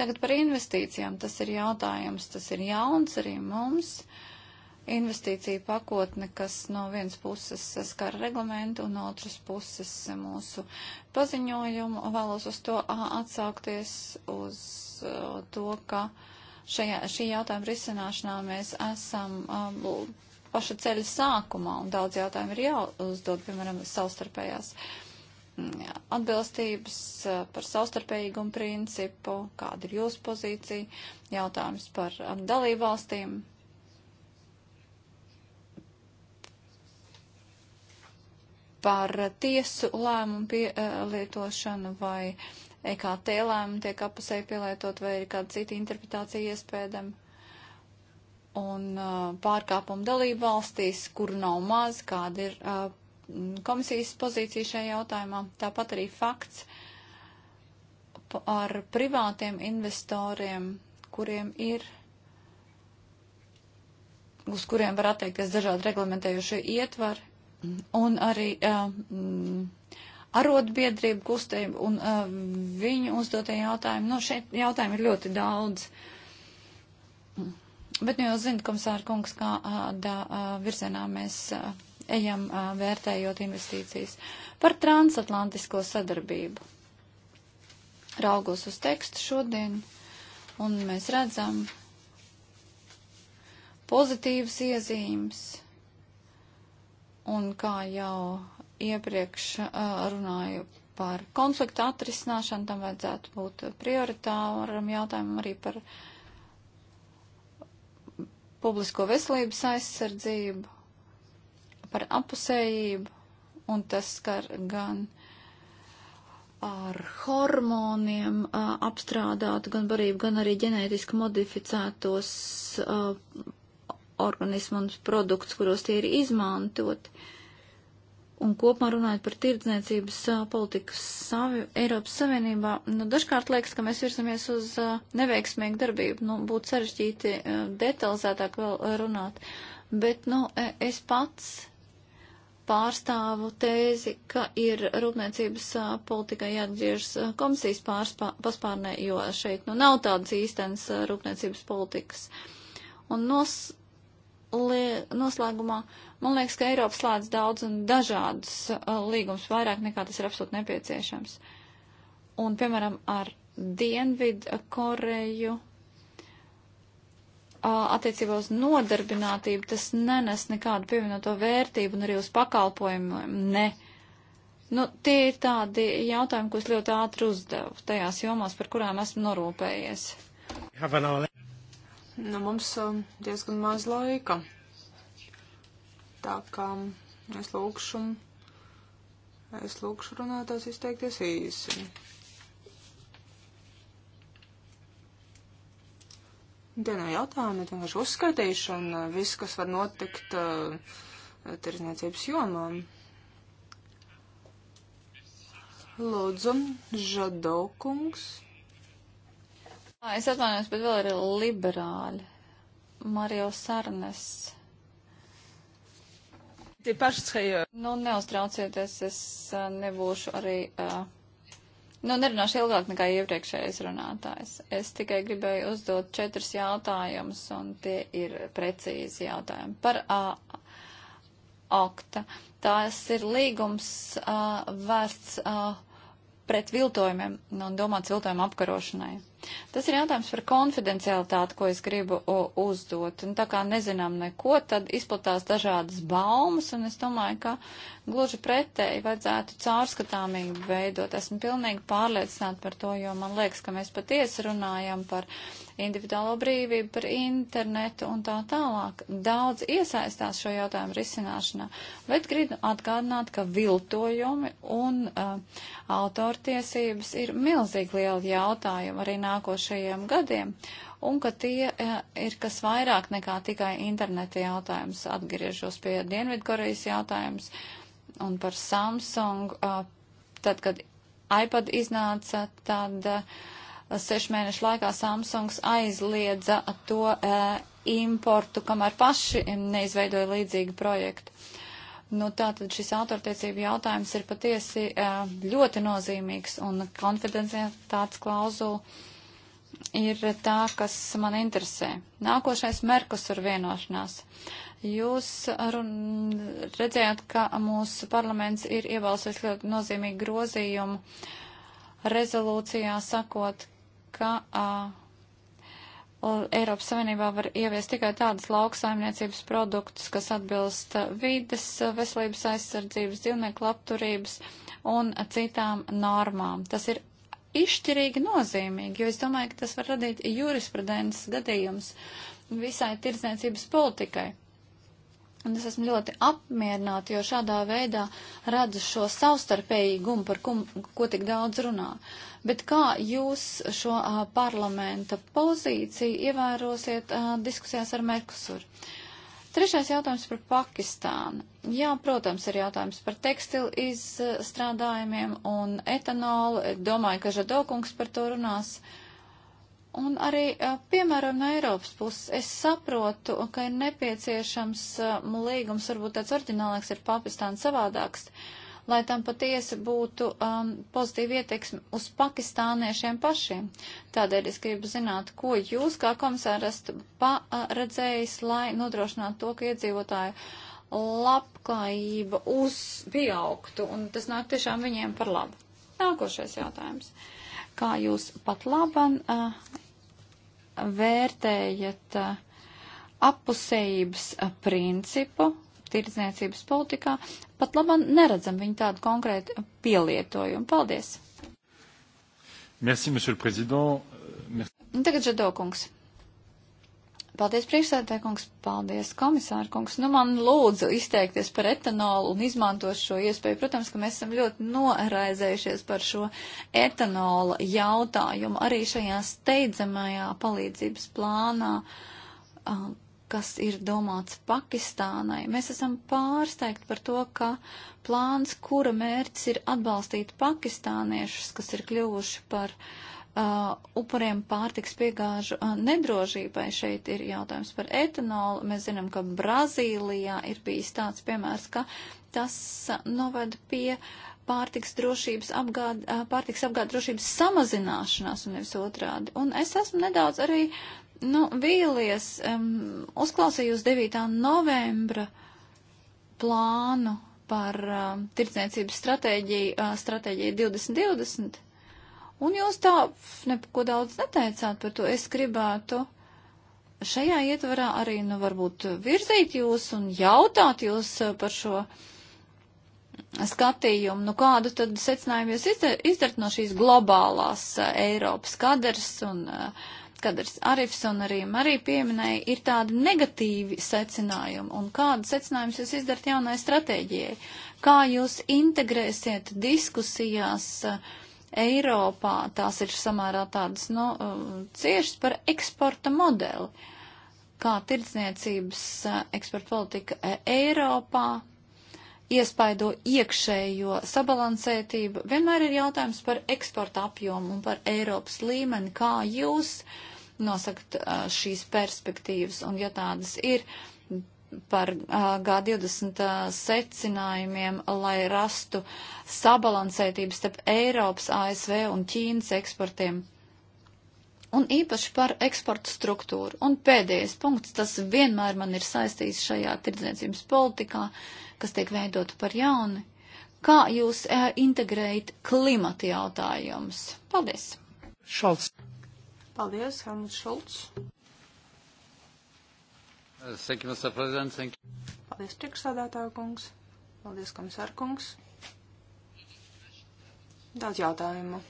Tagad par investīcijām. Tas ir jautājums, tas ir jauns arī mums. Uh, investīcija pakotne, kas no vienas puses skar reglamentu un otras puses mūsu paziņojumu. Vēlos uz to atsaukties uz to, ka šajā, šī jautājuma risināšanā mēs esam um, paša ceļa sākumā un daudz jautājumu ir jāuzdod, piemēram, savstarpējās atbilstības par savstarpējīgumu principu, kāda ir jūsu pozīcija, jautājums par dalību valstīm, par tiesu lēmumu pielietošanu vai EKT lēmumu tiek apusē pielietot vai ir kāda cita interpretācija iespējama. Un uh, pārkāpumu dalību valstīs, kuru nav maz, kāda ir uh, komisijas pozīcija šajā jautājumā. Tāpat arī fakts ar privātiem investoriem, kuriem ir uz kuriem var attiekties dažādi reglamentējušie ietvari, un arī um, arotbiedrību kustību un uh, viņu uzdotie jautājumi. Nu, šeit jautājumi ir ļoti daudz. Bet nu, jūs zinat, komisāra kungs, kādā uh, virzienā mēs uh, ejam uh, vērtējot investīcijas. Par transatlantisko sadarbību. Raugos uz tekstu šodien un mēs redzam pozitīvas iezīmes Un kā jau iepriekš runāju par konfliktu atrisināšanu, tam vajadzētu būt prioritāram jautājumam arī par publisko veselības aizsardzību, par apusējību, un tas skar gan ar hormoniem apstrādātu gan barību, gan arī ģenētiski modificētos organismu un produktus, kuros tie ir izmantoti. Un kopumā runājot par tirdzniecības politiku savi, Eiropas Savienībā, nu, dažkārt liekas, ka mēs virsamies uz uh, neveiksmīgu darbību. Nu, būtu sarežģīti uh, detalizētāk vēl runāt. Bet, nu, es pats pārstāvu tēzi, ka ir rūpniecības uh, politikai jāatgriežas uh, komisijas pārspā, paspārnē, jo šeit, nu, nav tādas īstenas uh, rūpniecības politikas. Un nos, noslēgumā, man liekas, ka Eiropa slēdz daudz un dažādus uh, līgumus, vairāk nekā tas ir absolūti nepieciešams. Un, piemēram, ar Dienvidu Koreju uh, attiecībā uz nodarbinātību tas nenes nekādu pievienoto vērtību un arī uz pakalpojumu ne. Nu, tie ir tādi jautājumi, ko es ļoti ātri uzdevu tajās jomās, par kurām esmu norūpējies nu, mums um, diezgan maz laika. Tā kā um, es lūkšu, es lūkšu runātājs izteikties īsi. Dienā jautājumi, vienkārši uzskaitīšana, uh, viss, kas var notikt uh, tirzniecības jomā. Lūdzu, Žadokungs. Es atvainojos, bet vēl ir liberāļi. Mario Sarnes. Nu, neuztraucieties, es nebūšu arī. Uh, Nu, nerunāšu ilgāk nekā iepriekšējais runātājs. Es tikai gribēju uzdot četrus jautājumus, un tie ir precīzi jautājumi par a, akta. Tās ir līgums a, vērsts a, pret viltojumiem nu, un domāts viltojumu apkarošanai. Tas ir jautājums par konfidencialitāti, ko es gribu o, uzdot. Un tā kā nezinām neko, tad izplatās dažādas baumas, un es domāju, ka Gluži pretēji vajadzētu caurskatāmību veidot. Esmu pilnīgi pārliecināta par to, jo man liekas, ka mēs patiesi runājam par individuālo brīvību, par internetu un tā tālāk. Daudz iesaistās šo jautājumu risināšanā, bet gribu atgādināt, ka viltojumi un uh, autortiesības ir milzīgi lieli jautājumi arī nākošajiem gadiem un ka tie uh, ir kas vairāk nekā tikai interneta jautājums. Atgriežos pie Dienvidkorejas jautājums. Uh, un par Samsung, tad, kad iPad iznāca, tad sešu mēnešu laikā Samsungs aizliedza to importu, kamēr paši neizveidoja līdzīgu projektu. Nu, tātad šis autortiecību jautājums ir patiesi ļoti nozīmīgs un konfidenciālitātes klauzula ir tā, kas man interesē. Nākošais Merkusur vienošanās. Jūs run, redzējāt, ka mūsu parlaments ir iebalsojis ļoti nozīmīgu grozījumu rezolūcijā sakot, ka uh, Eiropas Savienībā var ieviest tikai tādas lauksaimniecības produktus, kas atbilst vides, veselības aizsardzības, dzīvnieku labturības un citām normām. Tas ir izšķirīgi nozīmīgi, jo es domāju, ka tas var radīt jurisprudences gadījums visai tirdzniecības politikai. Un es esmu ļoti apmierināta, jo šādā veidā redzu šo savstarpējīgumu, par kum, ko tik daudz runā. Bet kā jūs šo a, parlamenta pozīciju ievērosiet a, diskusijās ar Merkusuru? Trešais jautājums par Pakistānu. Jā, protams, ir jautājums par tekstilu izstrādājumiem un etanolu. Domāju, ka Žadokungs par to runās. Un arī, piemēram, no Eiropas puses, es saprotu, ka ir nepieciešams līgums, varbūt tāds orģinālāks ir Pakistāns savādāks. Uh, lai tam patiesi būtu um, pozitīva ietekme uz pakistāniešiem pašiem. Tādēļ es gribu zināt, ko jūs kā komisāri esat paredzējis, lai nodrošinātu to, ka iedzīvotāju labklājība uz pieaugtu, un tas nāk tiešām viņiem par labu. Nākošais jautājums. Kā jūs pat laban uh, vērtējat uh, apusējības uh, principu tirdzniecības politikā pat labam neredzam viņu tādu konkrētu pielietojumu. Paldies! Merci, monsieur le président. Merci. Tagad Žadokungs. Paldies, priekšsēdētāj kungs, paldies, komisāra kungs. Nu, man lūdzu izteikties par etanolu un izmantot šo iespēju. Protams, ka mēs esam ļoti noraizējušies par šo etanola jautājumu arī šajā steidzamajā palīdzības plānā. Um, kas ir domāts Pakistānai. Mēs esam pārsteigti par to, ka plāns, kura mērķis ir atbalstīt pakistāniešus, kas ir kļuvuši par uh, upuriem pārtiks piegāžu uh, nedrošībai, šeit ir jautājums par etanolu. Mēs zinām, ka Brazīlijā ir bijis tāds piemērs, ka tas uh, noved pie pārtiks drošības apgād, uh, pārtiks apgād drošības samazināšanās un nevis otrādi. Un es esmu nedaudz arī Nu, vīlies, um, uzklausīju uz 9. novembra plānu par um, tirdzniecības stratēģiju, uh, stratēģiju 2020, un jūs tā neko daudz neteicāt par to. Es gribētu šajā ietvarā arī, nu, varbūt virzīt jūs un jautāt jūs par šo skatījumu, nu kādu tad secinājumu jūs izdarat no šīs globālās uh, Eiropas kadras un uh, Kadrs Arifs un arī Marija pieminēja, ir tādi negatīvi secinājumi. Un kādu secinājumus jūs izdarat jaunai stratēģijai? Kā jūs integrēsiet diskusijās eh, Eiropā, tās ir samērā tādas, nu, eh, ciešas par eksporta modeli? Kā tirdzniecības eh, eksporta politika Eiropā iespaido iekšējo sabalansētību, vienmēr ir jautājums par eksporta apjomu un par Eiropas līmeni, kā jūs uh, nosakt šīs perspektīvas, un ja tādas ir, par G20 secinājumiem, lai rastu sabalansētību starp Eiropas, ASV un Ķīnas eksportiem un īpaši par eksporta struktūru. Un pēdējais punkts, tas vienmēr man ir saistīts šajā tirdzniecības politikā, kas tiek veidota par jauni. Kā jūs e, integrējat klimata jautājumus? Paldies! Šalts. Paldies, Helmuts Šulcs. Thank you, Mr. President. Thank you. Paldies, priekšsādātāja kungs. Paldies, komisāra kungs. Daudz jautājumu.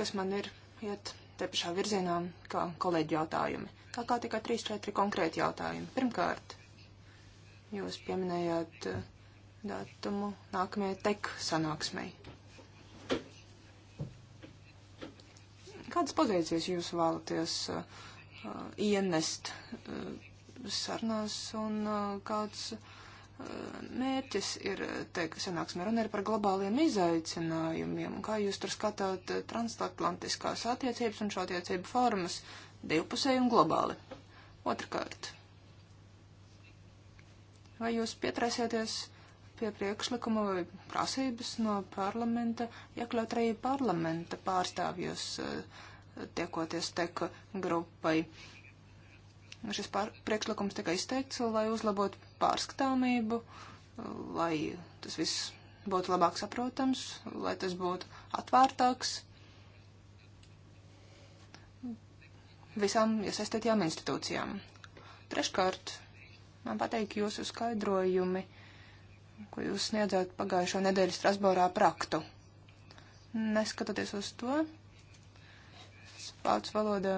Kas man ir iet te pašā virzienā, kā kolēģi jautājumi. Tā kā tikai 3-4 konkrēti jautājumi. Pirmkārt, jūs pieminējāt datumu nākamajai tek sanāksmei. Kādas pozīcijas jūs vēlaties uh, ienest uh, sarunās un uh, kāds mērķis ir, teikt, sanāksmē runa ir par globāliem izaicinājumiem, kā jūs tur skatāt transatlantiskās attiecības un šo attiecību formas divpusēji un globāli. Otrakārt, vai jūs pieturēsieties pie priekšlikuma vai prasības no parlamenta iekļaut arī parlamenta pārstāvjus eh, tiekoties tek grupai. Šis pār, priekšlikums tika izteikts, lai uzlabotu pārskatāmību, lai tas viss būtu labāk saprotams, lai tas būtu atvērtāks visām iesaistītajām institūcijām. Treškārt, man patīk jūsu skaidrojumi ko jūs sniedzāt pagājušo nedēļu Strasbūrā praktu. Neskatoties uz to, spācu valodā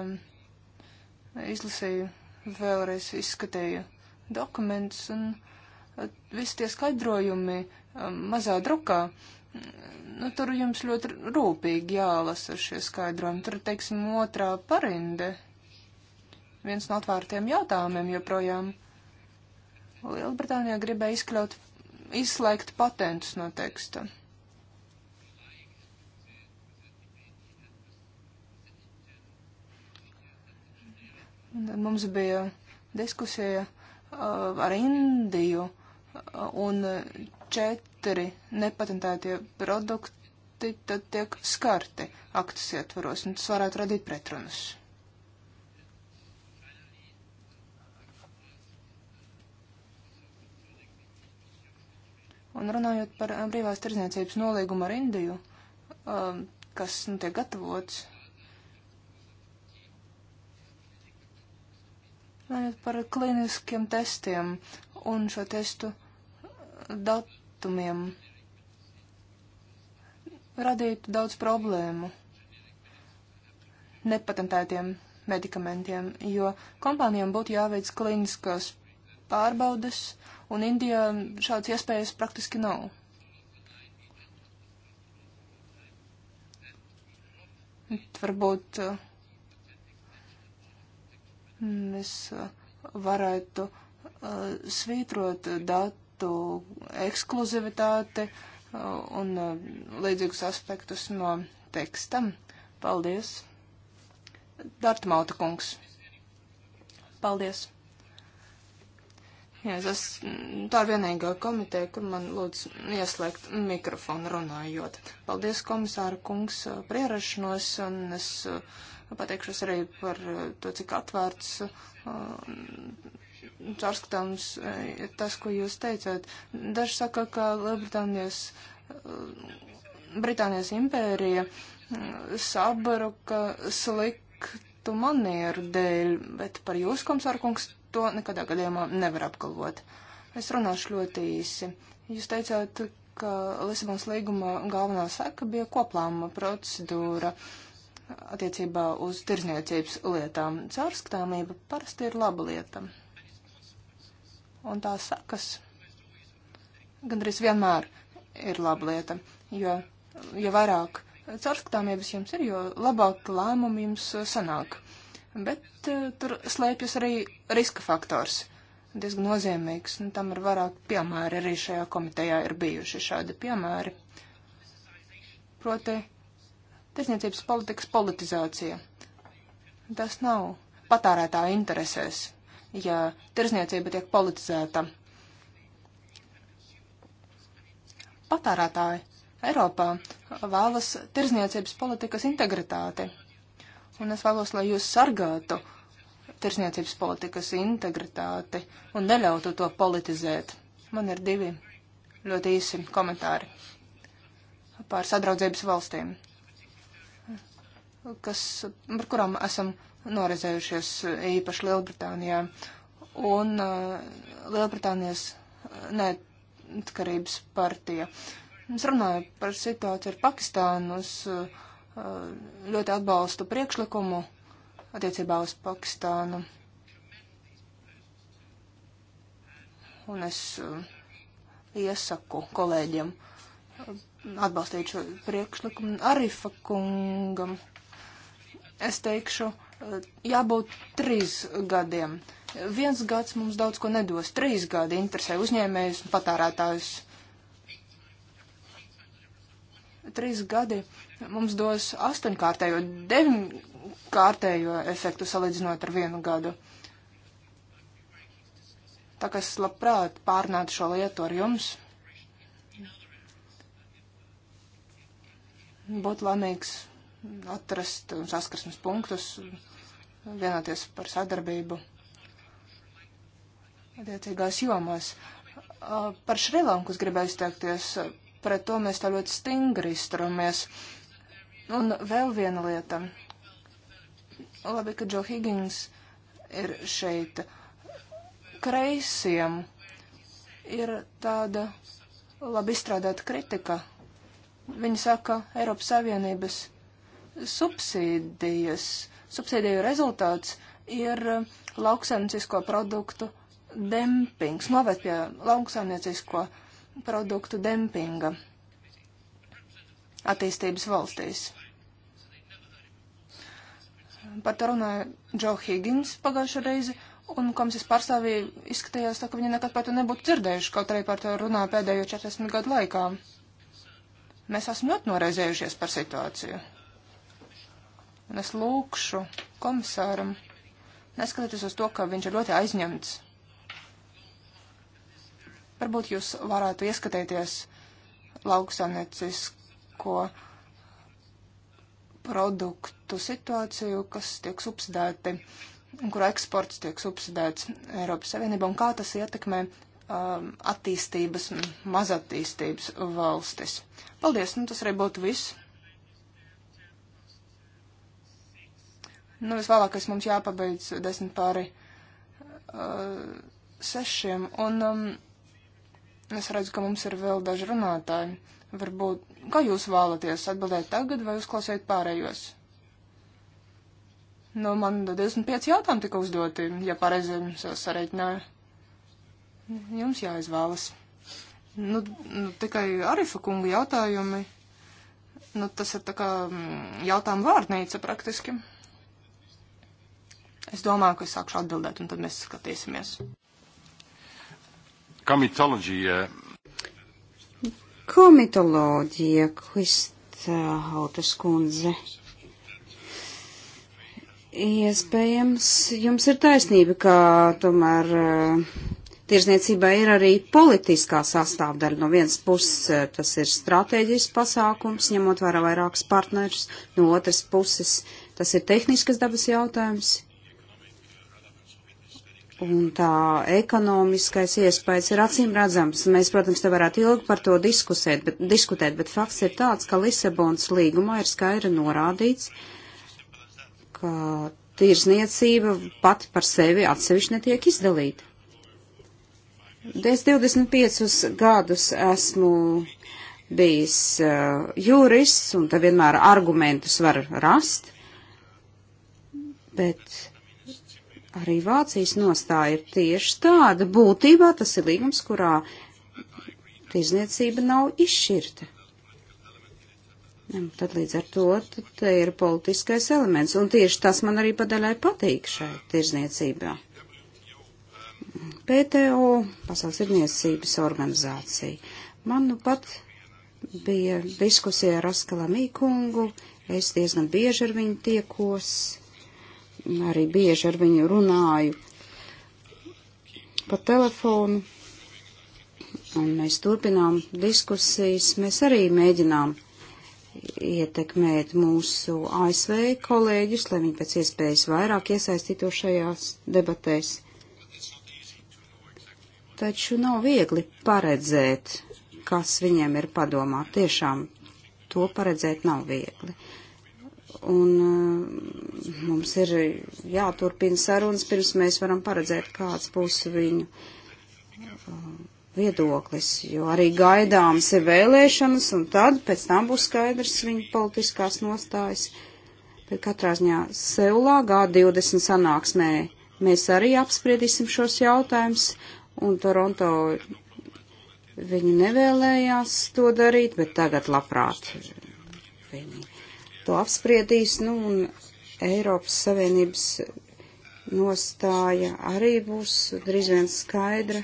izlasīju, vēlreiz izskatīju dokumentus un visi tie skaidrojumi mazā drukā. Nu, tur jums ļoti rūpīgi jālasa šie skaidrojumi. Tur, teiksim, otrā parinde. Viens no atvērtiem jautājumiem joprojām. Lielbritānijā gribēja izkļaut izslēgt patentus no teksta. Tad mums bija diskusija uh, ar Indiju uh, un četri nepatentētie produkti tad tiek skarti aktas ietvaros, un tas varētu radīt pretrunas. Un runājot par brīvās um, tirdzniecības nolīgumu ar Indiju, um, kas nu, tiek gatavots, runājot par klīniskiem testiem un šo testu datumiem, radītu daudz problēmu nepatentētiem medikamentiem, jo kompānijām būtu jāveic klīniskās pārbaudes, uh, un Indijā šādas iespējas praktiski nav. Varbūt mēs mm, varētu eh, svītrot datu ekskluzivitāti eh, un eh, līdzīgus aspektus no tekstam. Paldies! Dārta Mauta kungs. Paldies! Jā, tas, mm, tā ir vienīgā komiteja, kur man lūdzu ieslēgt mikrofonu runājot. Paldies, komisāra kungs, par ierašanos, un es pateikšos arī par to, cik atvērts cārskatāms ir tas, ko jūs teicāt. Daži saka, ka Lielbritānijas, Britānijas impērija sabruka sliktu manieru dēļ, bet par jūs, komisāra kungs, to nekadā gadījumā nevar apgalvot. Es runāšu ļoti īsi. Jūs teicāt, ka Lisabonas līguma galvenā saka bija koplāma procedūra attiecībā uz tirzniecības lietām. Caurskatāmība parasti ir laba lieta. Un tās sakas gandrīz vienmēr ir laba lieta, jo, jo vairāk caurskatāmības jums ir, jo labāk lēmumi jums sanāk. Uh, bet uh, tur slēpjas arī riska faktors diezgan nozīmīgs, un tam ir vairāk piemēri, arī šajā komitejā ir bijuši šādi piemēri. Proti, tiesniecības politikas politizācija. Tas nav patērētāja interesēs, ja tirsniecība tiek politizēta. Patērētāji Eiropā vēlas tirsniecības politikas integritāti un es vēlos, lai jūs sargātu tirsniecības politikas integritāti un neļautu to politizēt. Man ir divi ļoti īsi komentāri par sadraudzības valstīm, kas, par kurām esam norizējušies īpaši Lielbritānijā. Un uh, Lielbritānijas neatkarības partija. Es runāju par situāciju ar Pakistānu. Es uh, Eh, ļoti atbalstu priekšlikumu attiecībā uz Pakistānu. Un es eh, iesaku kolēģiem eh, atbalstīt šo priekšlikumu Arifa kungam. Es teikšu, jābūt trīs gadiem. Viens gads mums daudz ko nedos. Trīs gadi interesē uzņēmējus un patērētājus. Trīs gadi mums dos astoņkārtējo, deviņkārtējo efektu salīdzinot ar vienu gadu. Tā kā es labprāt pārnātu šo lietu ar jums. Būtu laimīgs atrast saskarsmes punktus, vienoties par sadarbību attiecīgās jomās. Par Šrilanku es gribēju izteikties, pret to mēs tā ļoti stingri izturamies. Uh, Un vēl viena lieta. Labi, ka Džo Higgins ir šeit. Kreisiem ir tāda labi izstrādāta kritika. Viņi saka, Eiropas Savienības subsīdijas, subsīdiju rezultāts ir lauksaimniecisko produktu dempings, noved pie lauksaimniecisko produktu dempinga attīstības valstīs par to runāja Džo Higgins pagājušajā reizi, un komisijas pārstāvī izskatījās tā, ka viņi nekad par to nebūtu dzirdējuši, kaut arī par to runā pēdējo 40 gadu laikā. Mēs esam ļoti noraizējušies par situāciju. Un es lūkšu komisāram, neskatoties uz to, ka viņš ir ļoti aizņemts. Varbūt jūs varētu ieskatīties lauksaimniecisko produktu situāciju, kas tiek subsidēti, kur eksports tiek subsidēts Eiropas Savienībā, un kā tas ietekmē um, attīstības, mazattīstības valstis. Paldies, nu tas arī būtu viss. Nu, visvēlākais mums jāpabeidz desmit pāri uh, sešiem, un um, es redzu, ka mums ir vēl daži runātāji. Varbūt Kā jūs vēlaties atbildēt tagad vai uzklausīt pārējos? Nu, man 25 jautājumi tika uzdoti, ja pareizi es sareiķināju. Jums jāizvēlas. Nu, nu, tikai Arifa kunga jautājumi. Nu, tas ir tā kā mm, jautājumu vārnīca praktiski. Es domāju, ka es sākšu atbildēt, un tad mēs skatīsimies. Komitoloģija uh Komitoloģija, Kristautas kundze. Iespējams, jums ir taisnība, ka tomēr eh, tirzniecībā ir arī politiskā sastāvdaļa. No vienas puses eh, tas ir stratēģisks pasākums, ņemot vērā vairākus partnerus, no otras puses tas ir tehniskas dabas jautājums un tā ekonomiskais iespējas ir acīm redzams. Mēs, protams, te varētu ilgi par to diskusēt, bet, diskutēt, bet fakts ir tāds, ka Lisabonas līgumā ir skaidri norādīts, ka tirzniecība pati par sevi atsevišķi netiek izdalīta. Es 25 gadus esmu bijis uh, jurists, un te vienmēr argumentus var rast, bet Arī Vācijas nostāja ir tieši tāda. Būtībā tas ir līgums, kurā tirzniecība nav izšķirta. Tad līdz ar to te ir politiskais elements, un tieši tas man arī padaļai patīk šai tirzniecībā. PTO, Pasaules tirzniecības organizācija. Man nu pat bija diskusija ar Askalamī kungu, es diezgan bieži ar viņu tiekos arī bieži ar viņu runāju pa telefonu, un mēs turpinām diskusijas. Mēs arī mēģinām ietekmēt mūsu ASV kolēģus, lai viņi pēc iespējas vairāk iesaistītu šajās debatēs. Taču nav viegli paredzēt, kas viņiem ir padomā. Tiešām to paredzēt nav viegli. Un eh, mums ir jāturpina sarunas, pirms mēs varam paredzēt, kāds būs viņu eh, viedoklis, jo arī gaidāms ir vēlēšanas, un tad pēc tam būs skaidrs viņa politiskās nostājas. Bet katrā ziņā Seulā G20 sanāksmē mēs arī apspriedīsim šos jautājumus, un Toronto viņi nevēlējās to darīt, bet tagad labprāt eh, viņi to apspriedīs, nu, un Eiropas Savienības nostāja arī būs drīz vien skaidra.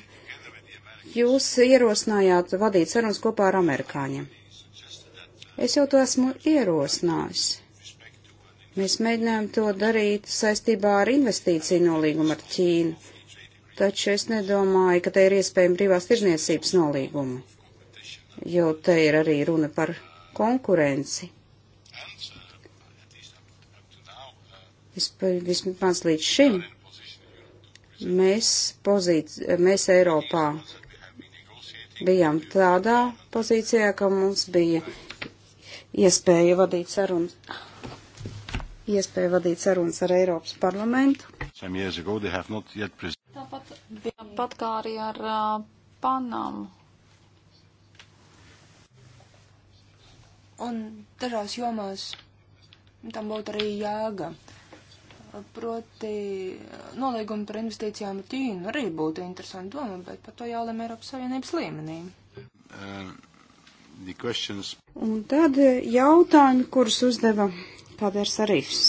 Jūs ierosinājāt vadīt sarunas kopā ar amerikāņiem. Es jau to esmu ierosinājis. Mēs mēģinājām to darīt saistībā ar investīciju nolīgumu ar Ķīnu, taču es nedomāju, ka te ir iespējama privās tirzniecības nolīguma, jo te ir arī runa par konkurenci. Vismaz līdz šim mēs, pozīci, mēs Eiropā bijām tādā pozīcijā, ka mums bija iespēja vadīt sarunas iespēja vadīt sarunas ar Eiropas parlamentu. Tāpat, tāpat kā arī ar uh, Panamu. Un dažās jomās tam būtu arī jāga. Proti, eh, nolīgumi par investīcijām ar Ķīnu arī būtu interesanti doma, bet par to jālem Eiropas Savienības līmenī. Um, Un tad eh, jautājumi, kurus uzdeva Pādērs Arīfs.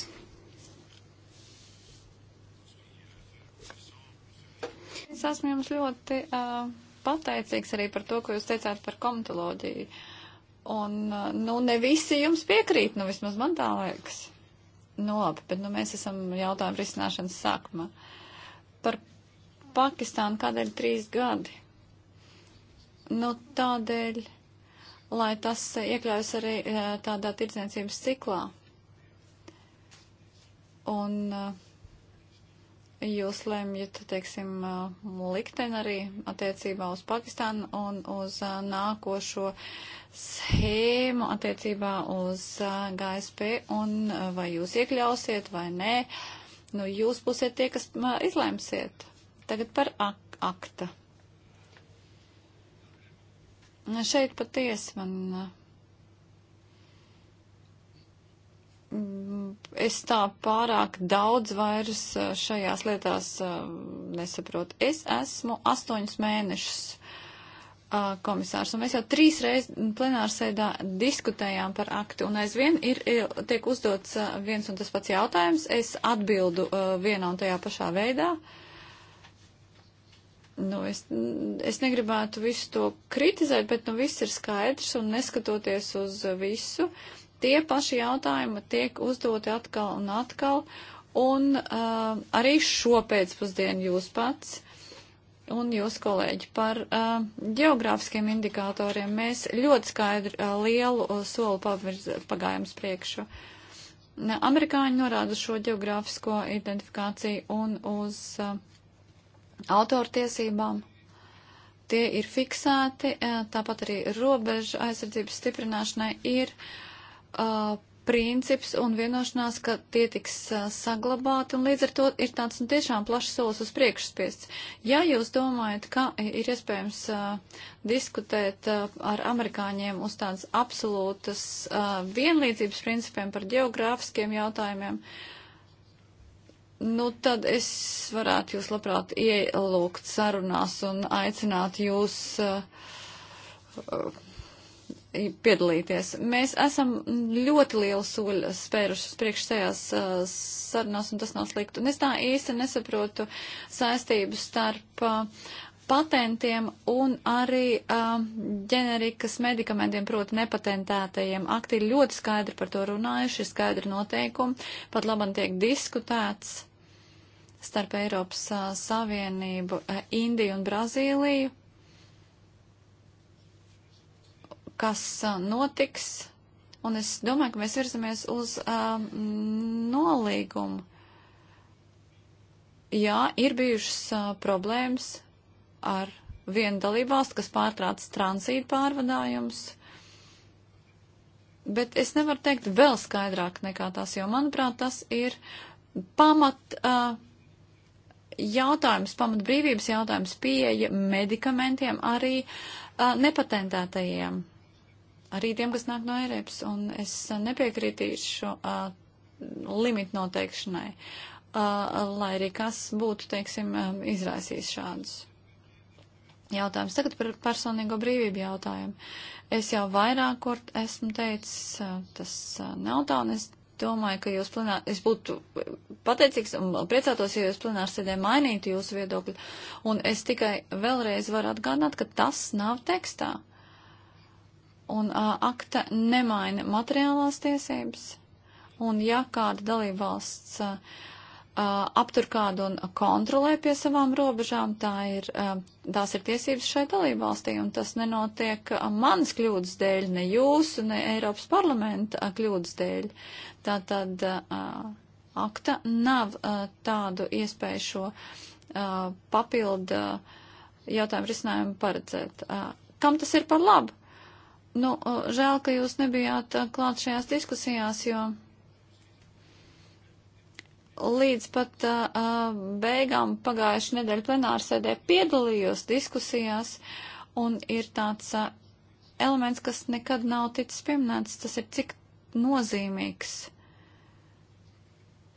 Es esmu jums ļoti uh, pateicīgs arī par to, ko jūs teicāt par komitoloģiju. Un, uh, nu, ne visi jums piekrīt, nu, vismaz man tā liekas. Nu labi, bet nu, mēs esam jautājumu risināšanas sākumā. Par Pakistānu kādēļ trīs gadi? Nu tādēļ, lai tas iekļaujas arī eh, tādā tirdzniecības ciklā. Un eh, jūs lemjat, teiksim, eh, likteni arī attiecībā uz Pakistānu un uz nākošo schēmu attiecībā uz GSP un vai jūs iekļausiet vai nē. Nu, jūs būsiet tie, kas izlemsiet. Tagad par ak akta. Nu, šeit patiesi man. Es tā pārāk daudz vairs šajās lietās nesaprotu. Es esmu astoņus mēnešus komisārs. Un mēs jau trīs reizes plenārsēdā diskutējām par aktu, un aizvien ir, e, tiek uzdots viens un tas pats jautājums. Es atbildu vienā un tajā pašā veidā. Nu, es, es negribētu visu to kritizēt, bet nu, viss ir skaidrs un neskatoties uz visu, tie paši jautājumi tiek uzdoti atkal un atkal. Un uh, arī šo pēcpusdienu jūs pats un jūs, kolēģi, par uh, geogrāfiskiem indikatoriem. Mēs ļoti skaidri uh, lielu uh, soli pavirz, pagājām uz priekšu. Ne, amerikāņi norāda šo geogrāfisko identifikāciju un uz uh, autortiesībām. Tie ir fiksēti, uh, tāpat arī robeža aizsardzības stiprināšanai ir uh, princips un vienošanās, ka tie tiks saglabāti, un līdz ar to ir tāds nu, tiešām plašs solis uz priekšspiests. Ja jūs domājat, ka ir iespējams uh, diskutēt uh, ar amerikāņiem uz tādas absolūtas uh, vienlīdzības principiem par geogrāfiskiem jautājumiem, nu tad es varētu jūs labprāt ielūgt sarunās un aicināt jūs. Uh, uh, piedalīties. Mēs esam ļoti lielu soļu spēruši uz priekš tajās uh, sarunās, un tas nav slikti. Un es tā īsti nesaprotu saistību starp uh, patentiem un arī uh, ģenerikas medikamentiem, proti nepatentētajiem. Akti ir ļoti skaidri par to runājuši, ir skaidri noteikumi, pat labam tiek diskutēts starp Eiropas uh, Savienību, uh, Indiju un Brazīliju kas notiks. Un es domāju, ka mēs virzamies uz um, nolīgumu. Jā, ir bijušas uh, problēmas ar vienu dalībvalstu, kas pārtrāc transīdu pārvadājumus. Bet es nevaru teikt vēl skaidrāk nekā tas, jo, manuprāt, tas ir pamat uh, jautājums, pamat brīvības jautājums pieeja medikamentiem arī uh, nepatentētajiem arī tiem, kas nāk no Eiropas, un es nepiekritīšu uh, uh limitu noteikšanai, uh, lai arī kas būtu, teiksim, um, izraisījis šādus. Jautājums tagad par personīgo brīvību jautājumu. Es jau vairāk kārt esmu teicis, uh, tas uh, nav tā, un es domāju, ka jūs plenā, es būtu pateicīgs un priecātos, ja jūs plenārs sēdē mainītu jūsu viedokļu. Un es tikai vēlreiz varu atgādināt, ka tas nav tekstā. Uh, Un uh, akta nemaina materiālās tiesības. Un ja kāda dalībvalsts uh, aptur kādu un kontrolē pie savām robežām, tā ir, uh, tās ir tiesības šai dalībvalstī. Un tas nenotiek uh, manas kļūdas dēļ, ne jūsu, ne Eiropas parlamenta uh, kļūdas dēļ. Tā tad uh, akta nav uh, tādu iespēju šo uh, papildu jautājumu risinājumu paredzēt. Uh, kam tas ir par labu? Nu, žēl, ka jūs nebijāt uh, klāt šajās diskusijās, jo līdz pat uh, uh, beigām pagājuši nedēļa plenārsēdē piedalījos diskusijās un ir tāds uh, elements, kas nekad nav ticis pieminēts, tas ir cik nozīmīgs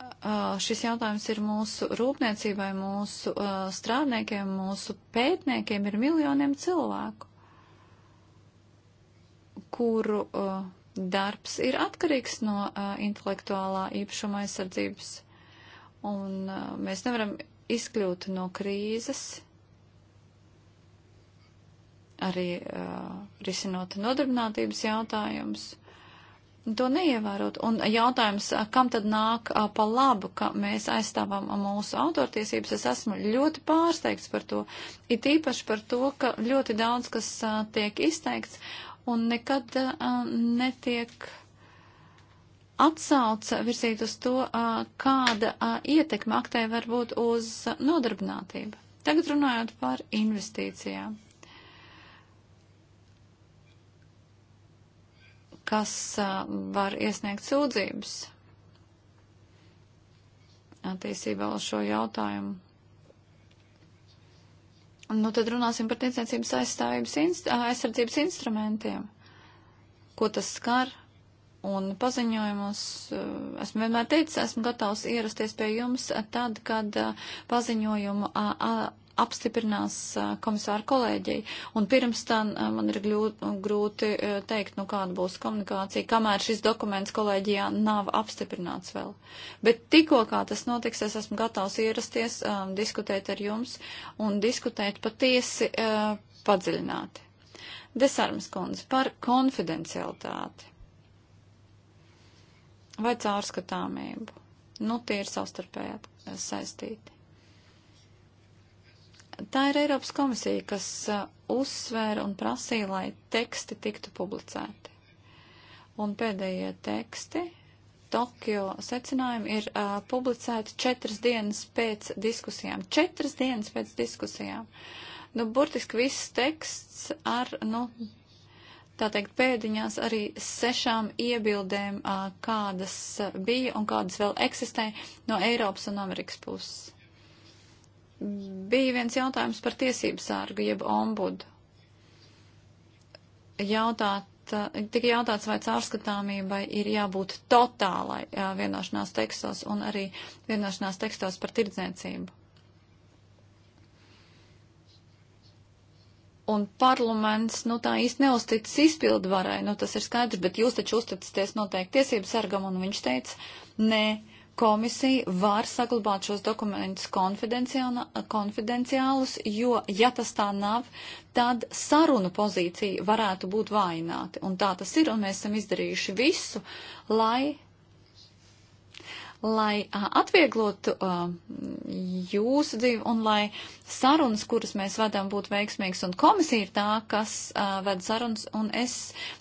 uh, šis jautājums ir mūsu rūpniecībai, mūsu uh, strādniekiem, mūsu pētniekiem, ir miljoniem cilvēku kuru uh, darbs ir atkarīgs no uh, intelektuālā īpašuma aizsardzības. Un uh, mēs nevaram izkļūt no krīzes, arī uh, risinot nodarbinātības jautājumus. To neievērot. Un jautājums, uh, kam tad nāk uh, pa labu, ka mēs aizstāvam mūsu autortiesības, es esmu ļoti pārsteigts par to. It īpaši par to, ka ļoti daudz, kas uh, tiek izteikts, un nekad uh, netiek atsauca virzīt uz to, uh, kāda uh, ietekme aktē var būt uz nodarbinātību. Tagad runājot par investīcijām, kas uh, var iesniegt sūdzības attiecībā uz šo jautājumu Nu, tad runāsim par tiecniecības aizstāvības inst aizsardzības instrumentiem, ko tas skar. Un paziņojumos esmu vienmēr teicis, esmu gatavs ierasties pie jums tad, kad paziņojumu apstiprinās komisāra kolēģija. Un pirms tam man ir grūti teikt, nu kāda būs komunikācija, kamēr šis dokuments kolēģijā nav apstiprināts vēl. Bet tikko kā tas notiks, es esmu gatavs ierasties, um, diskutēt ar jums un diskutēt patiesi uh, padziļināti. Desarmas kundze par konfidencialitāti vai caurskatāmību. Nu, tie ir savstarpēji saistīti tā ir Eiropas komisija, kas uh, uzsvēra un prasīja, lai teksti tiktu publicēti. Un pēdējie teksti Tokio secinājumi ir uh, publicēti četras dienas pēc diskusijām. Četras dienas pēc diskusijām. Nu, burtiski viss teksts ar, nu, tā teikt, pēdiņās arī sešām iebildēm, uh, kādas uh, bija un kādas vēl eksistē no Eiropas un Amerikas puses. Bija viens jautājums par tiesību sārgu, jeb ombudu. Jautāt, eh, tika jautāts, vai caurskatāmībai ir jābūt totālai jā, eh, vienošanās tekstos un arī vienošanās tekstos par tirdzniecību. un parlaments, nu tā īsti neuzticas izpildu varai, nu tas ir skaidrs, bet jūs taču uzticaties noteikti tiesību sargam, un viņš teica, nē, komisija var saglabāt šos dokumentus konfidenciālus, jo, ja tas tā nav, tad sarunu pozīcija varētu būt vaināta. Un tā tas ir, un mēs esam izdarījuši visu, lai, lai atvieglotu uh, jūsu dzīvi un lai sarunas, kuras mēs vedam, būtu veiksmīgas, un komisija ir tā, kas uh, ved sarunas, un es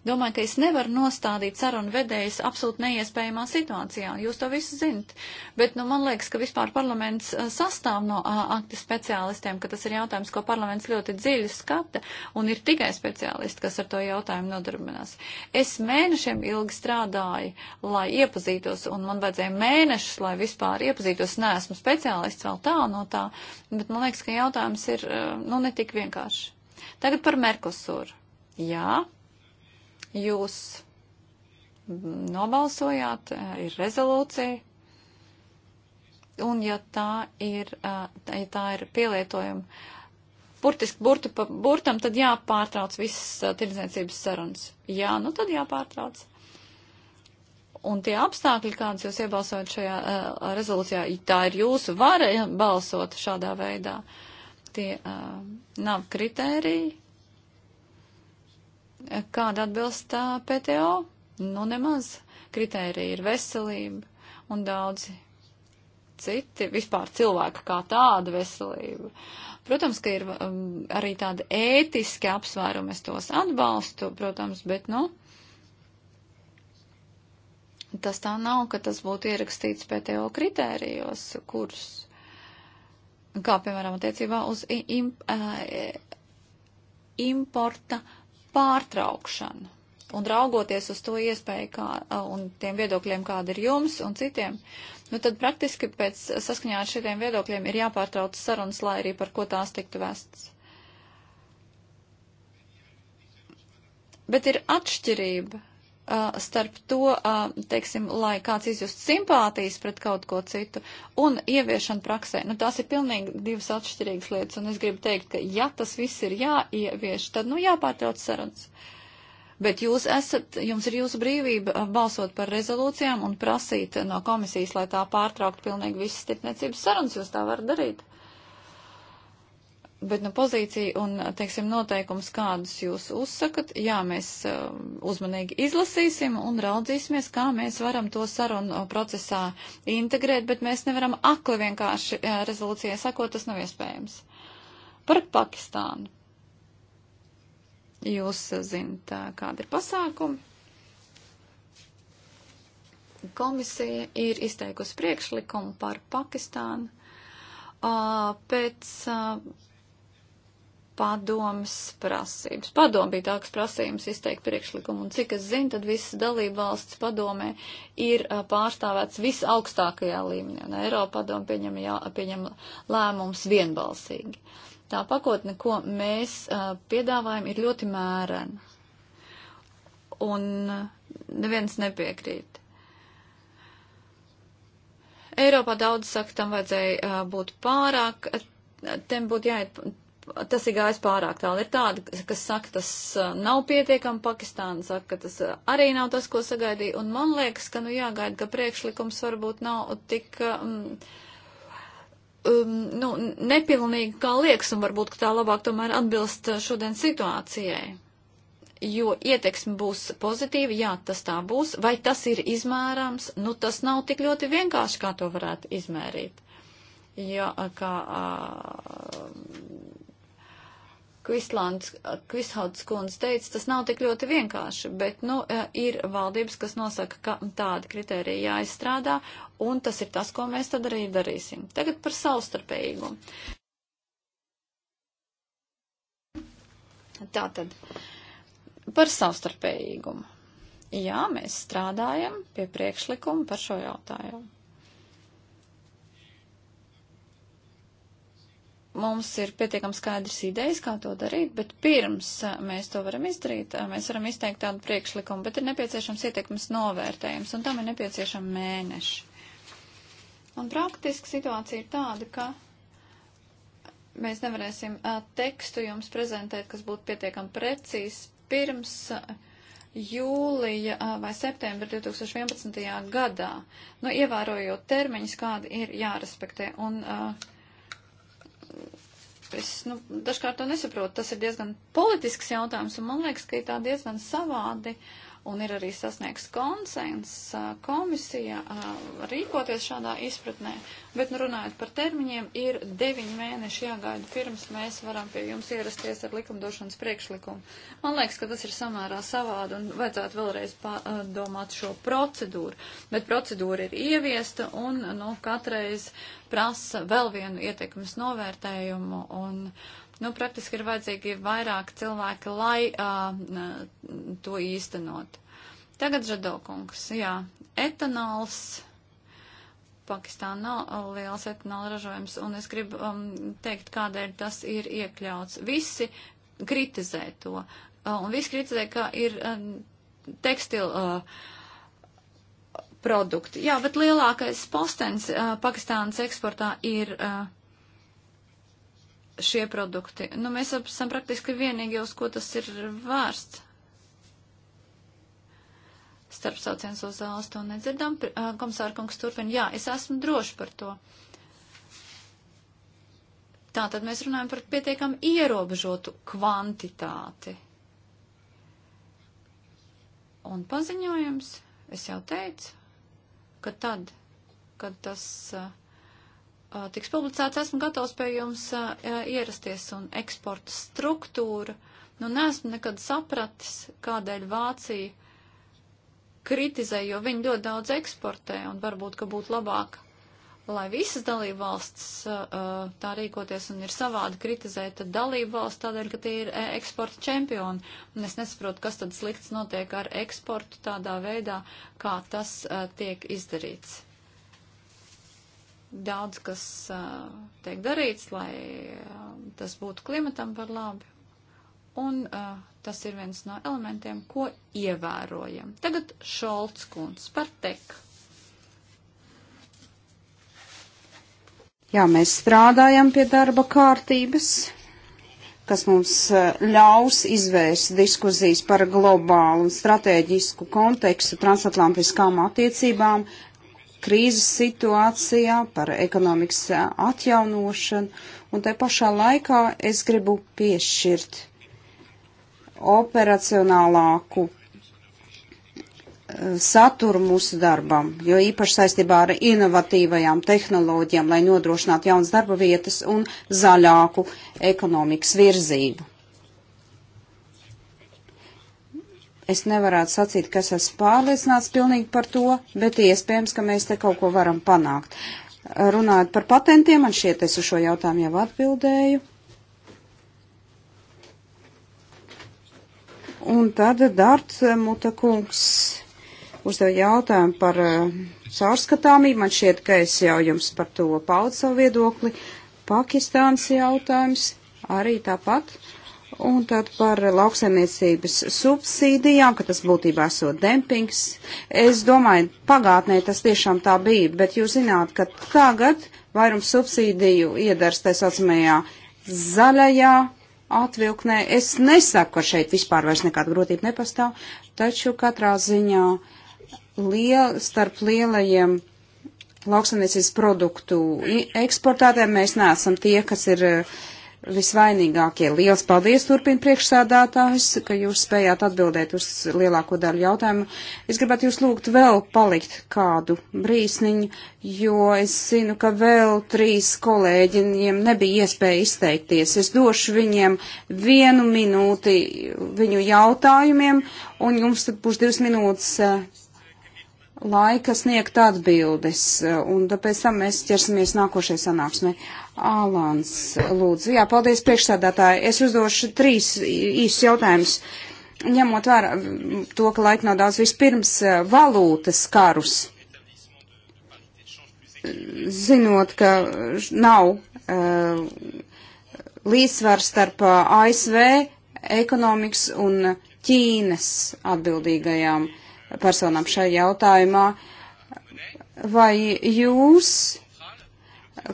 domāju, ka es nevaru nostādīt sarunu vedējas absolūti neiespējamā situācijā. Jūs to visu zinat, bet nu, man liekas, ka vispār parlaments uh, sastāv no uh, akti speciālistiem, ka tas ir jautājums, ko parlaments ļoti dziļi skata, un ir tikai speciālisti, kas ar to jautājumu nodarbinās. Es mēnešiem ilgi strādāju, lai iepazītos, un man vajadzēja mēnešus, lai vispār iepazītos. Neesmu speciālists vēl tā no tā, bet man liekas, ka jautājums ir, eh, nu, netik vienkārši. Tagad par Merkosuru. Jā, jūs nobalsojāt, eh, ir rezolūcija, un ja tā ir, eh, ja tā ir pielietojuma burtiski burtu pa burtam, tad jāpārtrauc visas tirdzniecības sarunas. Jā, nu tad jāpārtrauc. Un tie apstākļi, kādus jūs iebalsojat šajā uh, rezolūcijā, tā ir jūsu vara balsot šādā veidā. Uh, tie uh, nav kritēriji, kāda atbilst uh, PTO. Nu, nemaz. Kritērija ir veselība un daudzi citi, vispār cilvēka kā tāda veselība. Protams, ka ir um, arī tādi ētiski apsvērumi, es tos atbalstu, protams, bet, nu, tas tā nav, ka tas būtu ierakstīts PTO kritērijos, kurus kā piemēram attiecībā uz im, importa pārtraukšanu. Un raugoties uz to iespēju kā, un tiem viedokļiem, kāda ir jums un citiem, nu tad praktiski pēc saskaņā ar šitiem viedokļiem ir jāpārtrauc sarunas, lai arī par ko tās tiktu vēstas. Bet ir atšķirība starp to, teiksim, lai kāds izjust simpātijas pret kaut ko citu un ieviešana praksē. Nu, tās ir pilnīgi divas atšķirīgas lietas, un es gribu teikt, ka ja tas viss ir jāievieš, tad, nu, jāpārtrauc sarunas. Bet jūs esat, jums ir jūsu brīvība balsot par rezolūcijām un prasīt no komisijas, lai tā pārtraukt pilnīgi visas tirtniecības sarunas, jūs tā varat darīt. Bet nu, pozīcija un, teiksim, noteikums, kādus jūs uzsakat, jā, mēs uh, uzmanīgi izlasīsim un raudzīsimies, kā mēs varam to sarunu uh, procesā integrēt, bet mēs nevaram akli vienkārši uh, rezolūcijai sakot, tas nav iespējams. Par Pakistānu. Jūs uh, zinat, uh, kāda ir pasākuma. Komisija ir izteikusi priekšlikumu par Pakistānu. Uh, pēc uh, padomas prasības. Padoma bija tā, kas prasījums izteikt priekšlikumu, un cik es zinu, tad visas dalība valsts padomē ir pārstāvēts visaugstākajā līmenī, un Eiropa padoma pieņem, jā, pieņem lēmums vienbalsīgi. Tā pakotne, ko mēs uh, piedāvājam, ir ļoti mērena, un neviens nepiekrīt. Eiropā daudz saka, tam vajadzēja uh, būt pārāk, tam būtu jāiet tas ir gājis pārāk tālu. Ir tādi, kas saka, tas uh, nav pietiekami, Pakistāna saka, ka tas uh, arī nav tas, ko sagaidīja, un man liekas, ka nu jāgaida, ka priekšlikums varbūt nav tik. Um, um, nu, nepilnīgi kā liekas, un varbūt, ka tā labāk tomēr atbilst šodien situācijai. Jo ieteksme būs pozitīva, jā, tas tā būs, vai tas ir izmērāms, nu tas nav tik ļoti vienkārši, kā to varētu izmērīt. Ja, kā, uh, Kvislauds kundze teica, tas nav tik ļoti vienkārši, bet, nu, e, ir valdības, kas nosaka, ka tādi kriteriji jāizstrādā, un tas ir tas, ko mēs tad arī darīsim. Tagad par savstarpējīgumu. Tātad, par savstarpējīgumu. Jā, mēs strādājam pie priekšlikuma par šo jautājumu. mums ir pietiekami skaidrs idejas, kā to darīt, bet pirms mēs to varam izdarīt, mēs varam izteikt tādu priekšlikumu, bet ir nepieciešams ietekmes novērtējums, un tam ir nepieciešami mēneši. Un praktiski situācija ir tāda, ka mēs nevarēsim tekstu jums prezentēt, kas būtu pietiekami precīzs pirms jūlija vai septembra 2011. gadā, nu, ievērojot termiņus, kādi ir jārespektē. Un, uh, es nu, dažkārt to nesaprotu. Tas ir diezgan politisks jautājums, un man liekas, ka ir tā diezgan savādi uh, un ir arī sasniegts konsens komisija rīkoties šādā izpratnē, bet nu, runājot par termiņiem, ir deviņi mēneši jāgaida pirms mēs varam pie jums ierasties ar likumdošanas priekšlikumu. Man liekas, ka tas ir samērā savādi un vajadzētu vēlreiz padomāt šo procedūru, bet procedūra ir ieviesta un nu, katreiz prasa vēl vienu ietekmes novērtējumu un Nu, praktiski ir vajadzīgi vairāk cilvēki, lai uh, to īstenot. Tagad žadokungs, jā, etanols. Pakistāna nav liels etanola ražojums, un es gribu um, teikt, kādēļ tas ir iekļauts. Visi kritizē to, uh, un visi kritizē, ka ir um, tekstila uh, produkti. Jā, bet lielākais postens uh, Pakistānas eksportā ir. Uh, šie produkti. Nu, mēs esam praktiski vienīgi, uz ko tas ir vērsts. Starp sauciens uz zāles to nedzirdam. Komisārkungs turpina. Jā, es esmu droši par to. Tātad mēs runājam par pietiekami ierobežotu kvantitāti. Un paziņojums, es jau teicu, ka tad, kad tas uh, Uh, tiks publicēts, esmu gatavs pie jums uh, uh, ierasties un eksporta struktūra. Nu, nesmu nekad sapratis, kādēļ Vācija kritizē, jo viņi ļoti daudz eksportē un varbūt, ka būtu labāk, lai visas dalību valsts uh, tā rīkoties un ir savādi kritizēt dalību valsts tādēļ, ka tie ir eksporta čempioni. Un es nesaprotu, kas tad slikts notiek ar eksportu tādā veidā, kā tas uh, tiek izdarīts. Daudz, kas uh, tiek darīts, lai uh, tas būtu klimatam par labu. Un uh, tas ir viens no elementiem, ko ievērojam. Tagad Šolts kundz par teku. Jā, mēs strādājam pie darba kārtības, kas mums ļaus izvērst diskusijas par globālu un strateģisku kontekstu transatlantiskām attiecībām krīzes situācijā, par ekonomikas atjaunošanu, un te pašā laikā es gribu piešķirt operacionālāku saturu mūsu darbam, jo īpaši saistībā ar inovatīvajām tehnoloģijām, lai nodrošinātu jaunas darba vietas un zaļāku ekonomikas virzību. Es nevarētu sacīt, ka es esmu pārliecināts pilnīgi par to, bet iespējams, ka mēs te kaut ko varam panākt. Runājot par patentiem, man šķiet, es uz šo jautājumu jau atbildēju. Un tad Dārts Mutakungs uzdeva jautājumu par eh, caurskatāmību. Man šķiet, ka es jau jums par to paudu savu viedokli. Pakistāns jautājums arī tāpat. Uh, Un tad par lauksaimniecības subsīdijām, ka tas būtībā esot dempings. Es domāju, pagātnē tas tiešām tā bija, bet jūs zināt, ka tagad vairums subsīdiju iedars tā saucamajā zaļajā atvilknē. Es nesaku, ka šeit vispār vairs nekāda grotība nepastāv, taču katrā ziņā liel, starp lielajiem lauksaimniecības produktu eksportētājiem mēs neesam tie, kas ir uh, visvainīgākie. Liels paldies, turpina priekšsādātājs, ka jūs spējāt atbildēt uz lielāko daļu jautājumu. Es gribētu jūs lūgt vēl palikt kādu brīsniņu, jo es zinu, ka vēl trīs kolēģiem nebija iespēja izteikties. Es došu viņiem vienu minūti viņu jautājumiem, un jums tad būs divas minūtes eh, laika sniegt atbildes, eh, un tāpēc tam mēs ķersimies nākošajai sanāksmei. Alans, lūdzu. Jā, paldies priekšsādātāji. Es uzdošu trīs īsus jautājumus. Ņemot vērā to, ka laika nav daudz vispirms eh, valūtas karus, zinot, ka nav uh, līdzsvars starp eh, ASV ekonomikas un Ķīnas atbildīgajām personām šajā jautājumā, vai jūs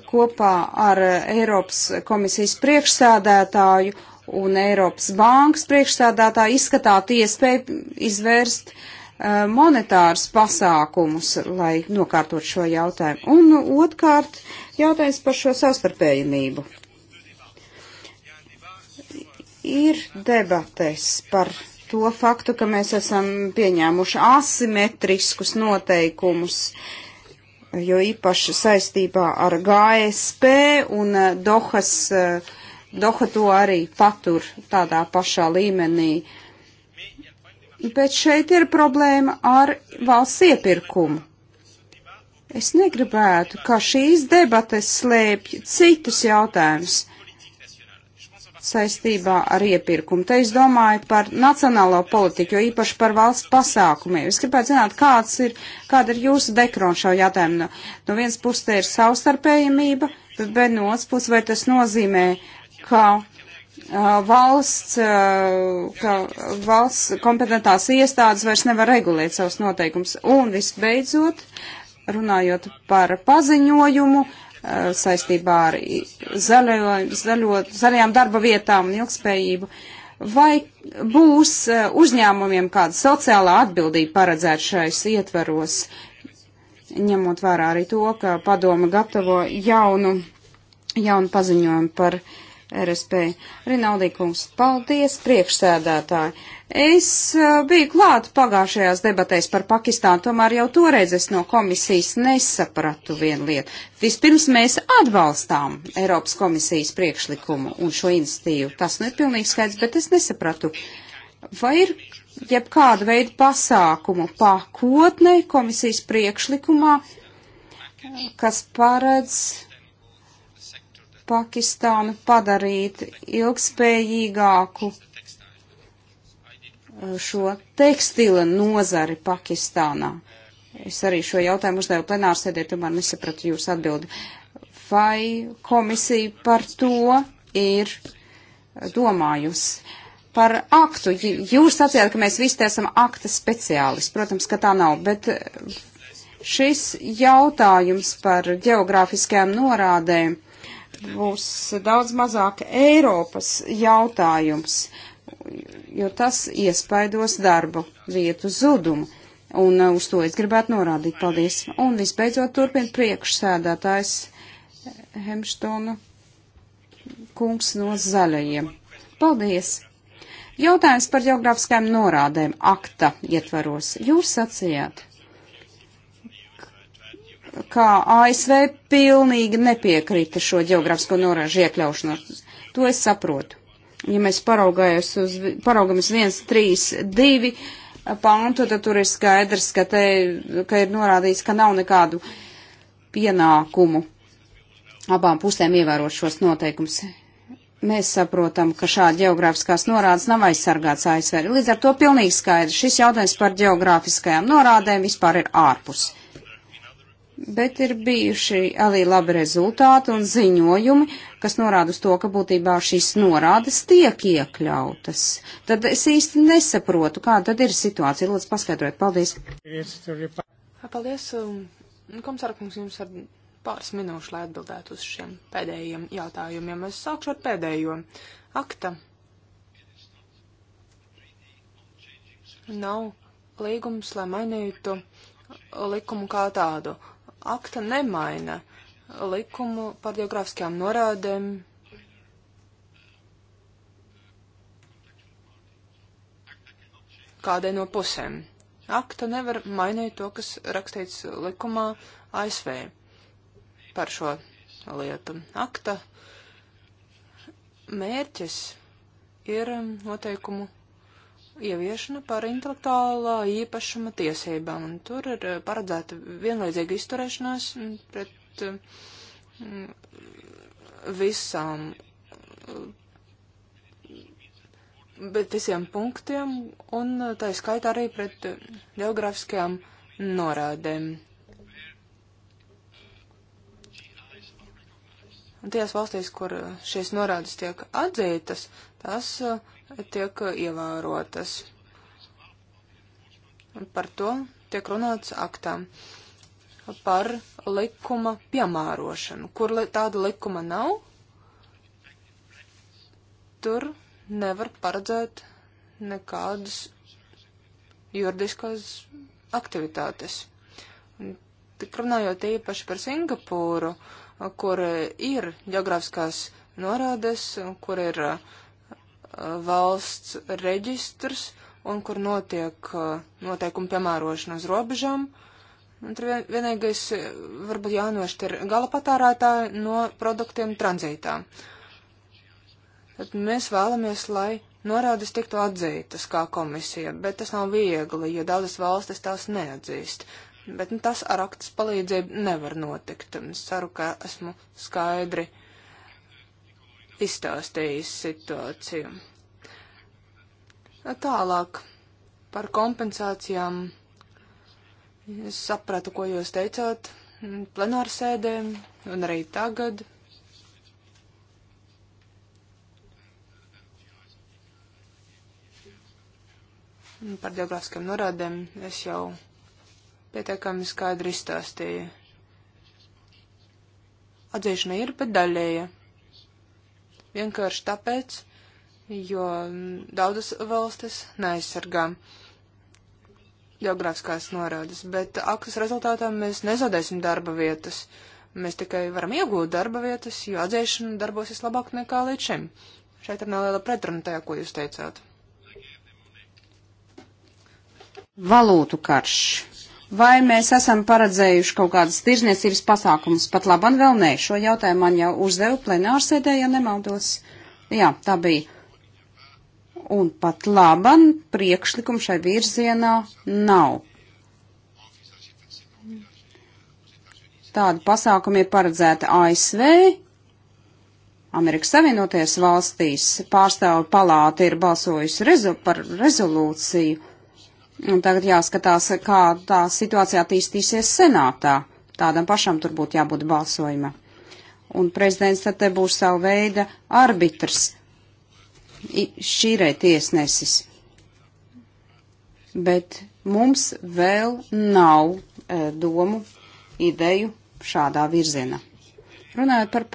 kopā ar Eiropas komisijas priekšsēdētāju un Eiropas bankas priekšsēdētāju izskatāt iespēju izvērst eh, monetārus pasākumus, lai nokārtot šo jautājumu. Un otrkārt, jautājums par šo savstarpējumību. Ir debates par to faktu, ka mēs esam pieņēmuši asimetriskus noteikumus jo īpaši saistībā ar GSP un eh, Dohas, eh, Doha to arī patur tādā pašā līmenī. Bet šeit ir problēma ar valsts iepirkumu. Es negribētu, ka šīs debates slēpj citus jautājumus saistībā ar iepirkumu. Te es domāju par nacionālo politiku, jo īpaši par valsts pasākumiem. Es gribētu zināt, kāds ir, kāda ir jūsu dekrona šo jautājumu. No, no vienas puses te ir savstarpējamība, bet, bet no otras puses vai tas nozīmē, ka valsts, ka valsts kompetentās iestādes vairs nevar regulēt savus noteikumus. Un visbeidzot, runājot par paziņojumu, Uh, saistībā ar zaļo, zaļo, zaļajām darba vietām un ilgspējību. Vai būs uh, uzņēmumiem kāda sociālā atbildība paredzēta šais ietvaros, ņemot vērā arī to, ka padoma gatavo jaunu, jaunu paziņojumu par uh, RSP. Rinaldīkums, paldies, priekšsēdētāji. Es uh, biju klāt pagājušajās debatēs par Pakistānu, tomēr jau toreiz es no komisijas nesapratu vienu lietu. Vispirms mēs atbalstām Eiropas komisijas priekšlikumu un šo institīvu. Tas nu ir pilnīgi skaidrs, bet es nesapratu. Vai ir jebkāda veida pasākumu pakotnei komisijas priekšlikumā, kas paredz Pakistānu padarīt ilgspējīgāku uh, šo tekstila nozari Pakistānā. Es arī šo jautājumu uzdevu plenārsēdē, tomēr nesapratu jūs atbildi. Vai komisija par to ir domājusi? Par aktu. Jūs sacījāt, ka mēs visi esam akta speciālisti. Protams, ka tā nav, bet uh, šis jautājums par geogrāfiskajām norādēm būs daudz mazāk Eiropas jautājums, jo tas iespaidos darbu vietu zudumu. Un uh, uz to es gribētu norādīt. Paldies. Un visbeidzot turpina priekšsēdētājs Hemštona kungs no zaļajiem. Paldies! Jautājums par geogrāfiskajām norādēm akta ietvaros. Jūs sacījāt kā ASV pilnīgi nepiekrita šo geogrāfisko norāžu iekļaušanos. To es saprotu. Ja mēs paraugamies uz, paraugamies 1, 3, 2 pantu, tad tur ir skaidrs, ka, te, ka ir norādīts, ka nav nekādu pienākumu abām pusēm ievērot šos noteikumus. Mēs saprotam, ka šāda geogrāfiskās norādes nav aizsargāts ASV. Līdz ar to pilnīgi skaidrs, šis jautājums par geogrāfiskajām norādēm vispār ir ārpus. Uh, bet ir bijuši arī labi rezultāti un ziņojumi, kas norāda uz to, ka būtībā šīs norādes tiek iekļautas. Tad es īsti nesaprotu, kāda tad ir situācija. Lūdzu, paskaidrojiet. Paldies. Paldies. Um, Komisārkungs, jums ar pāris minūšu, lai atbildētu uz šiem pēdējiem jautājumiem. Es sākšu ar pēdējo. Akta. Nav līgums, lai mainītu likumu kā tādu akta nemaina likumu par geogrāfiskajām norādēm. Kādai no pusēm. Akta nevar mainīt to, kas rakstīts likumā ASV par šo lietu. Akta mērķis ir noteikumu ieviešana par intelektuālā īpašuma tiesībām, un tur ir eh, paredzēta vienlaidzīga izturēšanās mm, pret mm, visām, mm, bet visiem punktiem, un tā skaitā arī pret geogrāfiskajām norādēm. Un tajās valstīs, kur šīs norādes tiek atzītas, tās uh, eh, tiek ievērotas. Par to tiek runāts aktā par likuma piemērošanu. Kur li tāda likuma nav, tur nevar paredzēt nekādas juridiskās aktivitātes. Tik runājot īpaši par Singapūru, kur ir geogrāfiskās norādes, kur ir uh, valsts reģistrs un kur notiek uh, noteikumu piemērošana uz robežām. Un tur vien, vienīgais uh, varbūt jānošķir gala patērētāji no produktiem tranzītā. Tad mēs vēlamies, lai norādes tiktu atzītas kā komisija, bet tas nav viegli, jo daudzas valstis tās neatzīst. Bet nu, tas ar aktas palīdzību nevar notikt. Es ceru, ka esmu skaidri uh, izstāstījis situāciju. Tālāk par kompensācijām. Es sapratu, ko jūs teicāt plenārsēdē un arī tagad. Par geogrāfiskiem norādēm es jau pietiekami skaidri izstāstīju. Atzīšana ir, bet daļēja. Vienkārši tāpēc, jo daudzas valstis neaizsargā geogrāfiskās norādes, bet aktas rezultātā mēs nezaudēsim darba vietas. Mēs tikai varam iegūt darba vietas, jo atzīšana darbosies labāk nekā līdz šim. Šeit ir neliela pretruna tajā, ko jūs teicāt. Valūtu karš. Vai mēs esam paredzējuši kaut kādas tirzniecības pasākumus? Pat labam vēl nē. Šo jautājumu man jau uzdeva plenārsēdē, ja nemaldos. Jā, tā bija. Un pat laban priekšlikumu šai virzienā nav. Tādi pasākumi ir paredzēti ASV, Amerikas Savienoties valstīs, pārstāvu palāta ir balsojusi rezo par rezolūciju Un tagad jāskatās, kā tā situācija attīstīsies senātā. Tādam pašam tur būtu jābūt balsojuma. Un prezidents tad te būs savu veidu arbitrs, šīrē tiesnesis. Bet mums vēl nav e, domu, ideju šādā virzienā. Runājot par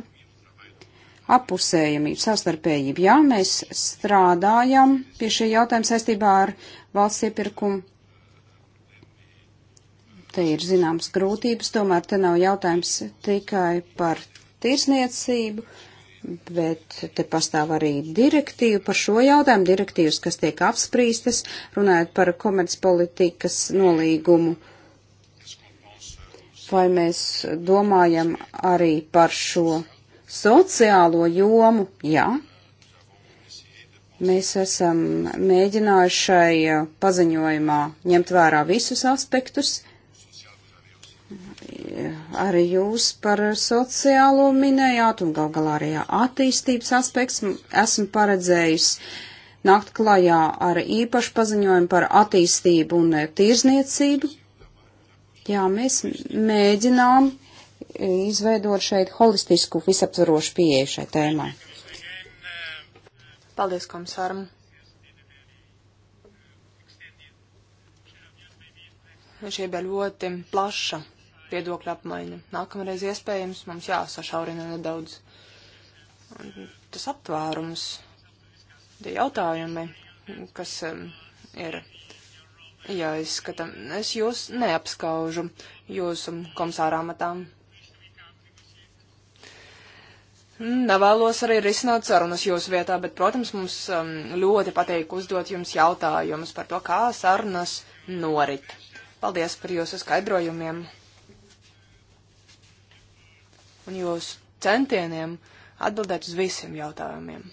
appusējamību, savstarpējību. Jā, mēs strādājam pie šī jautājuma saistībā ar valsts iepirkumu. Te ir zināmas grūtības, tomēr te nav jautājums tikai par tirsniecību, bet te pastāv arī direktīva par šo jautājumu, direktīvas, kas tiek apsprīstas, runājot par komercpolitikas nolīgumu vai mēs domājam arī par šo sociālo jomu, jā, mēs esam mēģinājuši šai paziņojumā ņemt vērā visus aspektus. Arī jūs par sociālo minējāt un gal galā arī attīstības aspekts esmu paredzējis nākt klajā ar īpašu paziņojumu par attīstību un tirzniecību. Jā, mēs mēģinām uh, izveidot šeit holistisku visaptvarošu pieeju šai tēmai. Paldies komisāram. Šī bija ļoti plaša viedokļa apmaiņa. Nākamreiz iespējams mums jāsašaurina nedaudz tas aptvērums, tie jautājumi, kas um, ir jāizskata. Es jūs neapskaužu jūsu komisāra amatām Nevēlos arī risināt sarunas jūsu vietā, bet, protams, mums um, ļoti patīk uzdot jums jautājumus par to, kā sarunas norit. Paldies par jūsu skaidrojumiem un jūsu centieniem atbildēt uz visiem jautājumiem.